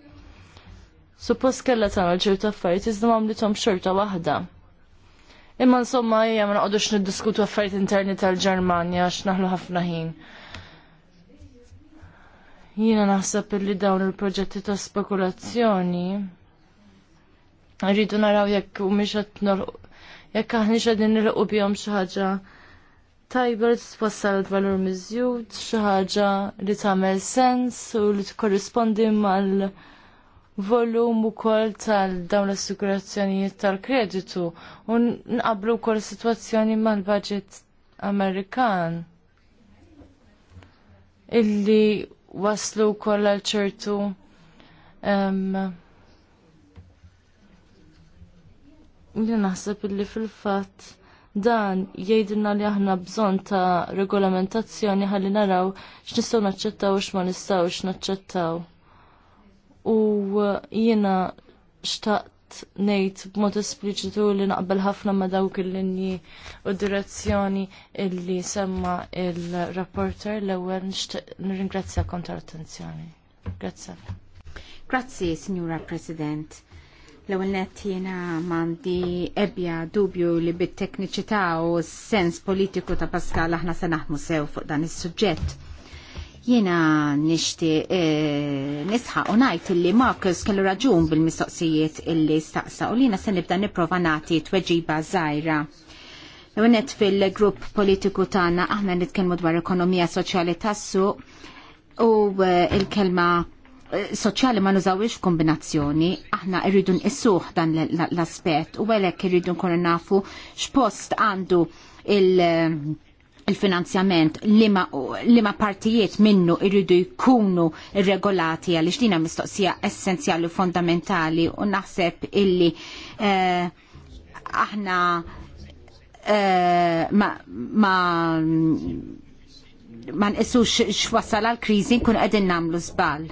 Suppost kella tagħmel ċertu affarijiet iżda għamlithom xorta waħda. Imma insomma hija ma noqgħodux niddiskutu affarijiet interni tal-Ġermanja għax naħlu ħafna ħin. Jiena naħseb li dawn il-proġetti ta' spekulazzjoni rridu naraw jekk humiex qed jekk aħniex qegħdin nilqu bihom xi ħaġa tajba li titwassal valur miżjud, xi ħaġa li tagħmel sens u li tikkorrispondi mal- volum ukoll tal-dawn l-assigurazzjonijiet tal-kreditu u nqablu wkoll situazzjoni sitwazzjoni mal-budget Amerikan illi waslu wkoll għal ċertu um, li naħseb illi fil-fatt dan jgħidilna li aħna bżonn ta' regolamentazzjoni ħalli naraw x'nistgħu naċċettaw u x'ma nistgħux naċċettaw u uh, jiena xtaqt ngħid b'mod espliċitu li naqbel ħafna ma' dawk il-linji u direzzjoni illi semma il-rapporter l-ewwel nirringrazzja kontra l attenzjoni Grazie. Grazzi, Signora President. L-ewwel nett jiena mandi ebja dubju li bit-tekniċità u s-sens politiku ta' Pascal aħna se naħmu sew fuq dan is-suġġett. Jiena nishti e, nisħa unajt illi Marcus kellu raġun bil-mistoqsijiet illi staqsa u Lina se nibda niprofa nati tweġiba zaħira. Unet fil-grupp politiku tana aħna nitkelmu dwar ekonomija soċjali tassu u e, il-kelma e, soċjali ma nużawix kombinazzjoni, aħna irridu nqissuh dan l-aspet u għelek irridu nkunu nafu x'post għandu il- il-finanzjament ma partijiet minnu irridu jkunu regolati għaliex dina mistoqsija essenzjali u fondamentali u naħseb illi eh, aħna eh, ma, ma ma nqisux x'wassal għal kriżi nkun qegħdin nagħmlu żball.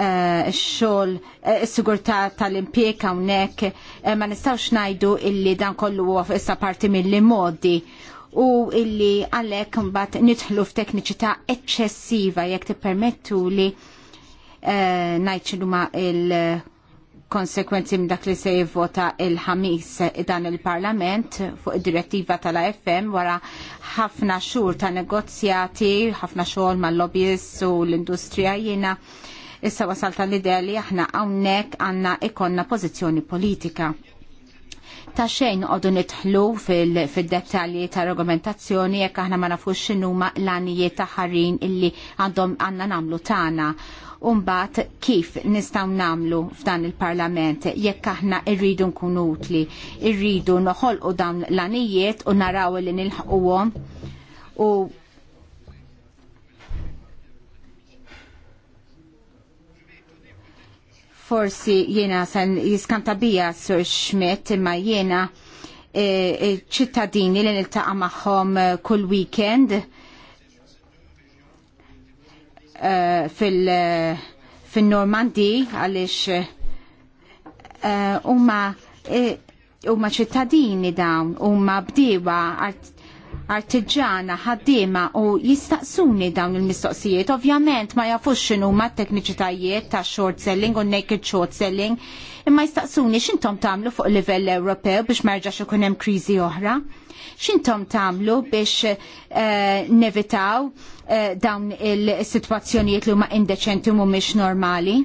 Ix-xogħol eh, is-sigurtà eh, tal-impjeg hawnhekk eh, ma nistgħux ngħidu illi dan kollu huwa issa parti mill-modi u illi għalhekk mbagħad nidħlu f'tekniċità eċċessiva jekk tippermettu li uh, ngħid x'inhuma il konsekwenzi minn dak li se jivvota il-ħamis dan il-Parlament fuq id-direttiva tal-AFM wara ħafna xhur ta' negozjati, ħafna xogħol mal-lobbyist u l-industrija jiena. Issa wasalta l idea li aħna hawnhekk għandna ikonna pożizzjoni politika ta' xejn għodu nitħlu fil-dettalji ta' argumentazzjoni jekk aħna ma nafux x'inhuma l-għanijiet ta' ħarin illi għandhom għandna nagħmlu tagħna. Umbat kif nistgħu nagħmlu f'dan il-parlament jekk aħna rridu nkun utli, irridu noħolqu dawn l-għanijiet u naraw li nilħquhom u forsi jiena san jiskanta bija sur Schmidt imma jiena e, e, ċittadini li niltaqa' magħhom e, kull weekend fil normandi għaliex huma ċittadini dawn huma bdiewa artiġana, ħaddiema u jistaqsuni dawn il-mistoqsijiet. Ovvjament ma jafux xinu ma tekniċitajiet ta' short selling u naked short selling, imma jistaqsuni x'intom tagħmlu fuq livell Ewropew biex marġax jerġax ikun hemm kriżi oħra. X'intom tagħmlu biex uh, nevitaw uh, dawn il-sitwazzjonijiet li huma indeċenti u mhumiex normali?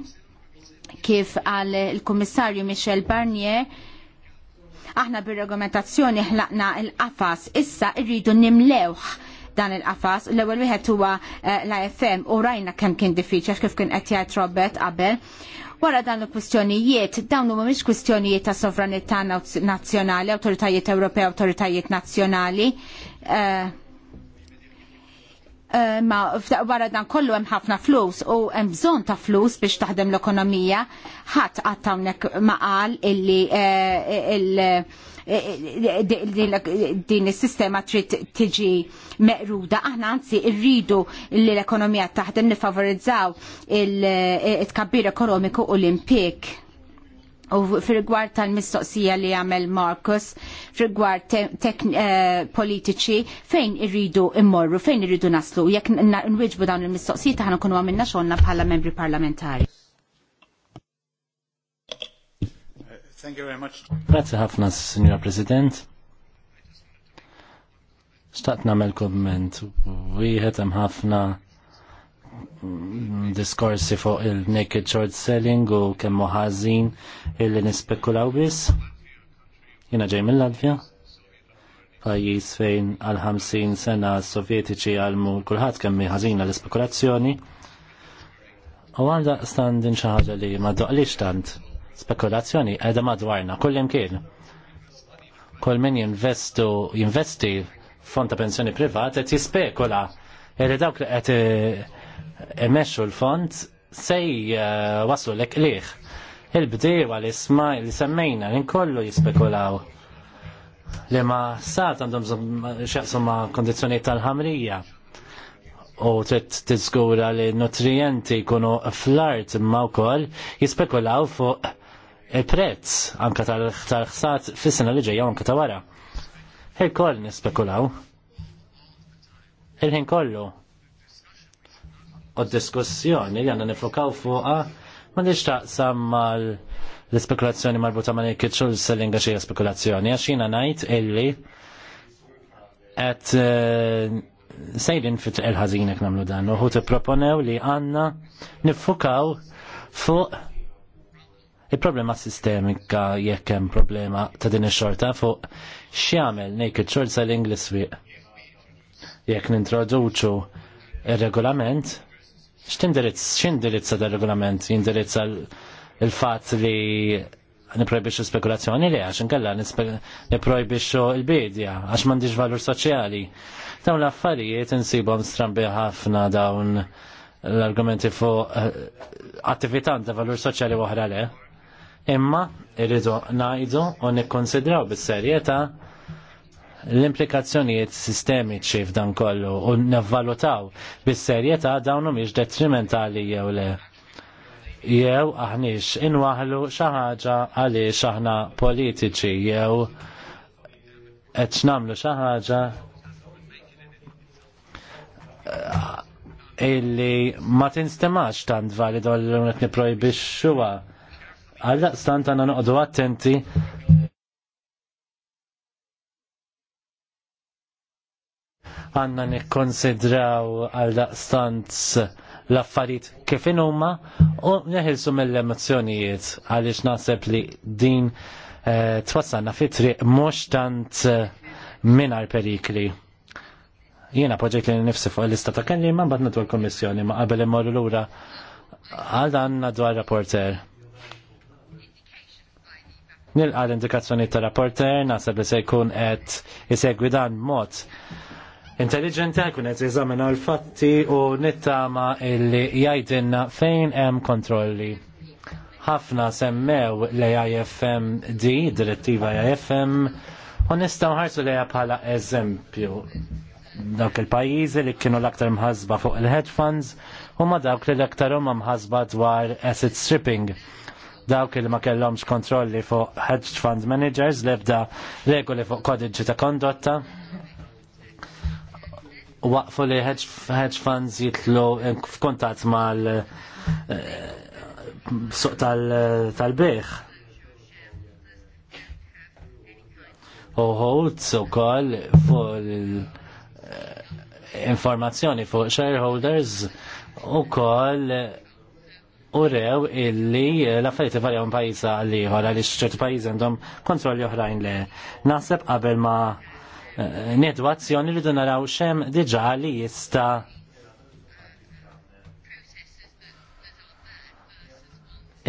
Kif għal il-Kummissarju Michel Barnier, Aħna bil regomentazzjoni ħlaqna il-qafas, issa rridu nimlewħ dan il-qafas. L-ewwel wieħed huwa eh, l-AFM u rajna kemm kien diffiċli kif kien qed jgħid Robert qabel. Wara dan il-kwistjonijiet, dawn huma mhix kwistjonijiet ta' sovranità nazzjonali, awtoritajiet Ewropej, awtoritajiet nazzjonali. Uh, Eh, ma wara dan kollu hemm ħafna flus u hemm bżonn ta' flus biex taħdem l-ekonomija. Ħadd qatt hawnhekk ma qal illi eh, din is-sistema trid tiġi meqruda. Aħna anzi rridu li l-ekonomija taħdem nifavorizzaw il-tkabbir ekonomiku u l-impjeg U fil-gwar tal-mistoqsija li għamel Markus, fil-gwar eh, politiċi, fejn irridu immorru, fejn irridu naslu, jekk nwiġbu dawn il-mistoqsija taħna kunu għamilna xonna bħala membri parlamentari. Thank you very much. Grazie ħafna, Signora President. Staqt namel komment, u jħetem ħafna diskorsi fuq il-naked short selling u kemm ħażin illi nispekulaw biss. Jiena ġej mill-Latvja. Pajjiż fejn għal 50 sena sovjetiċi għalmu kulħadd kemm ħażin l-ispekulazzjoni. U għanda standin xi ħaġa li ma doqlix tant. Spekulazzjoni qiegħda madwarna kull imkien. Kull min jinvestu jinvesti f'fond ta' pensjoni privat qed jispekula. Eri dawk li qed emessu l-font sej eh, waslu l liħ. Il-bdewa li isma li semmejna li kollu jispekulaw li ma sat għandhom xaqsu ma kondizjoni tal-ħamrija u trid tiżgura li nutrijenti jkunu fl-art imma wkoll jispekulaw fuq il-prezz anka tal-ħsat fis-sena li ġejja anka ta' wara. Il-koll nispekulaw. Il-ħin kollu u diskussjoni li għanna nifokaw fuqa ma li xtaqsam mal l-spekulazzjoni marbuta ma li kitxu l-sellinga xie spekulazzjoni għax jina najt illi għet eh, sejrin fit il-ħazinek namlu dan uħu t-proponew li għanna nifokaw fuq il-problema sistemika jekk hemm problema ta' din ix-xorta fuq x'jagħmel naked short selling l-iswieq jekk nintroduċu il-regolament X'tindirizz, x'indirizza dar regolament jindirizza il-fatt li niprojbixxu spekulazzjoni li għax inkella niprojbixxu l-bidja għax m'għandix valur soċjali. Dawn l-affarijiet insibhom strambi ħafna dawn l-argumenti fuq eh, attività ta' valur soċjali oħra le. Imma irridu ngħidu u nikkonsidraw bis-serjetà l-implikazzjonijiet sistemiċi f'dan kollu u nevvalutaw bis-serjetà dawn mhumiex detrimentali jew le. Jew aħniex inwaħlu xi ħaġa għaliex aħna politiċi jew qed nagħmlu xi ħaġa eh, illi ma tinstimax tant valido l-unet niprojbixxuha. Għallaq stant għanna noqdu attenti għanna nikkonsidraw għal daqstanz l-affarijiet kif huma u neħilsu mill emozjonijiet għaliex naħseb li din e, twassalna fitri mhux tant eh, mingħajr perikli. Jiena poġġejt li nifsi fuq l-lista ta' kelli ma mbagħad nadwar kommissjoni ma qabel immorru lura għal dan dwar rapporter. Nil għal indikazzjoni ta' rapporter, naħseb li se jkun qed isegwi dan mod intelligenti għakun għet jizamina l-fatti u nittama illi jajdinna fejn hemm kontrolli. ħafna semmew l IFM D, direttiva IFM, u nistgħu ħarsu li bħala eżempju dawk il-pajizi li kienu l-aktar mħazba fuq il-hedge funds u ma dawk li l-aktar huma mħazba dwar asset stripping dawk li ma kellhomx kontrolli fuq hedge fund managers l-ebda regoli fuq kodiġi ta' kondotta waqfu li hedge funds jitlu f'kontat mal eh, suq eh, tal-beħ. Uħut so kol fuq eh, informazzjoni fuq shareholders u koll u rew illi l-affarijiet varja minn pajjiż għal ieħor għaliex ċertu pajjiżi għandhom kontrolli oħrajn le. Naħseb qabel ma' Eh, nedwazzjoni azzjoni li naraw xem diġa li jista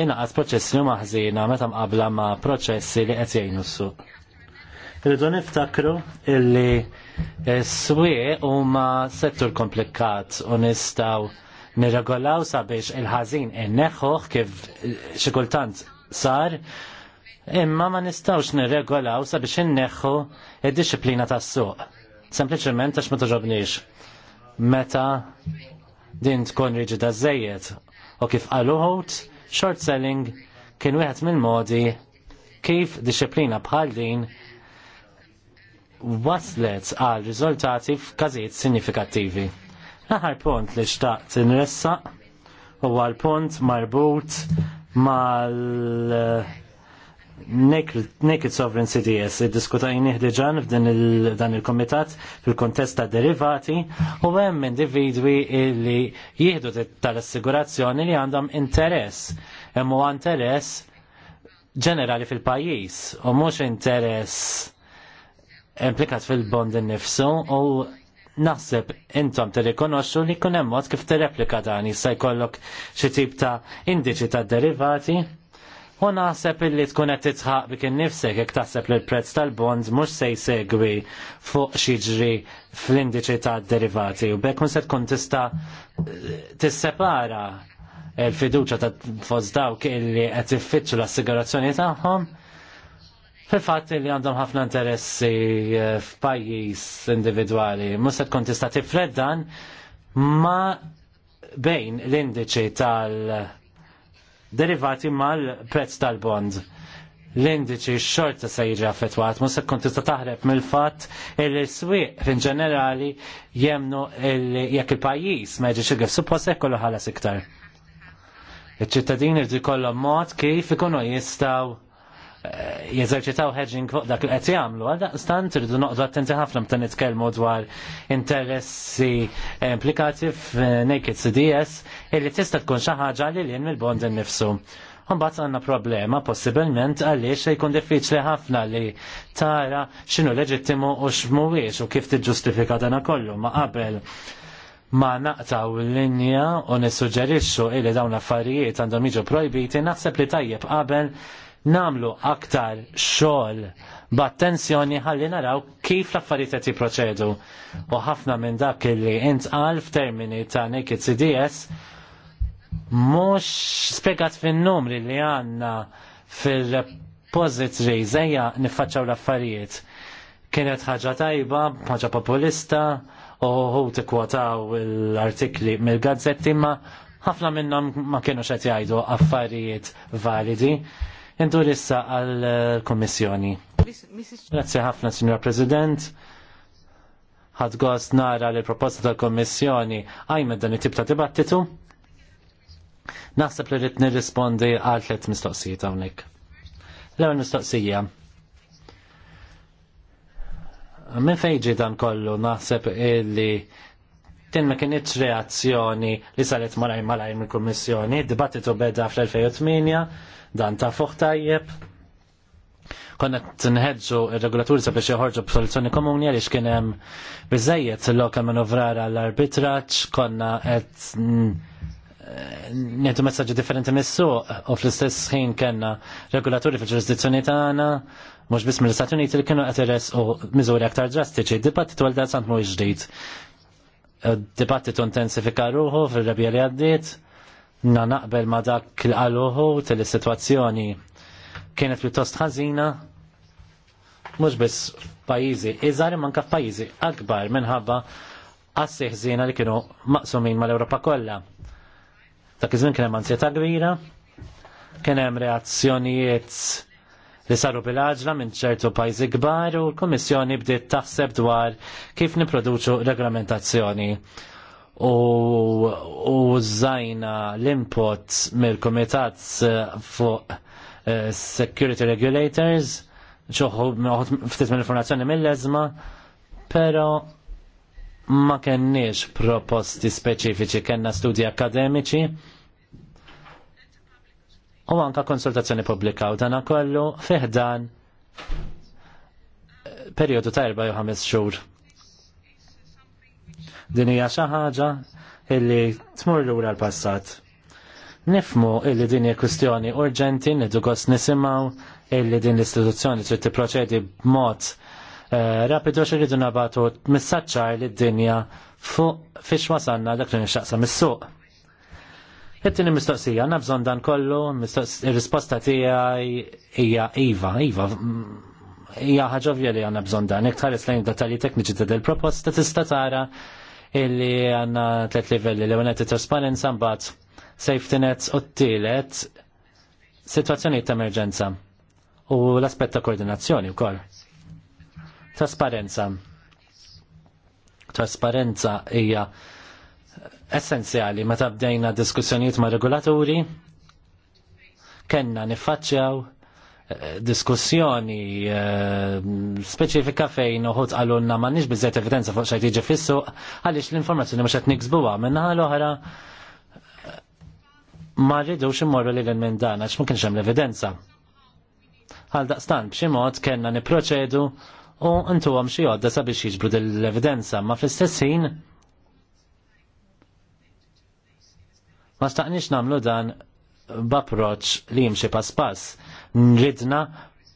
inaqas proċessi li maħżina meta mqabla ma' proċessi li qed jgħinu s-suq. Irridu niftakru illi s-swieq huma settur komplikat u nistgħu nirregolaw sabiex il-ħażin inneħħuh kif xi kultant sar imma ma nistawx nirregolaw sabiex inneħħu id-disciplina tas-suq. Sempliċement għax ma toġobniex. Meta din tkun riġida żejjed u kif qaluħut, short selling kien wieħed mill-modi kif disciplina bħal din waslet għal riżultati f'każijiet sinifikattivi. Aħar punt li xtaqt nressa huwa l-punt marbut mal Naked Sovereign CDS diskutajni ħdiġan f'dan il-komitat fil kontesta derivati u hemm individwi li jieħdu tal-assigurazzjoni li għandhom interess. Hemm interess ġenerali fil-pajjiż u mhux interess implikat fil-bond innifsu u naħseb intom tirrikonoxxu li jkun hemm mod kif tirreplika dan jista' jkollok xi tip ta' indiċi ta' derivati U naħseb illi tkun qed titħaq bik innifsek jekk taħseb li l-prezz tal-bonds mhux se jsegwi fuq ġri fl-indiċi tad-derivati u bekk se tkun tista' tissepara l-fiduċja ta' fost dawk illi qed iffittxu l-assigurazzjoni tagħhom fil-fatt li għandhom ħafna interessi eh, f'pajjiż individwali. Mhux se tkun tista' tifred dan ma' bejn l-indiċi tal- derivati mal-prezz tal-bond. L-indiċi xorta se jiġi affettwat, mhux se tkun tista' taħreb mill-fatt li s-swieq fin ġenerali jemnu jekk il-pajjiż ma xigif igif suppost kollu ħalas iktar. Iċ-ċittadini rdi kollu mod kif ikunu jistgħu jeżerċitaw hedging fuq dak li qed jagħmlu, għaldaqstant irridu noqgħdu attenti ħafna meta nitkellmu dwar interessi implikati f'Naked CDS illi tista' tkun xi ħaġa li lien mill-bond innifsu. Mbagħad għandna problema possibilment għaliex se jkun diffiċli ħafna li tara x'inhu leġittimu u x'mhuwiex u kif tiġġustifika dan kollu ma qabel ma naqtaw l-linja u nissuġġerixxu illi dawn l affarijiet għandhom jiġu projbiti naħseb li tajjeb qabel namlu aktar xogħol b'attenzjoni ħalli naraw kif l-affarijiet qed jipproċedu. U ħafna minn dak li intqal f'termini ta' naked CDS mhux spjegat fin-numri li għandna fil-repository żejja niffaċċaw l-affarijiet. Kienet ħaġa tajba, ħaġa populista, u hu tikwotaw l-artikli mill-gazzetti ma ħafna minnhom ma kienu xed jgħidu affarijiet validi Indur issa għal-Komissjoni. Grazie ħafna, Signor President. Għad gost nara li proposta tal-Komissjoni għajmed dan it-tip ta' dibattitu. Naħseb li rrit nirrispondi għal tliet mistoqsijiet hawnhekk. L-ewwel mistoqsija. Minn fejġi dan kollu naħseb illi din ma kienieċ reazzjoni li saret malaj malaj mill kummissjoni dibattitu beda fl-2008, dan ta' fuq tajjeb. Konna t-nħedġu il-regolaturi sabiex joħorġu b'soluzzjoni komuni għaliex kien hemm l lokal manovrar għall-arbitraġġ, konna qed nieħdu messaġġi differenti mis-suq u fl-istess ħin kellna regulaturi fil-ġurisdizzjoni tagħna mhux biss mill-Istati Uniti li kienu qed u miżuri aktar drastiċi. Dibattitu għal dan sant mhuwiex Dibattitu intensifika ruħu fil-rebja li għaddiet na naqbel ma dak l-qaluħu tal-situazzjoni kienet piuttost ħażina mhux biss f'pajjiżi iżgħar anke f'pajjiżi akbar minħabba assi ħżina li kienu maqsumin mal-Ewropa kollha. Dak iż-żmien kien hemm ansjetà kbira, kien hemm reazzjonijiet li saru bil għaġla minn ċertu pajzi kbar u l-Komissjoni bdiet taħseb dwar kif niproduċu reglamentazzjoni u żajna l-input mill-Kumitat eh, fuq eh, Security Regulators ċoħu ftit mill-informazzjoni mill-leżma, pero ma kenniex proposti speċifiċi, kenna studi akademiċi u anka konsultazzjoni pubblika u dana kollu fiħdan eh, periodu ta' 4 jew 5 xhur. Din hija xi ħaġa illi tmur lura l-passat. Nifmu illi din hija kwistjoni urġenti nidu gost nisimgħu illi din l-istituzzjoni trid tipproċedi b'mod eh, rapidu xi rridu nabatu missaċċar lid dinja fuq fiex wasanna dak li nixtaqsa mis-suq. Ittini mistoqsija, għanna bżonn dan kollu, il-risposta tijaj hija Iva, Iva, mm, hija ħaġa ovvja li għanna bżon dan, iktar lejn dettalji tekniċi ta' del-proposta tista' tara illi għanna tlet livelli li t trasparenza mbat safety net u t tilet situazzjoni ta' emerġenza u l-aspet ta' koordinazzjoni wkoll. Trasparenza. Trasparenza hija essenzjali meta bdejna diskussjonijiet ma' regolaturi, kenna niffaċċjaw diskussjoni eh, speċifika fejn uħut għalunna ma nix bizzet evidenza fuq xajt iġi fissu għalix l-informazzjoni mux għet niksbuwa minna għal uħra ma rridux immorru li l-minn dan għax mumkin xem l-evidenza. Għal daqstan b'xi mod kena niproċedu u intu għam xie għodda sabiex jiġbru dil-evidenza ma fl-istessin ma staqnix namlu dan b'approċ li jimxi pas-pass nridna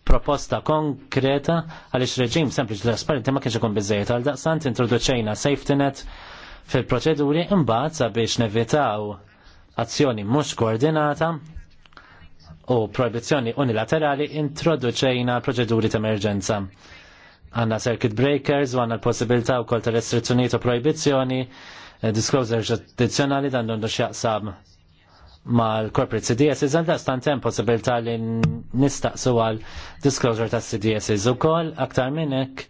proposta konkreta għaliex reġim sempliċi trasparenti ma kienx ikun biżejjed għal daqsant introduċejna safety net fil-proċeduri imbagħad sabiex nevitaw azzjoni mhux koordinata u proibizzjoni unilaterali introduċejna proċeduri ta' emerġenza. Għanna circuit breakers u għanna l-possibilità u kol ta' restrizzjoni u proibizzjoni, eh, disclosure addizzjonali dan dondu xjaqsam mal-corporate CDS, iżan da stantem possibilità li nistaqsu għal disclosure ta' CDS u kol aktar minnek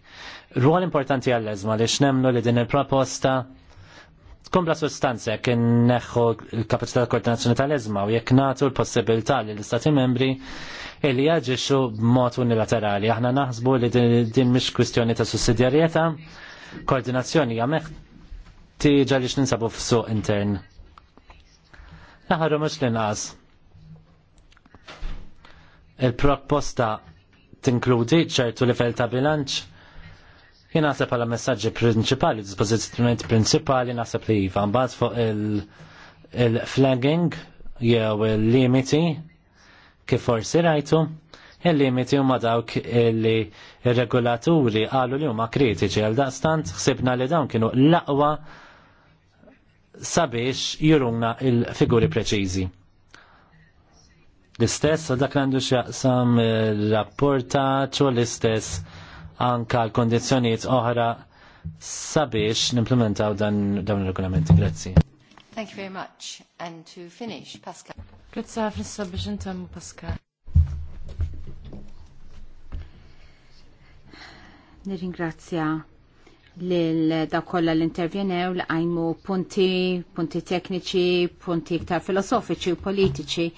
rwol importanti għall-ezma li xnemlu li din il-proposta tkun bla sostanza jekk neħħu l-kapacità koordinazzjoni tal-ezma u jekk nagħtu l-possibilità li l-Istati membri illi jaġixxu b'mod unilaterali. Aħna naħsbu li din mhix kwistjoni ta' sussidjarjetà, koordinazzjoni hija tiġa li x'ninsabu f'suq intern. Naħarru mux li naqas. Il-proposta tinkludi ċertu livell ta' bilanċ jien naħseb bħala messaġġi prinċipali, dispożizzjonijiet prinċipali naħseb li jiva mbagħad fuq il-flagging jew il-limiti kif forsi rajtu, il-limiti huma dawk li ir-regolaturi qalu li huma kritiċi għal daqstant ħsibna li dawn kienu l-aqwa sabiex jiruna il-figuri preċiżi. L-istess, dak għandu xjaqsam rapporta ċu l-istess anka l-kondizjoniet oħra sabiex nimplementaw dan dawn il-regolamenti. Grazzi. Thank you very much. And to finish, Pascal. Grazzi għafrissa biex intemmu Pascal. Nirringrazzja lil da kollha l-intervjenew li għajmu punti, punti tekniċi, punti iktar filosofiċi u politiċi.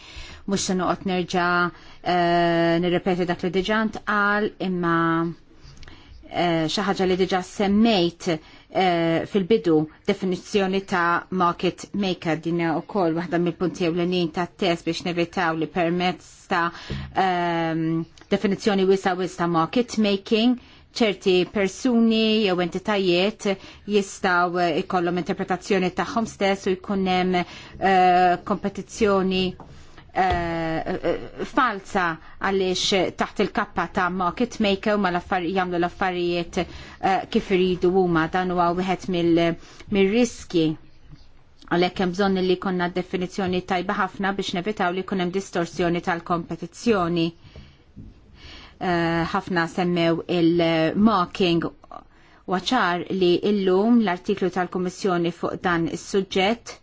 Mux se noqgħod nerġa' uh, nirrepeti dak li diġà għal imma xaħġa eh, xi ħaġa li diġa' semmejt eh, fil-bidu definizzjoni ta' market maker u ukoll waħda mill-punti ewlenin tat-test biex nevitaw li permezz ta' definizjoni ehm, definizzjoni wisa wisa market making ċerti persuni jew entitajiet jistaw ikollhom interpretazzjoni tagħhom stess u jkun hemm uh, kompetizzjoni uh, falsa għaliex taħt il-kappa ta' market maker ma l-affar jamlu l-affarijiet uh, kif iridu huma dan huwa wieħed mill-riski għalhekk hemm bżonn li konna definizzjoni tajba ħafna biex nevitaw li jkun hemm distorsjoni tal-kompetizzjoni Eh, ħafna semmew il-marking waċar li illum l-artiklu tal komissjoni fuq dan is-suġġett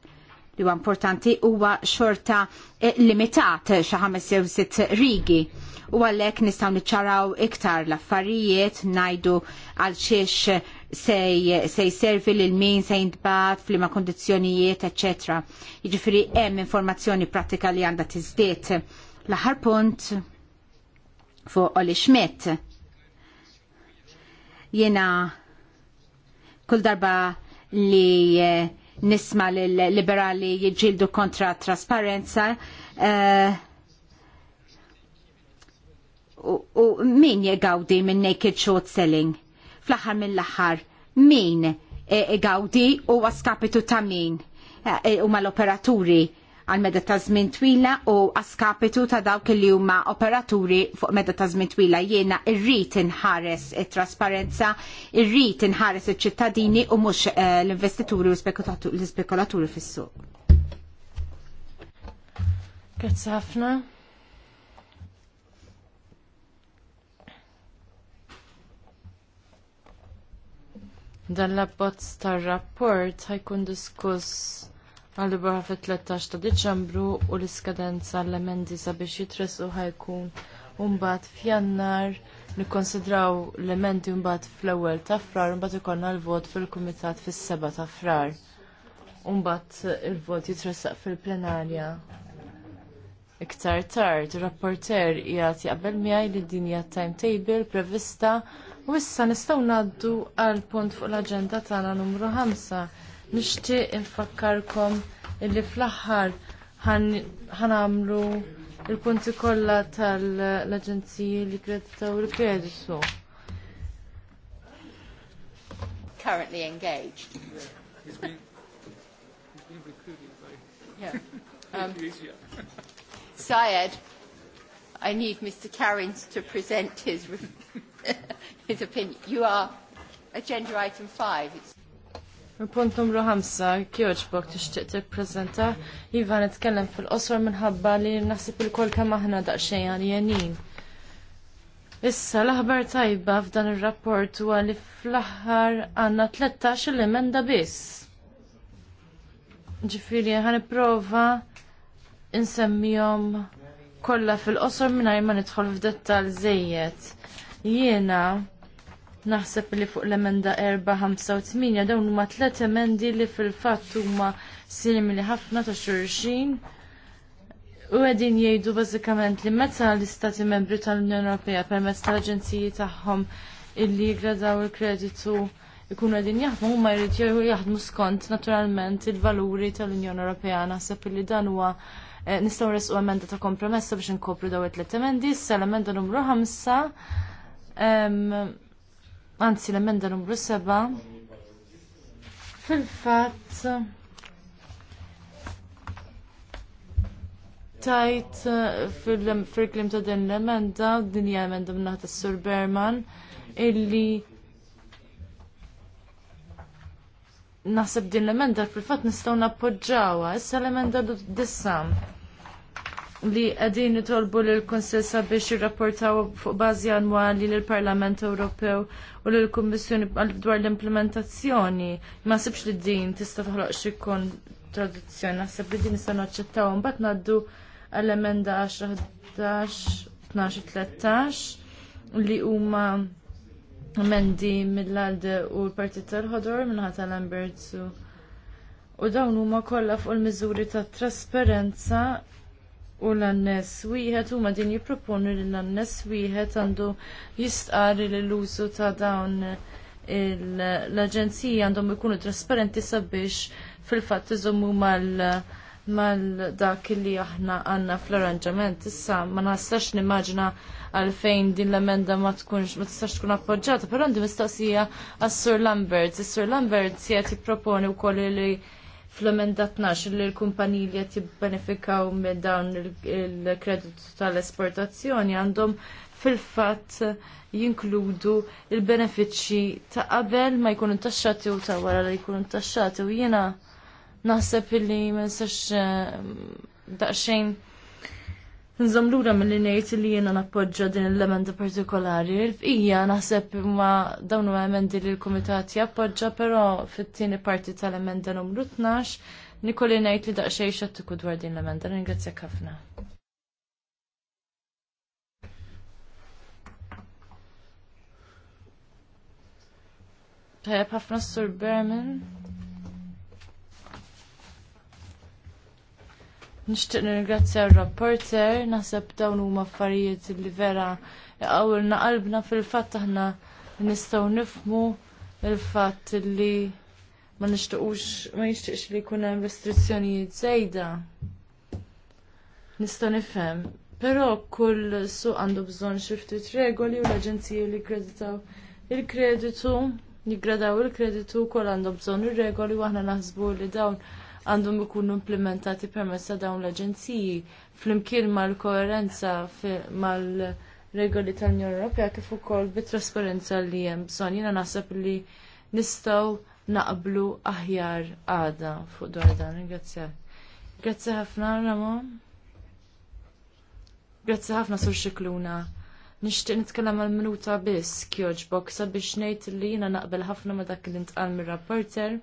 li huwa importanti huwa xorta limitat xi ħames jew sitt rigi u għalhekk nistgħu niċċaraw iktar l-affarijiet ngħidu għal xiex se jservi lil min se jintbagħat f'liema kondizzjonijiet, eċċetera. Jiġifieri hemm informazzjoni pratika li għandha tiżdiet L-aħħar punt fuq Oli Schmidt. Jena kull darba li eh, nisma l-liberali jġildu kontra trasparenza eh, u, min jgawdi minn naked short selling? fl minn mill-axar, min jgawdi eh, u għaskapitu ta' min? u mal-operaturi għal meda ta' żmien twila u għaskapitu ta' dawk li huma operaturi fuq meda ta' żmien twila jiena irrid inħares it-trasparenza, irrid inħares iċ-ċittadini u mhux eh, l-investituri u l-spekulaturi fis-suq. Grazzi ħafna. dan l-abbozz tar-rapport ħajkun diskuss għal-barra fit-13 ta' Diċembru u l-iskadenza l-emendi sabiex jitresu ħajkun umbat f'jannar nikkonsidraw l-emendi umbat fl-ewwel ta' frar umbat ikollna l-vot fil-kumitat fis-seba ta' frar. Umbat il-vot jitresaq fil-plenarja iktar tard, rapporter jgħati jaqbel miegħi li din hija timetable prevista u issa nistgħu ngħaddu għal punt fuq l-aġenda tagħna numru 5 nishti infakkarkom illi fl axħar ħan għamlu il-punti kolla tal-Aġenziji li kredita u l-kredi kreditu Currently engaged. yeah. [LAUGHS] um, Syed, I need Mr. Karins to present his, [LAUGHS] his opinion. You are agenda item five. It's Punt numru 5, kjoġbok tixtieq tippreżenta iva nitkellem fil-qosor minħabba li naħsib il-kol kemm aħna daqsxejn għaljenin. Issa l-aħbar tajba f'dan ir-rapport huwa li fl-aħħar għandna 13 emenda biss. Ġifieri għan prova insemmijom kollha fil-qosor mingħajr ma nidħol f'dettall żejjed. Jiena naħseb li fuq l-emenda 4-5-8 dawn huma tliet emendi li fil-fatt huma simili ħafna ta' xulxin. U għedin jgħidu bażikament li meta l-Istati Membri tal-Unjoni Ewropea permezz tal-Aġenziji tagħhom illi jgradaw il-kreditu jkunu għedin jaħdmu huma jrid jaħdmu skont naturalment il-valuri tal-Unjoni Ewropea naħseb li dan huwa eh, nistgħu resqu emenda ta' kompromessa biex inkopru daw it-tliet emendi, issa l-emenda numru 5 anzi l-emenda numru 7 fil-fatt tajt fil-klim ta' din l-emenda, din hija emenda minnaħ ta' Sur Berman, illi naħseb din l-emenda fil-fatt nistgħu nappoġġawha, issa l-emenda dissam li għedin nitolbu l-Konsil sabiex jirrapportaw fuq bażi annwali l-Parlament Ewropew u l-Kummissjoni dwar l-implementazzjoni. Ma sibx li din tista' toħloq xi kontradizzjoni, naħseb li din nistgħu naċċettaw mbagħad ngħaddu għall emenda 10-11-12-13 li huma emendi mill-Alde u l-Partit tal-Ħodor minħata l-Ambertsu. U dawn huma kollha fuq il-miżuri ta' trasparenza u l-annes wieħed huma din jipproponu li l-annes wieħed għandu jistqari li l-użu ta' dawn l-aġenziji għandhom ikunu trasparenti sabiex fil-fatt iżommu mal mal dak li aħna għanna fl-arranġament. Issa ma nastax nimmaġina għalfejn din l-emenda ma tkunx ma tistax tkun appoġġjata, pero għandi mistoqsija għas-Sur Lambert. Is-Sur Lambert se jipproponi wkoll li fl-emenda 12 li l-kumpaniji li qed jibbenefikaw minn dawn il-kredit tal-esportazzjoni għandhom fil-fatt jinkludu il-benefiċċji ta' qabel ma jkunu taxxati u ta' wara li jkunu taxxati u jiena naħseb li ma nistax eh, daqsxejn nżom lura mill-li ngħid li jiena nappoġġa din l emenda partikolari. il naħseb ma dawn emendi li l komitati jappoġġa, però fit-tieni parti tal-emenda numru 12 Nikoli ngħid li daqxej xattiku dwar din l-emenda. Ringrazzjak ħafna. Tajab ħafna Sur Berman. Nixtieq nirringrazzja r-rapporter, naħseb dawn huma affarijiet li vera għawilna qalbna fil-fatt aħna nistgħu nifmu il-fatt li ma nixtiqux ma nixtieqx li jkun hemm restrizzjonijiet żejda. Nista' nifhem. Però kull suq għandu bżonn xi ftit regoli u l-aġenziji li kreditaw il-kreditu, jiggradaw il-kreditu, kol għandhom bżonn ir regoli u aħna naħsbu li dawn għandhom ikunu implementati permezz ta' dawn l-aġenziji flimkien mal-koerenza mal-regoli tal-Unjoni Ewropea kif ukoll bit-trasparenza li hemm bżonn. Jiena naħseb li nistgħu naqblu aħjar għada fuq dwar dan. Ringrazzjak. Grazzi ħafna Ramon. Grazzi ħafna sur xikluna. Nixtieq nitkellem għal minuta biss kjoġbok sabiex ngħid li jiena naqbel ħafna ma dak li ntqal mir-rapporter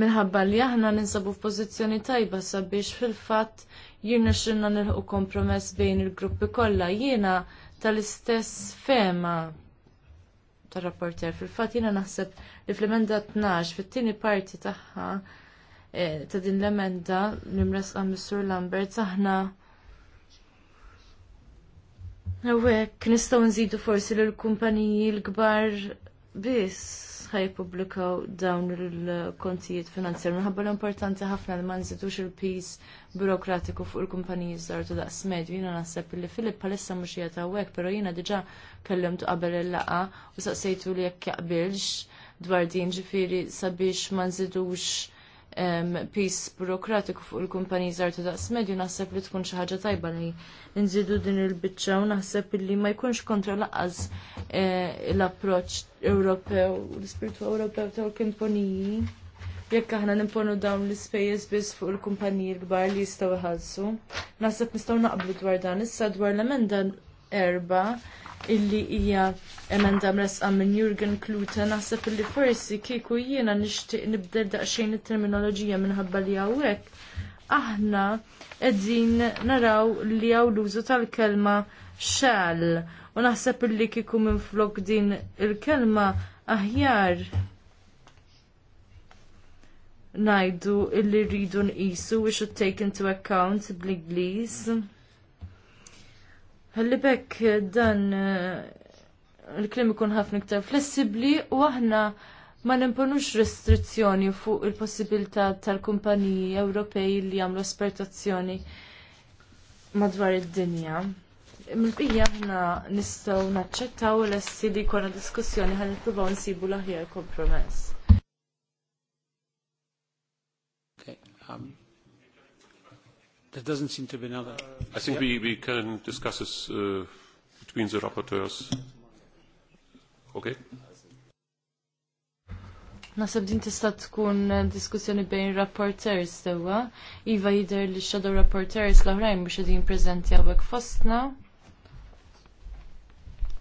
minħabba li aħna ninsabu f'pożizzjoni tajba sabiex fil-fatt jirna xinna nilħu kompromess bejn il-gruppi kollha jiena tal-istess fema tar-rapporter. Fil-fatt jiena naħseb li fl-emenda 12 fit-tieni parti tagħha eh, ta' din l-emenda l-imresqa Mr. Lambert aħna Ewek, nistgħu nżidu forsi lill kumpaniji l-kbar biss ħaj publikaw dawn il-kontijiet finanzjar. Minħabba l-importanti ħafna li ma nżidux il-pis burokratiku fuq il-kumpaniji żgħar u daqs medju. Jina naħseb li Filip palissa mhux qiegħed hawnhekk, però jiena diġà kellimtu qabel il-laqa u saqsejtu li jekk jaqbilx dwar din ġifiri sabiex ma nżidux pis burokratiku fuq il-kumpaniji żgħar ta' daqs medju naħseb li tkun xi ħaġa tajba li nżidu din il-biċċa u naħseb li ma jkunx kontra laqqas e, l-approċċ Ewropew, l-ispirtu Ewropew tal-kumpaniji. Jekk aħna nimponu dawn l-ispejjeż biss fuq il-kumpaniji l-kbar li jistgħu iħallsu. Naħseb nistgħu naqblu dwar dan issa dwar l-emenda erba' illi hija emenda mresqa minn Jurgen Klute naħseb illi forsi kieku jiena nixtieq nibdel daqsxejn it-terminoloġija minħabba li hawnhekk aħna qegħdin naraw li hawn l-użu tal-kelma xal u naħseb illi kieku minflok din il-kelma aħjar ngħidu illi rridu nqisu we should take into account bl-Ingliż. Għalli bekk eh, dan eh, il-klim ikun ħafna iktar flessibli u aħna ma nimponux restrizzjoni fuq il-possibilità tal-kumpaniji Ewropej li jagħmlu esportazzjoni madwar id-dinja. Mill-bija aħna nistgħu naċċettaw l-essi li jkollna diskussjoni ħan nippruvaw nsibu l-aħjar kompromess. Okay. Um, There doesn't seem to be another. I think yeah. we, we can discuss this uh, between the rapporteurs. Okay? Nasab din tista' tkun diskussjoni bejn rapporteurs sewwa. Iva jidher li shadow rapporteurs l-oħrajn biex qegħdin preżenti hawnhekk fostna.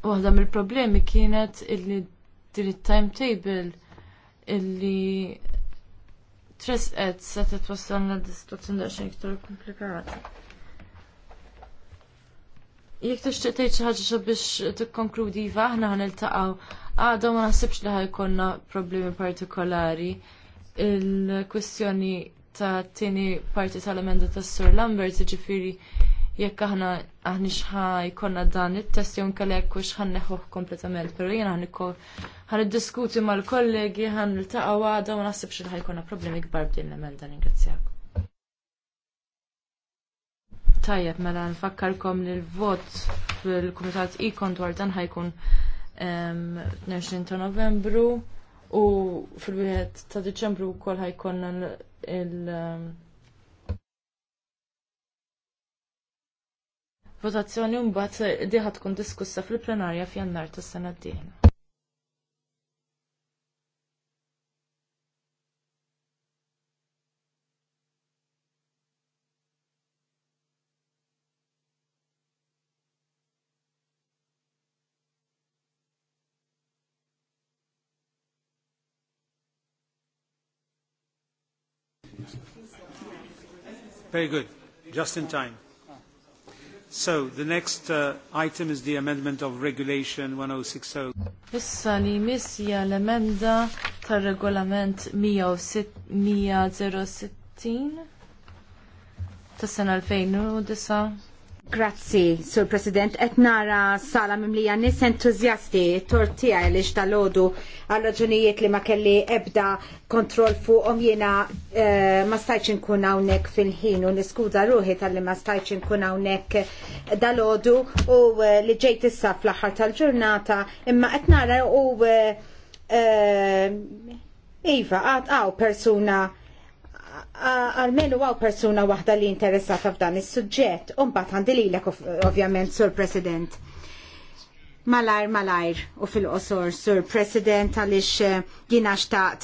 Waħda mill-problemi kienet illi din it-timetable illi tresqet se titwassalna d-situazzjoni daqsxejn iktar komplikati. E Jek tixtieq tgħid xi ħaġa biex tikkonkludi għan aħna taqaw għadha ma naħsibx li ħajkonna problemi partikolari. Il-kwestjoni ta' tieni parti tal-emenda tas-Sur Lambert, ġifieri e jekk aħna aħni xħa jkollna dan it-test jew kalek u xħan neħuħ kompletament, però jiena ħan ma mal-kollegi ħan taqa għada u xħi li ħajkonna problemi kbar b'din l dan ingrazzjak. Tajjeb, mela nfakkarkom li l-vot fil-Kumitat Ikon dwar dan ħajkun 22 ta' Novembru u fil-wieħed ta' Diċembru wkoll ħajkonna il- votazzjoni mbagħad diħa tkun diskussa fil-plenarja f'jannar tas-sena d-dieħla. Very good. Just in time. So, the next uh, item is the amendment of Regulation 1060. Issa li missija l-emenda tar regolament 160 tas sena 2009 Grazzi, Sur President, et nara sala mimlija nis entuzjasti tortija li xtalodu għal raġunijiet li ma kelli ebda kontrol fuqhom jiena eh, ma stajċin nkun hawnhekk fil-ħin u niskuża ruħi tal-li ma stajċ nkun hawnhekk dalodu u eh, li ġejt issa fl-aħħar tal-ġurnata imma qed nara u eh, Iva, għat għaw persuna għalmenu għaw persuna wahda li interessata f'dan is-suġġett, unbat għandililek ovvjament, Sur President. Malajr, malajr, u fil-qosor, Sur President, għalix eh, jina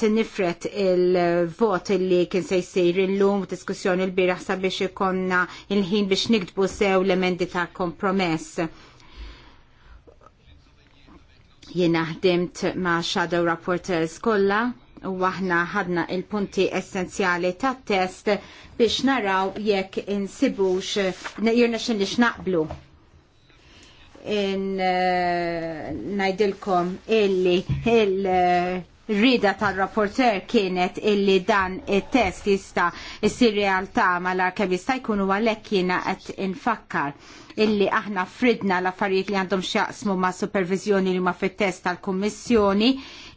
t nifret il-vot li kien se jisir il-lum, diskussjoni l-biraħ sabiex ikonna il-ħin biex nikdbu sew l-emendi ta' kompromess jiena ħdimt ma' Shadow Rapporteurs kollha u aħna ħadna il-punti essenzjali ta' test biex naraw jekk insibux jirna xin li xnaqblu. In, eh, najdilkom illi il- eh, rida tal-rapporter kienet illi dan il-test jista jisir realtà ma l-arkem jista jkunu għalek jina għet infakkar illi aħna fridna l-affarijiet li għandhom xjaqsmu ma' supervizjoni li ma' fit-test tal-kommissjoni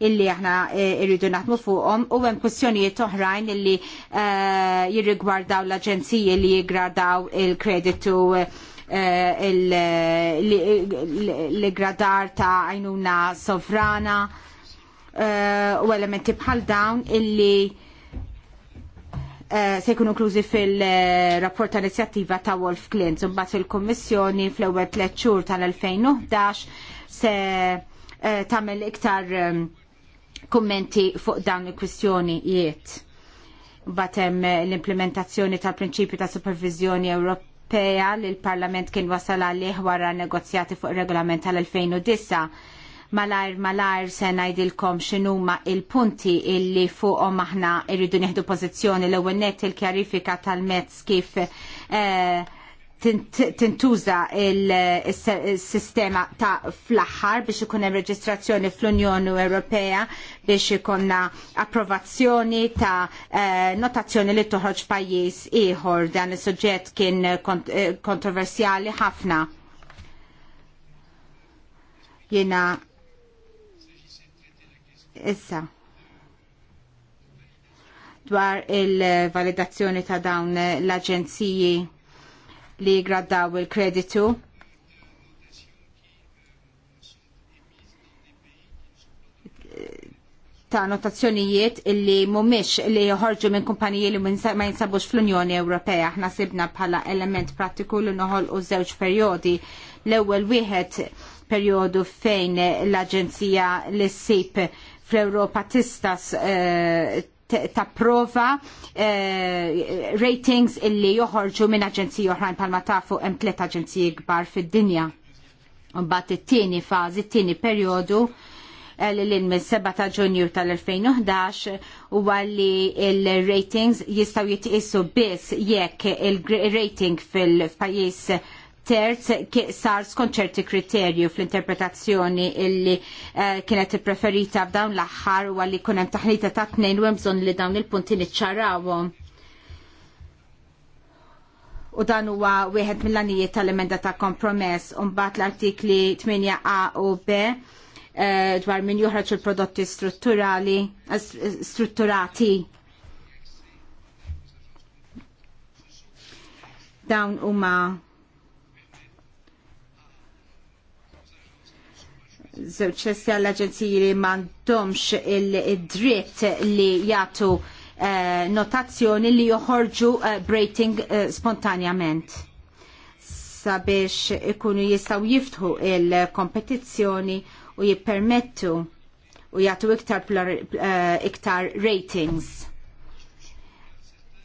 illi aħna eh, irridu naħdmu fuqhom u hemm kwistjonijiet oħrajn illi eh, jirrigwardaw l-aġenziji li jiggradaw il-kreditu eh, l-gradar ta' għajnuna sovrana Eh, u elementi bħal dawn illi eh, se jkunu inklużi fil-rapport tal-inizjattiva ta' Wolf Clint. Mbagħad fil-Kummissjoni fl-ewwel tliet xhur tal-2011 se eh, tagħmel iktar ehm, kummenti fuq dawn il-kwistjonijiet. Mbagħad hemm l-implementazzjoni tal-prinċipju ta' supervizjoni Ewropea li l-Parlament kien wasal għalih wara negozjati fuq regolament tal-2009 malajr malajr se ngħidilkom x'inhuma il-punti illi fuqhom aħna irridu nieħdu pozizjoni l-ewwel nett il-kjarifika tal-mezz kif eh, tintuża il-sistema ta' fl-aħħar biex ikun hemm reġistrazzjoni fl-Unjoni Ewropea biex ikunna approvazzjoni ta' eh, notazzjoni li toħroġ pajjiż ieħor dan is-suġġett kien eh, kontroversjali ħafna. Jena Issa. Dwar il-validazzjoni ta' dawn l-aġenziji li graddaw il-kreditu. ta' notazzjonijiet illi mumiex li joħorġu minn kumpaniji li ma jinsabux fl-Unjoni Ewropea. Aħna sibna bħala element pratiku li noħol u żewġ periodi. L-ewwel wieħed periodu fejn l-Aġenzija l-SIP fl-Europa tista eh, tapprova eh, ratings illi joħorġu minn aġenzi oħrajn palma tafu hemm tliet aġenziji kbar fid-dinja. Mbagħad it-tieni fażi, it-tieni perjodu eh, l-in minn 7 ta' ġunju tal-2011 u għalli il-ratings jistaw jitqissu biss jekk il-rating fil-pajis terz sar skont ċerti kriterju fl-interpretazzjoni illi eh, kienet preferita f'dawn l-aħħar u għalli kunem taħnita ta' tnejn u bżonn li dawn il-punti niċċarawhom. U dan huwa wieħed mill-anijiet tal-emenda ta' kompromess u mbagħad l-artikli 8a u b eh, dwar min joħroġ il-prodotti strutturali eh, strutturati dawn huma żewġ l aġenziji li m'għandhomx id-dritt li jagħtu eh, notazzjoni li joħorġu eh, breaking eh, spontanjament sabiex ikunu jistaw jiftħu il-kompetizzjoni u jippermettu u jagħtu iktar, iktar ratings.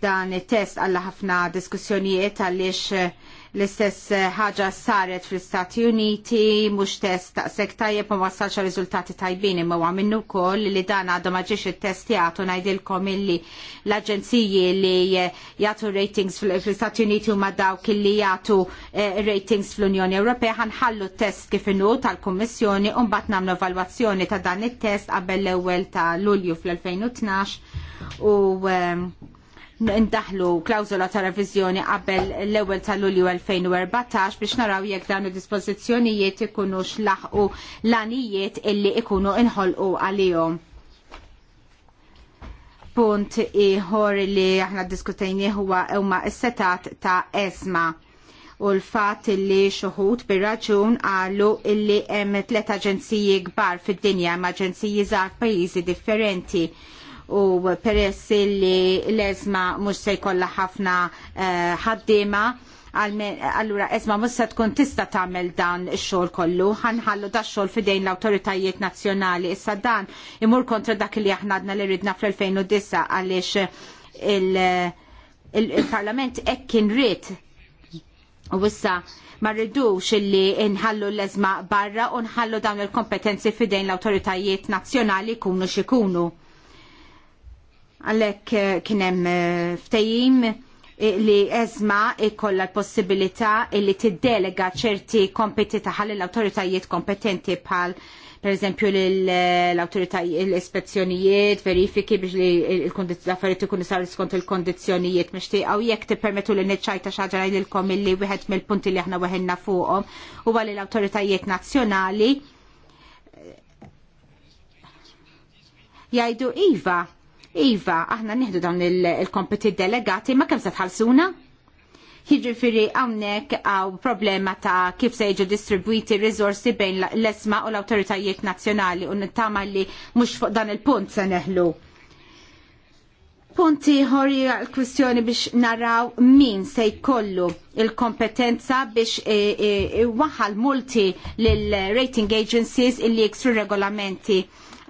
Dan it-test għalla ħafna diskussjonijiet għaliex L-istess eh, ħaġa saret fl-Istati Uniti, mhux test ta' tajjeb ma wassalx riżultati tajbin imma huwa minnu wkoll li dan għadhom ma ġiex ittestjat u ngħidilkom illi l-aġenziji li eh, jagħtu ratings fl-Istati Uniti huma dawk illi jagħtu eh, ratings fl-Unjoni Ewropea ħanħallu test kif inhu tal-Kummissjoni u mbagħad nagħmlu evalwazzjoni ta' dan it-test qabel l-ewwel ta' Lulju fl-2012 u ndaħlu klawzola ta' reviżjoni qabel l-ewwel ta' Lulju 2014 biex naraw jekk dawn id-dispożizzjonijiet ikunux laħqu l-anijiet illi ikunu inħolqu għalihom. Punt ieħor li aħna ddiskutejni huwa huma s-setat ta' esma u l-fat illi xuħut bir-raġun għallu illi hemm tliet aġenziji kbar fid-dinja ma' aġenziji żgħar pajjiżi differenti u peress li l-ezma mhux se jkollha ħafna eh, ħaddiema allura ezma mhux se tkun tista tagħmel dan xol xogħol kollu, ħanħallu da xogħol fidejn l-awtoritajiet nazzjonali. Issa dan imur kontra dak li aħnadna għadna li ridna fl-2009 għaliex il-Parlament hekk kien u issa ma rridux illi nħallu l-ezma barra u nħallu dawn il-kompetenzi fidejn l-autoritajiet nazzjonali kunu xikunu. Għalek eh, kienem eh, ftejim eh, li ezma ikolla l-possibilità li tiddelega ċerti kompeti taħal l-autoritajiet kompetenti bħal per eżempju l-autoritajiet, l-ispezzjonijiet, verifiki biex li l-affarijiet ikunu sar skont il-kondizzjonijiet mixtieqa għaw jekk tippermettu li niċċajta xi ħaġa ngħidilkom illi wieħed mill-punti li aħna weħinna fuqhom huwa li l-awtoritajiet nazzjonali jgħidu iva Iva, aħna nieħdu dawn il-kompeti delegati, ma kemm se tħallsuna? Jiġifieri hawnhekk għaw problema ta' kif se jiġu distribwiti r-riżorsi bejn l-esma u l awtoritajiet nazzjonali u nittama li mhux fuq dan il-punt se neħlu. Punti ħorri għal-kwistjoni biex naraw min se jkollu il-kompetenza biex e, e, waħal multi l-rating agencies illi jiksru regolamenti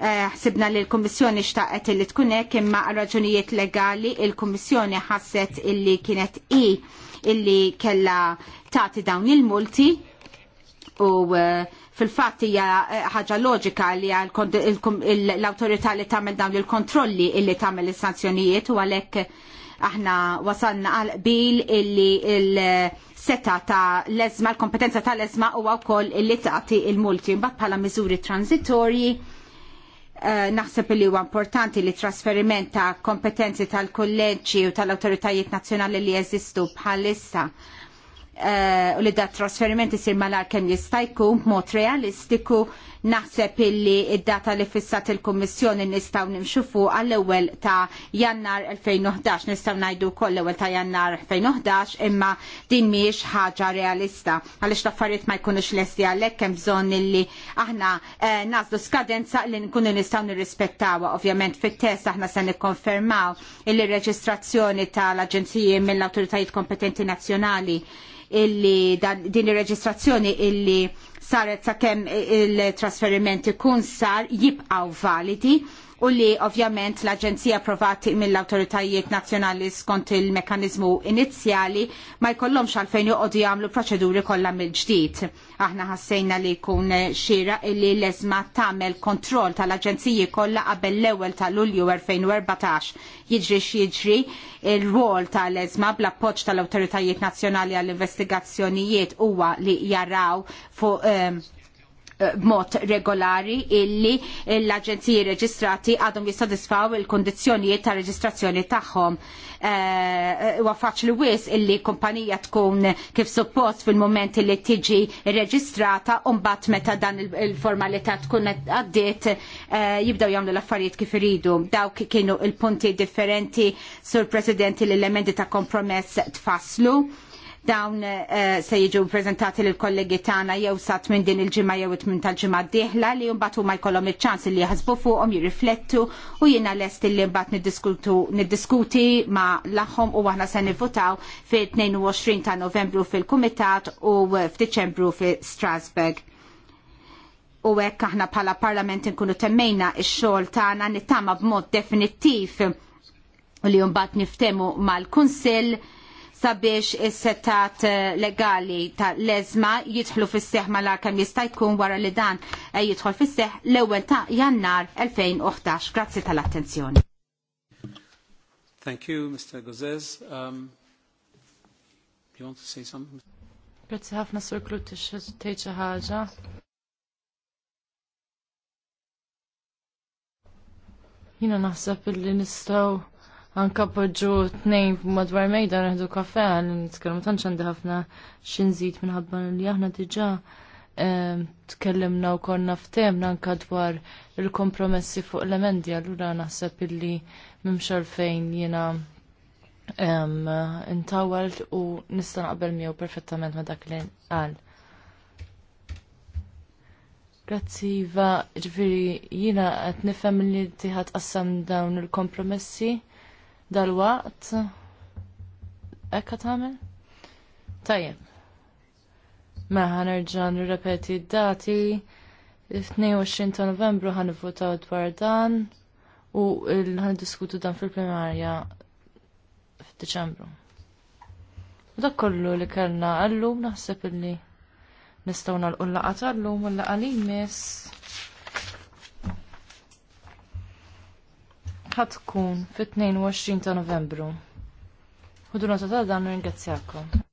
Eh, ħsibna li l-Kommissjoni xtaqet li tkun hekk imma raġunijiet legali il-Kommissjoni ħasset illi kienet i illi kella tagħti dawn il-multi u eh, fil-fatt hija eh, ħaġa loġika li l-awtorità li tagħmel dawn il-kontrolli illi tagħmel is-sanzjonijiet u għalhekk aħna wasalna għal qbil illi il-seta ta' l-ezma, l-kompetenza ta' l-ezma u għaw illi tagħti il-multi. Mbatt bħala miżuri transitorji Eh, naħseb li huwa importanti li trasferiment ta' kompetenzi tal-kolleġġi u tal-awtoritajiet nazzjonali li jeżistu bħalissa eh, u li da trasferiment isir malar kemm jista' jkun b'mod realistiku Naħseb illi id-data li fissat il-Kummissjoni nistgħu nimxu fuq għall-ewwel ta' Jannar 2011, nistgħu ngħidu wkoll l-ewwel ta' Jannar 2011, imma din mhijiex ħaġa realista għaliex l-affarijiet ma jkunux lesti għalhekk hemm bżonn illi aħna eh, skadenza li nkunu nistgħu nirrispettawha. Ovvjament fit-test aħna se nikkonfermaw il-reġistrazzjoni tal-aġenziji mill-awtoritajiet kompetenti nazzjonali illi dan, din ir reġistrazzjoni illi saret sakemm il-trasferiment ikun sar jibqgħu validi u li ovvjament l-Aġenzija provati mill awtoritajiet nazzjonali skont il-mekanizmu inizjali ma jkollhomx għalfejn joqogħdu jagħmlu proċeduri kollha mill-ġdid. Aħna ħassejna li jkun xira li l-eżma tagħmel kontroll tal-Aġenziji kollha qabel l-ewwel ta' Lulju 2014. Jiġri x'jiġri ir-rwol tal-eżma bl-appoġġ tal-awtoritajiet nazzjonali għall-investigazzjonijiet huwa li jaraw fuq ehm, b'mod regolari illi l-aġenziji reġistrati għadhom jissodisfaw il-kondizjonijiet ta' reġistrazzjoni tagħhom. Eh, huwa faċli wis illi kumpanija tkun kif suppost fil-moment li tiġi reġistrata u mbagħad meta dan il-formalità tkun għaddiet eh, jibdew jagħmlu l-affarijiet kif iridu. Dawk kienu il-punti differenti sur Presidenti l-elementi ta' kompromess tfasslu dawn eh, se jiġu prezentati lill kollegi tagħna jew sat minn din il-ġimgħa jew it tal-ġimgħa d-dieħla li mbagħad huma jkollhom iċ-ċans li jaħsbu fuqhom jirriflettu u jiena lest li mbagħad niddiskuti ma' l-aħħom u aħna se nivvutaw fil-22 ta' Novembru fil-Kumitat u f'Diċembru fi Strasbourg u hekk aħna bħala parlament inkunu temmejna x-xogħol tagħna nittama b'mod definittiv u li mbagħad niftemu mal-Kunsill sabiex is-settat eh, legali ta' lezma jidħlu fis-seħ malar kemm jista' jkun wara li dan eh, jidħol fis-seħ l-ewwel ta' Jannar 2011. Grazzi tal-attenzjoni. Thank you, Mr. Gozes. Um, you want to say something? Grazzi ħafna Sur Klut tgħid ħaġa. Jiena naħseb illi nistgħu anka poġġu tnejn madwar mejda neħdu kafe n-tkellem tantx għandi ħafna xinżid minħabba li aħna diġà ehm, tkellimna u konna temna anka dwar il-kompromessi fuq l-emendi allura naħseb illi mimx għalfejn jiena ehm, intawal u nista' naqbel miegħu perfettament ma dak li qal. Grazzi, Iva, ġviri, jina għet nifem li tiħat qassam dawn il-kompromessi dal-waqt. Ekka tagħmel? Tajjeb. Meħa mela, nerġa' repeti d-dati 22 ta' Novembru ħan votaw dwar dan u ħan diskutu dan fil primarja f'Diċembru. U dak kollu li kellna għallum naħseb illi nistgħu nagħlqu l-laqgħa tal u l-laqgħa li ħatkun fit-22 ta' novembru. Hudu ta' dan ringrazzjakom.